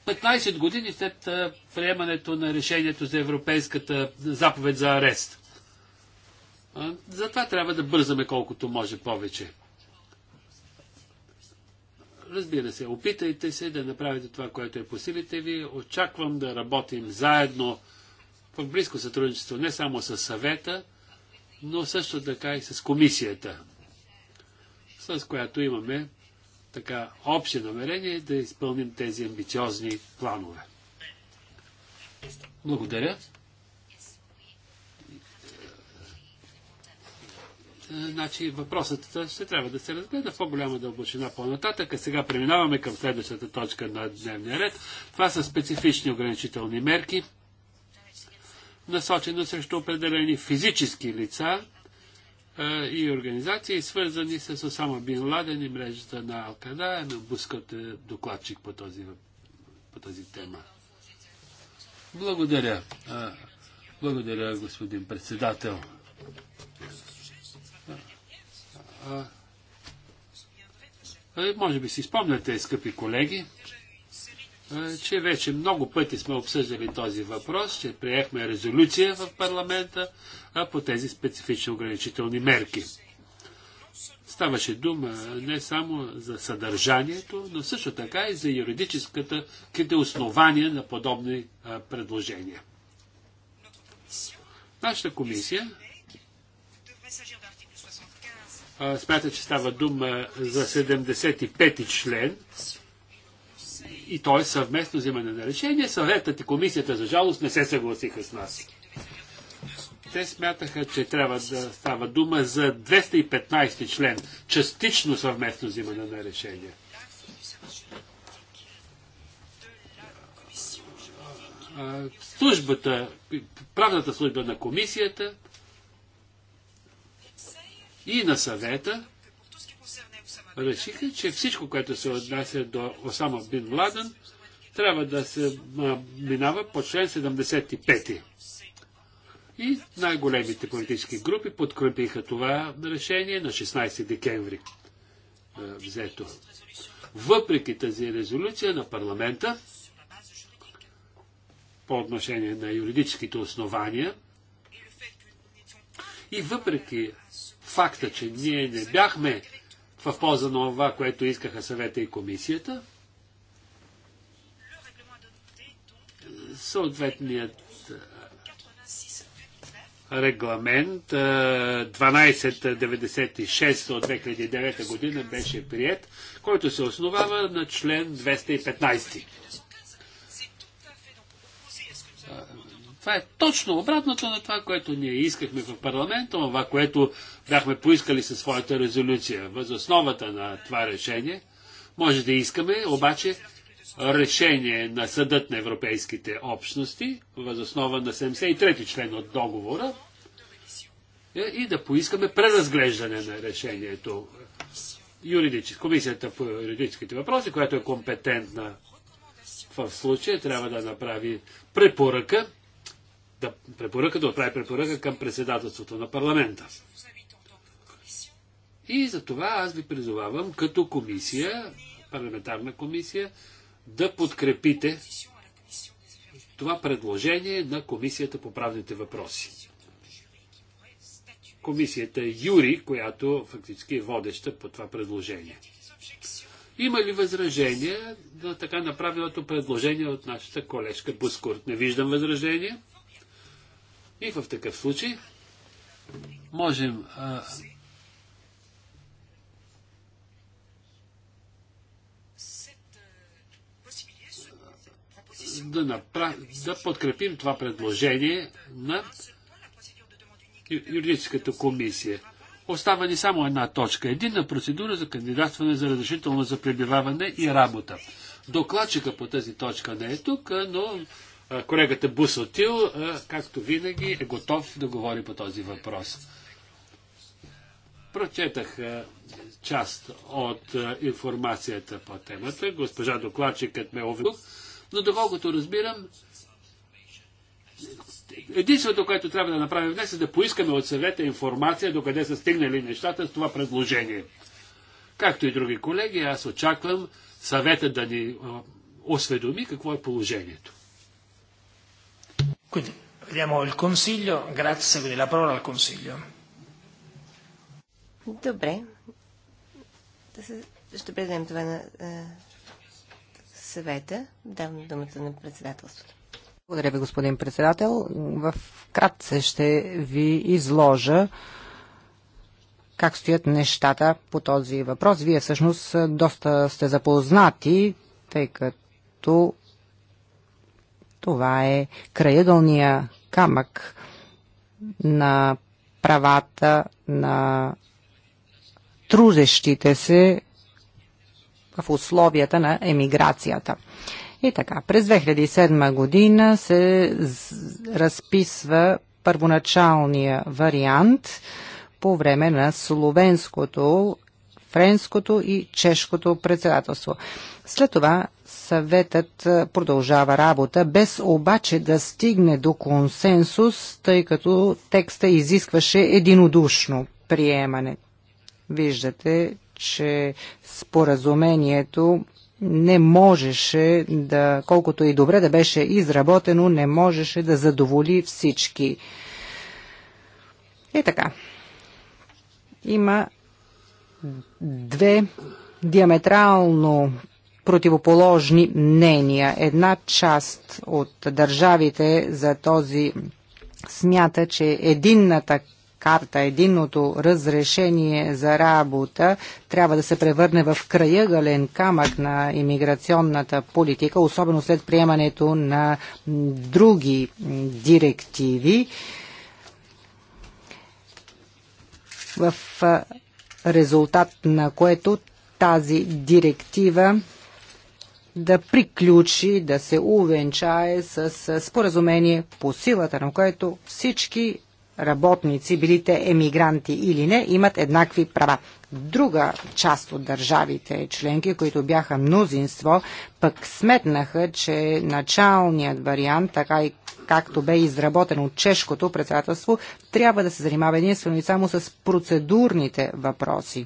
15 години след приемането на решението за Европейската заповед за арест. Затова трябва да бързаме колкото може повече. Разбира се, опитайте се да направите това, което е по силите ви. Очаквам да работим заедно в близко сътрудничество не само с съвета, но също така и с комисията, с която имаме така общи намерения е да изпълним тези амбициозни планове. Благодаря. Значи въпросът ще трябва да се разгледа в по-голяма дълбочина по-нататък. А сега преминаваме към следващата точка на дневния ред. Това са специфични ограничителни мерки, насочено срещу определени физически лица, и организации, свързани с Осама Бин Ладен и мрежата на Алкада. Ме Бускът е докладчик по този, по този тема. Благодаря. Благодаря, господин председател. Може би си спомняте, скъпи колеги, че вече много пъти сме обсъждали този въпрос, че приехме резолюция в парламента по тези специфични ограничителни мерки. Ставаше дума не само за съдържанието, но също така и за юридическата къде основания на подобни предложения. Нашата комисия смята, че става дума за 75 ти член и той съвместно взимане на решение, съветът и комисията за жалост не се съгласиха с нас. Те смятаха, че трябва да става дума за 215 член, частично съвместно взимане на решение. службата, правната служба на комисията и на съвета решиха, че всичко, което се отнася до Осама Бин Ладен, трябва да се минава по член 75. И най-големите политически групи подкрепиха това решение на 16 декември взето. Въпреки тази резолюция на парламента, по отношение на юридическите основания, и въпреки факта, че ние не бяхме в полза на това, което искаха съвета и комисията. Съответният регламент 1296 от 2009 година беше прият, който се основава на член 215. Това е точно обратното на това, което ние искахме в парламента, това, което бяхме поискали със своята резолюция. Въз основата на това решение може да искаме обаче решение на Съдът на Европейските общности, въз основа на 73-ти член от договора, е, и да поискаме преразглеждане на решението. Юридически. Комисията по юридическите въпроси, която е компетентна в случая, трябва да направи препоръка да препоръка, да отправи препоръка към председателството на парламента. И за това аз ви призовавам като комисия, парламентарна комисия, да подкрепите това предложение на Комисията по правните въпроси. Комисията Юри, която фактически е водеща по това предложение. Има ли възражения на така направеното предложение от нашата колежка Бускурт? Не виждам възражения. И в такъв случай можем а, да, направ... да подкрепим това предложение на юридическата комисия. Остава ни само една точка. Единна процедура за кандидатстване за разрешително за пребиваване и работа. Докладчика по тази точка не е тук, но Колегата Бусотил, както винаги, е готов да говори по този въпрос. Прочетах част от информацията по темата. Госпожа докладчикът ме уведоми, но доколкото разбирам, единственото, което трябва да направим днес е да поискаме от съвета информация докъде са стигнали нещата с това предложение. Както и други колеги, аз очаквам съвета да ни осведоми какво е положението. Quindi vediamo il Consiglio, grazie, quindi la parola al Consiglio. Добре. Ще предадем това на е, съвета. Давам думата на председателството. Благодаря ви, господин председател. В кратце ще ви изложа как стоят нещата по този въпрос. Вие всъщност е, доста сте запознати, тъй като това е краягълния камък на правата на трудещите се в условията на емиграцията. И така, през 2007 година се разписва първоначалния вариант по време на словенското, френското и чешкото председателство. След това съветът продължава работа, без обаче да стигне до консенсус, тъй като текста изискваше единодушно приемане. Виждате, че споразумението не можеше да, колкото и добре да беше изработено, не можеше да задоволи всички. И е така. Има две диаметрално противоположни мнения. Една част от държавите за този смята, че единната карта, единното разрешение за работа трябва да се превърне в краягален камък на иммиграционната политика, особено след приемането на други директиви. В резултат на което тази директива да приключи, да се увенчае с споразумение по силата, на което всички работници, били те емигранти или не, имат еднакви права. Друга част от държавите членки, които бяха мнозинство, пък сметнаха, че началният вариант, така и както бе изработен от чешкото председателство, трябва да се занимава единствено и само с процедурните въпроси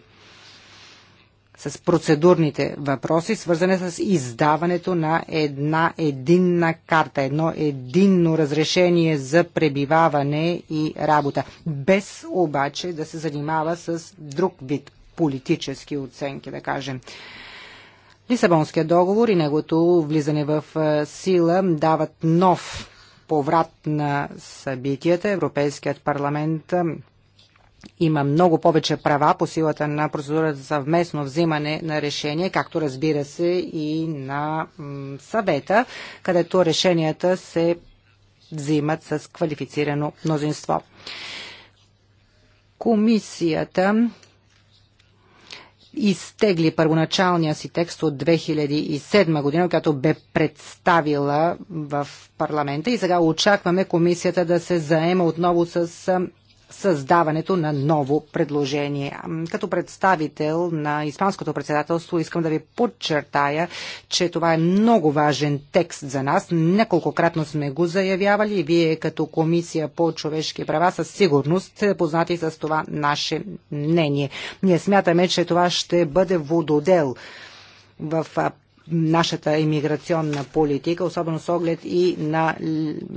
с процедурните въпроси, свързани с издаването на една единна карта, едно единно разрешение за пребиваване и работа, без обаче да се занимава с друг вид политически оценки, да кажем. Лисабонския договор и неговото влизане в сила дават нов поврат на събитията. Европейският парламент има много повече права по силата на процедурата за съвместно взимане на решение, както разбира се и на съвета, където решенията се взимат с квалифицирано мнозинство. Комисията изтегли първоначалния си текст от 2007 година, която бе представила в парламента и сега очакваме комисията да се заема отново с създаването на ново предложение. Като представител на Испанското председателство искам да ви подчертая, че това е много важен текст за нас. Неколкократно сме го заявявали и вие като Комисия по човешки права със сигурност сте познати с това наше мнение. Ние смятаме, че това ще бъде вододел в нашата иммиграционна политика, особено с оглед и на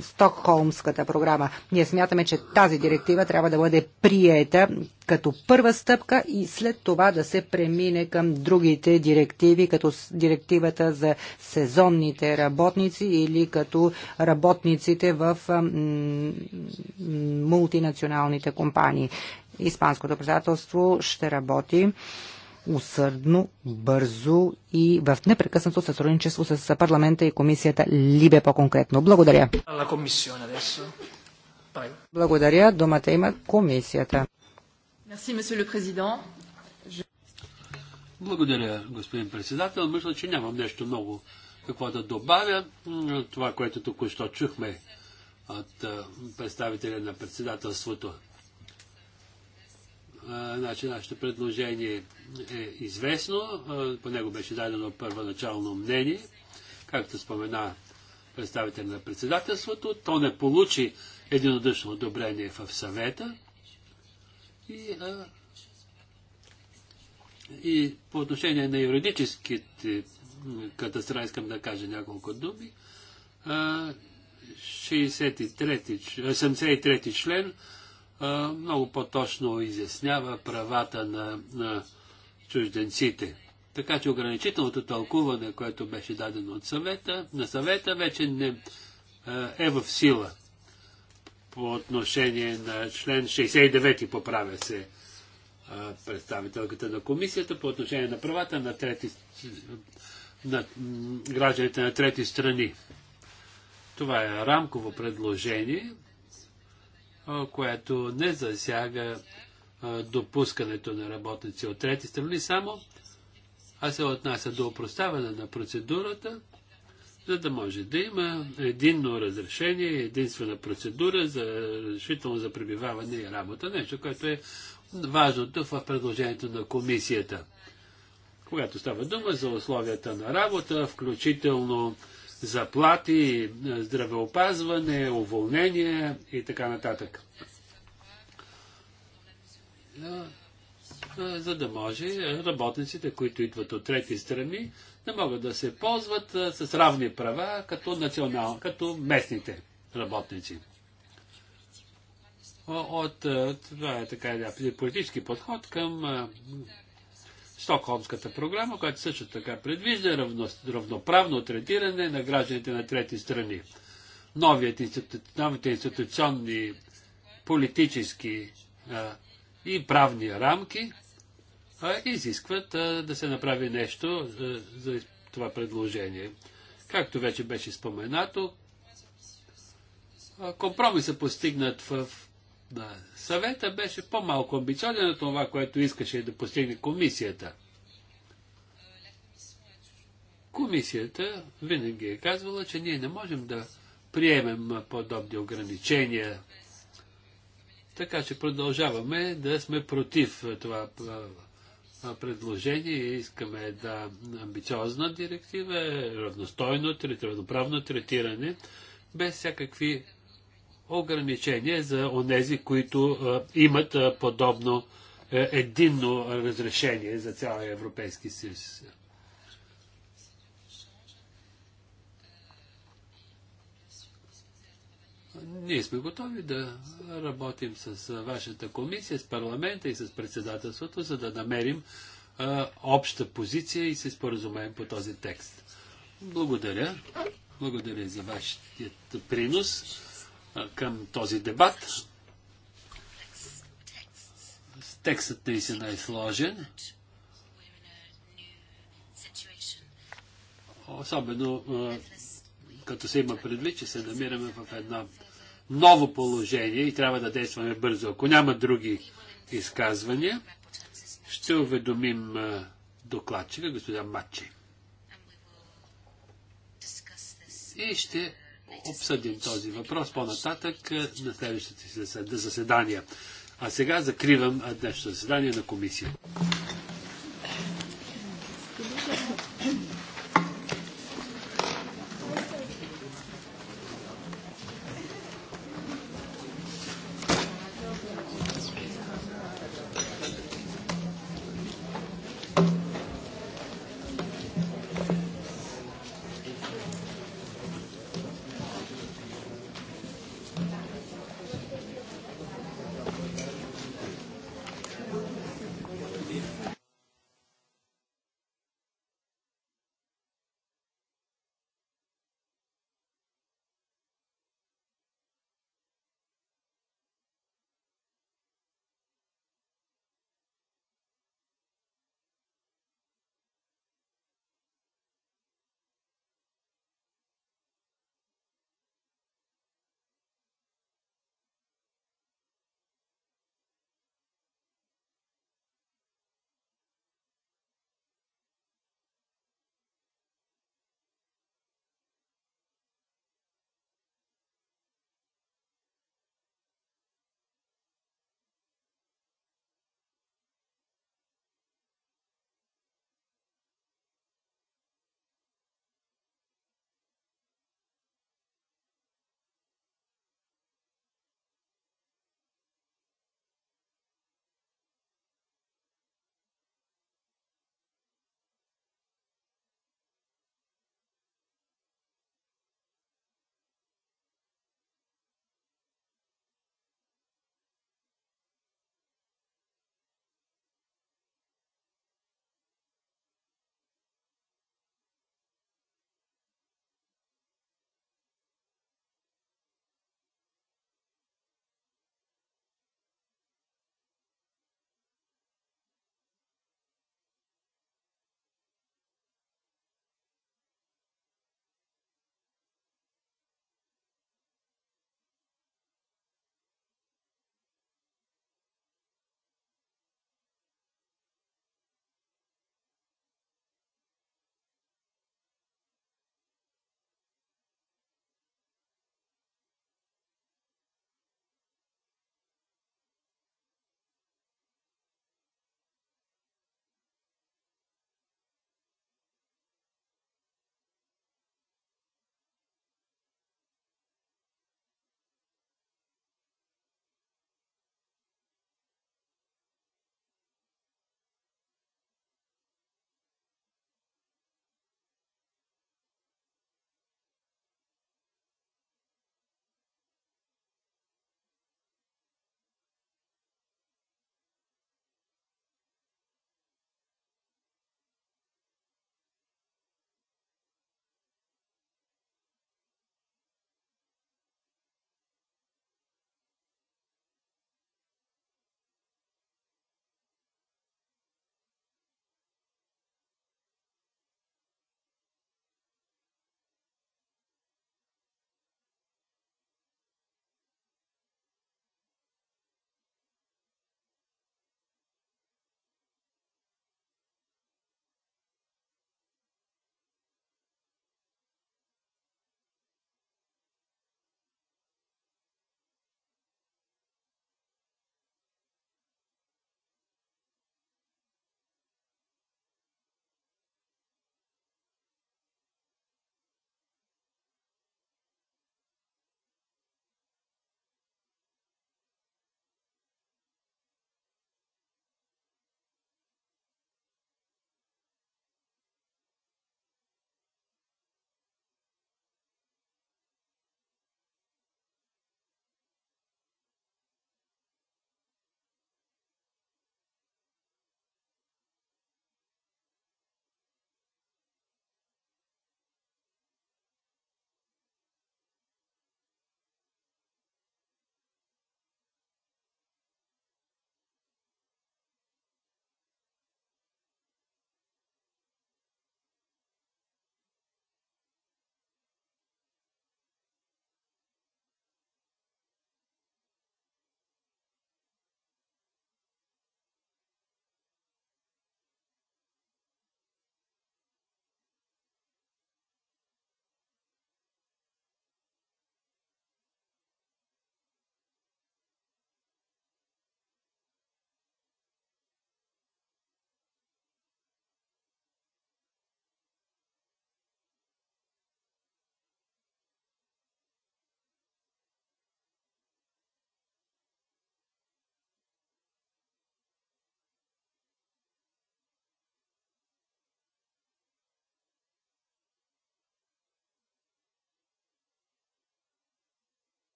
Стокхолмската програма. Ние смятаме, че тази директива трябва да бъде приета като първа стъпка и след това да се премине към другите директиви, като директивата за сезонните работници или като работниците в мултинационалните компании. Испанското председателство ще работи усърдно, бързо и в непрекъснато сътрудничество с парламента и комисията Либе по-конкретно. Благодаря. Благодаря. Думата има комисията. Благодаря, господин председател. Мисля, че нямам нещо много какво да добавя. Това, което току-що чухме от представителя на председателството. Значи нашето предложение е известно, по него беше дадено първоначално мнение, както спомена представител на председателството. То не получи единодушно одобрение в съвета и, а, и по отношение на юридическите катастрофи, искам да кажа няколко думи. 63 73 член много по-точно изяснява правата на, на чужденците. Така че ограничителното тълкуване, което беше дадено от съвета, на съвета вече не е в сила по отношение на член 69 поправя се представителката на комисията по отношение на правата на, трети, на гражданите на трети страни. Това е рамково предложение, което не засяга допускането на работници от трети страни само, а се отнася до опроставане на процедурата, за да може да има единно разрешение, единствена процедура за решително за пребиваване и работа. Нещо, което е важното в предложението на комисията. Когато става дума за условията на работа, включително заплати, здравеопазване, уволнение и така нататък. За да може работниците, които идват от трети страни, да могат да се ползват с равни права като, национал, като местните работници. От, това е така политически подход към Стокхолмската програма, която също така предвижда равно, равноправно третиране на гражданите на трети страни. Институ... новите институционни, политически а, и правни рамки а, изискват а, да се направи нещо за, за това предложение. Както вече беше споменато, компромисът постигнат в да. Съвета беше по-малко амбициозен на това, което искаше да постигне комисията. Комисията винаги е казвала, че ние не можем да приемем подобни ограничения. Така че продължаваме да сме против това предложение. Искаме да амбициозна директива, равностойно, равноправно третиране, без всякакви ограничение за онези, които имат подобно е, единно разрешение за цяла Европейски съюз. Ние сме готови да работим с вашата комисия, с парламента и с председателството, за да намерим а, обща позиция и се споразумеем по този текст. Благодаря. Благодаря за вашия принос към този дебат. Текстът е наистина е сложен. Особено като се има предвид, че се намираме в едно ново положение и трябва да действаме бързо. Ако няма други изказвания, ще уведомим докладчика, господа Матчи. И ще обсъдим този въпрос по-нататък е, на следващите заседания. А сега закривам днешното заседание на комисия.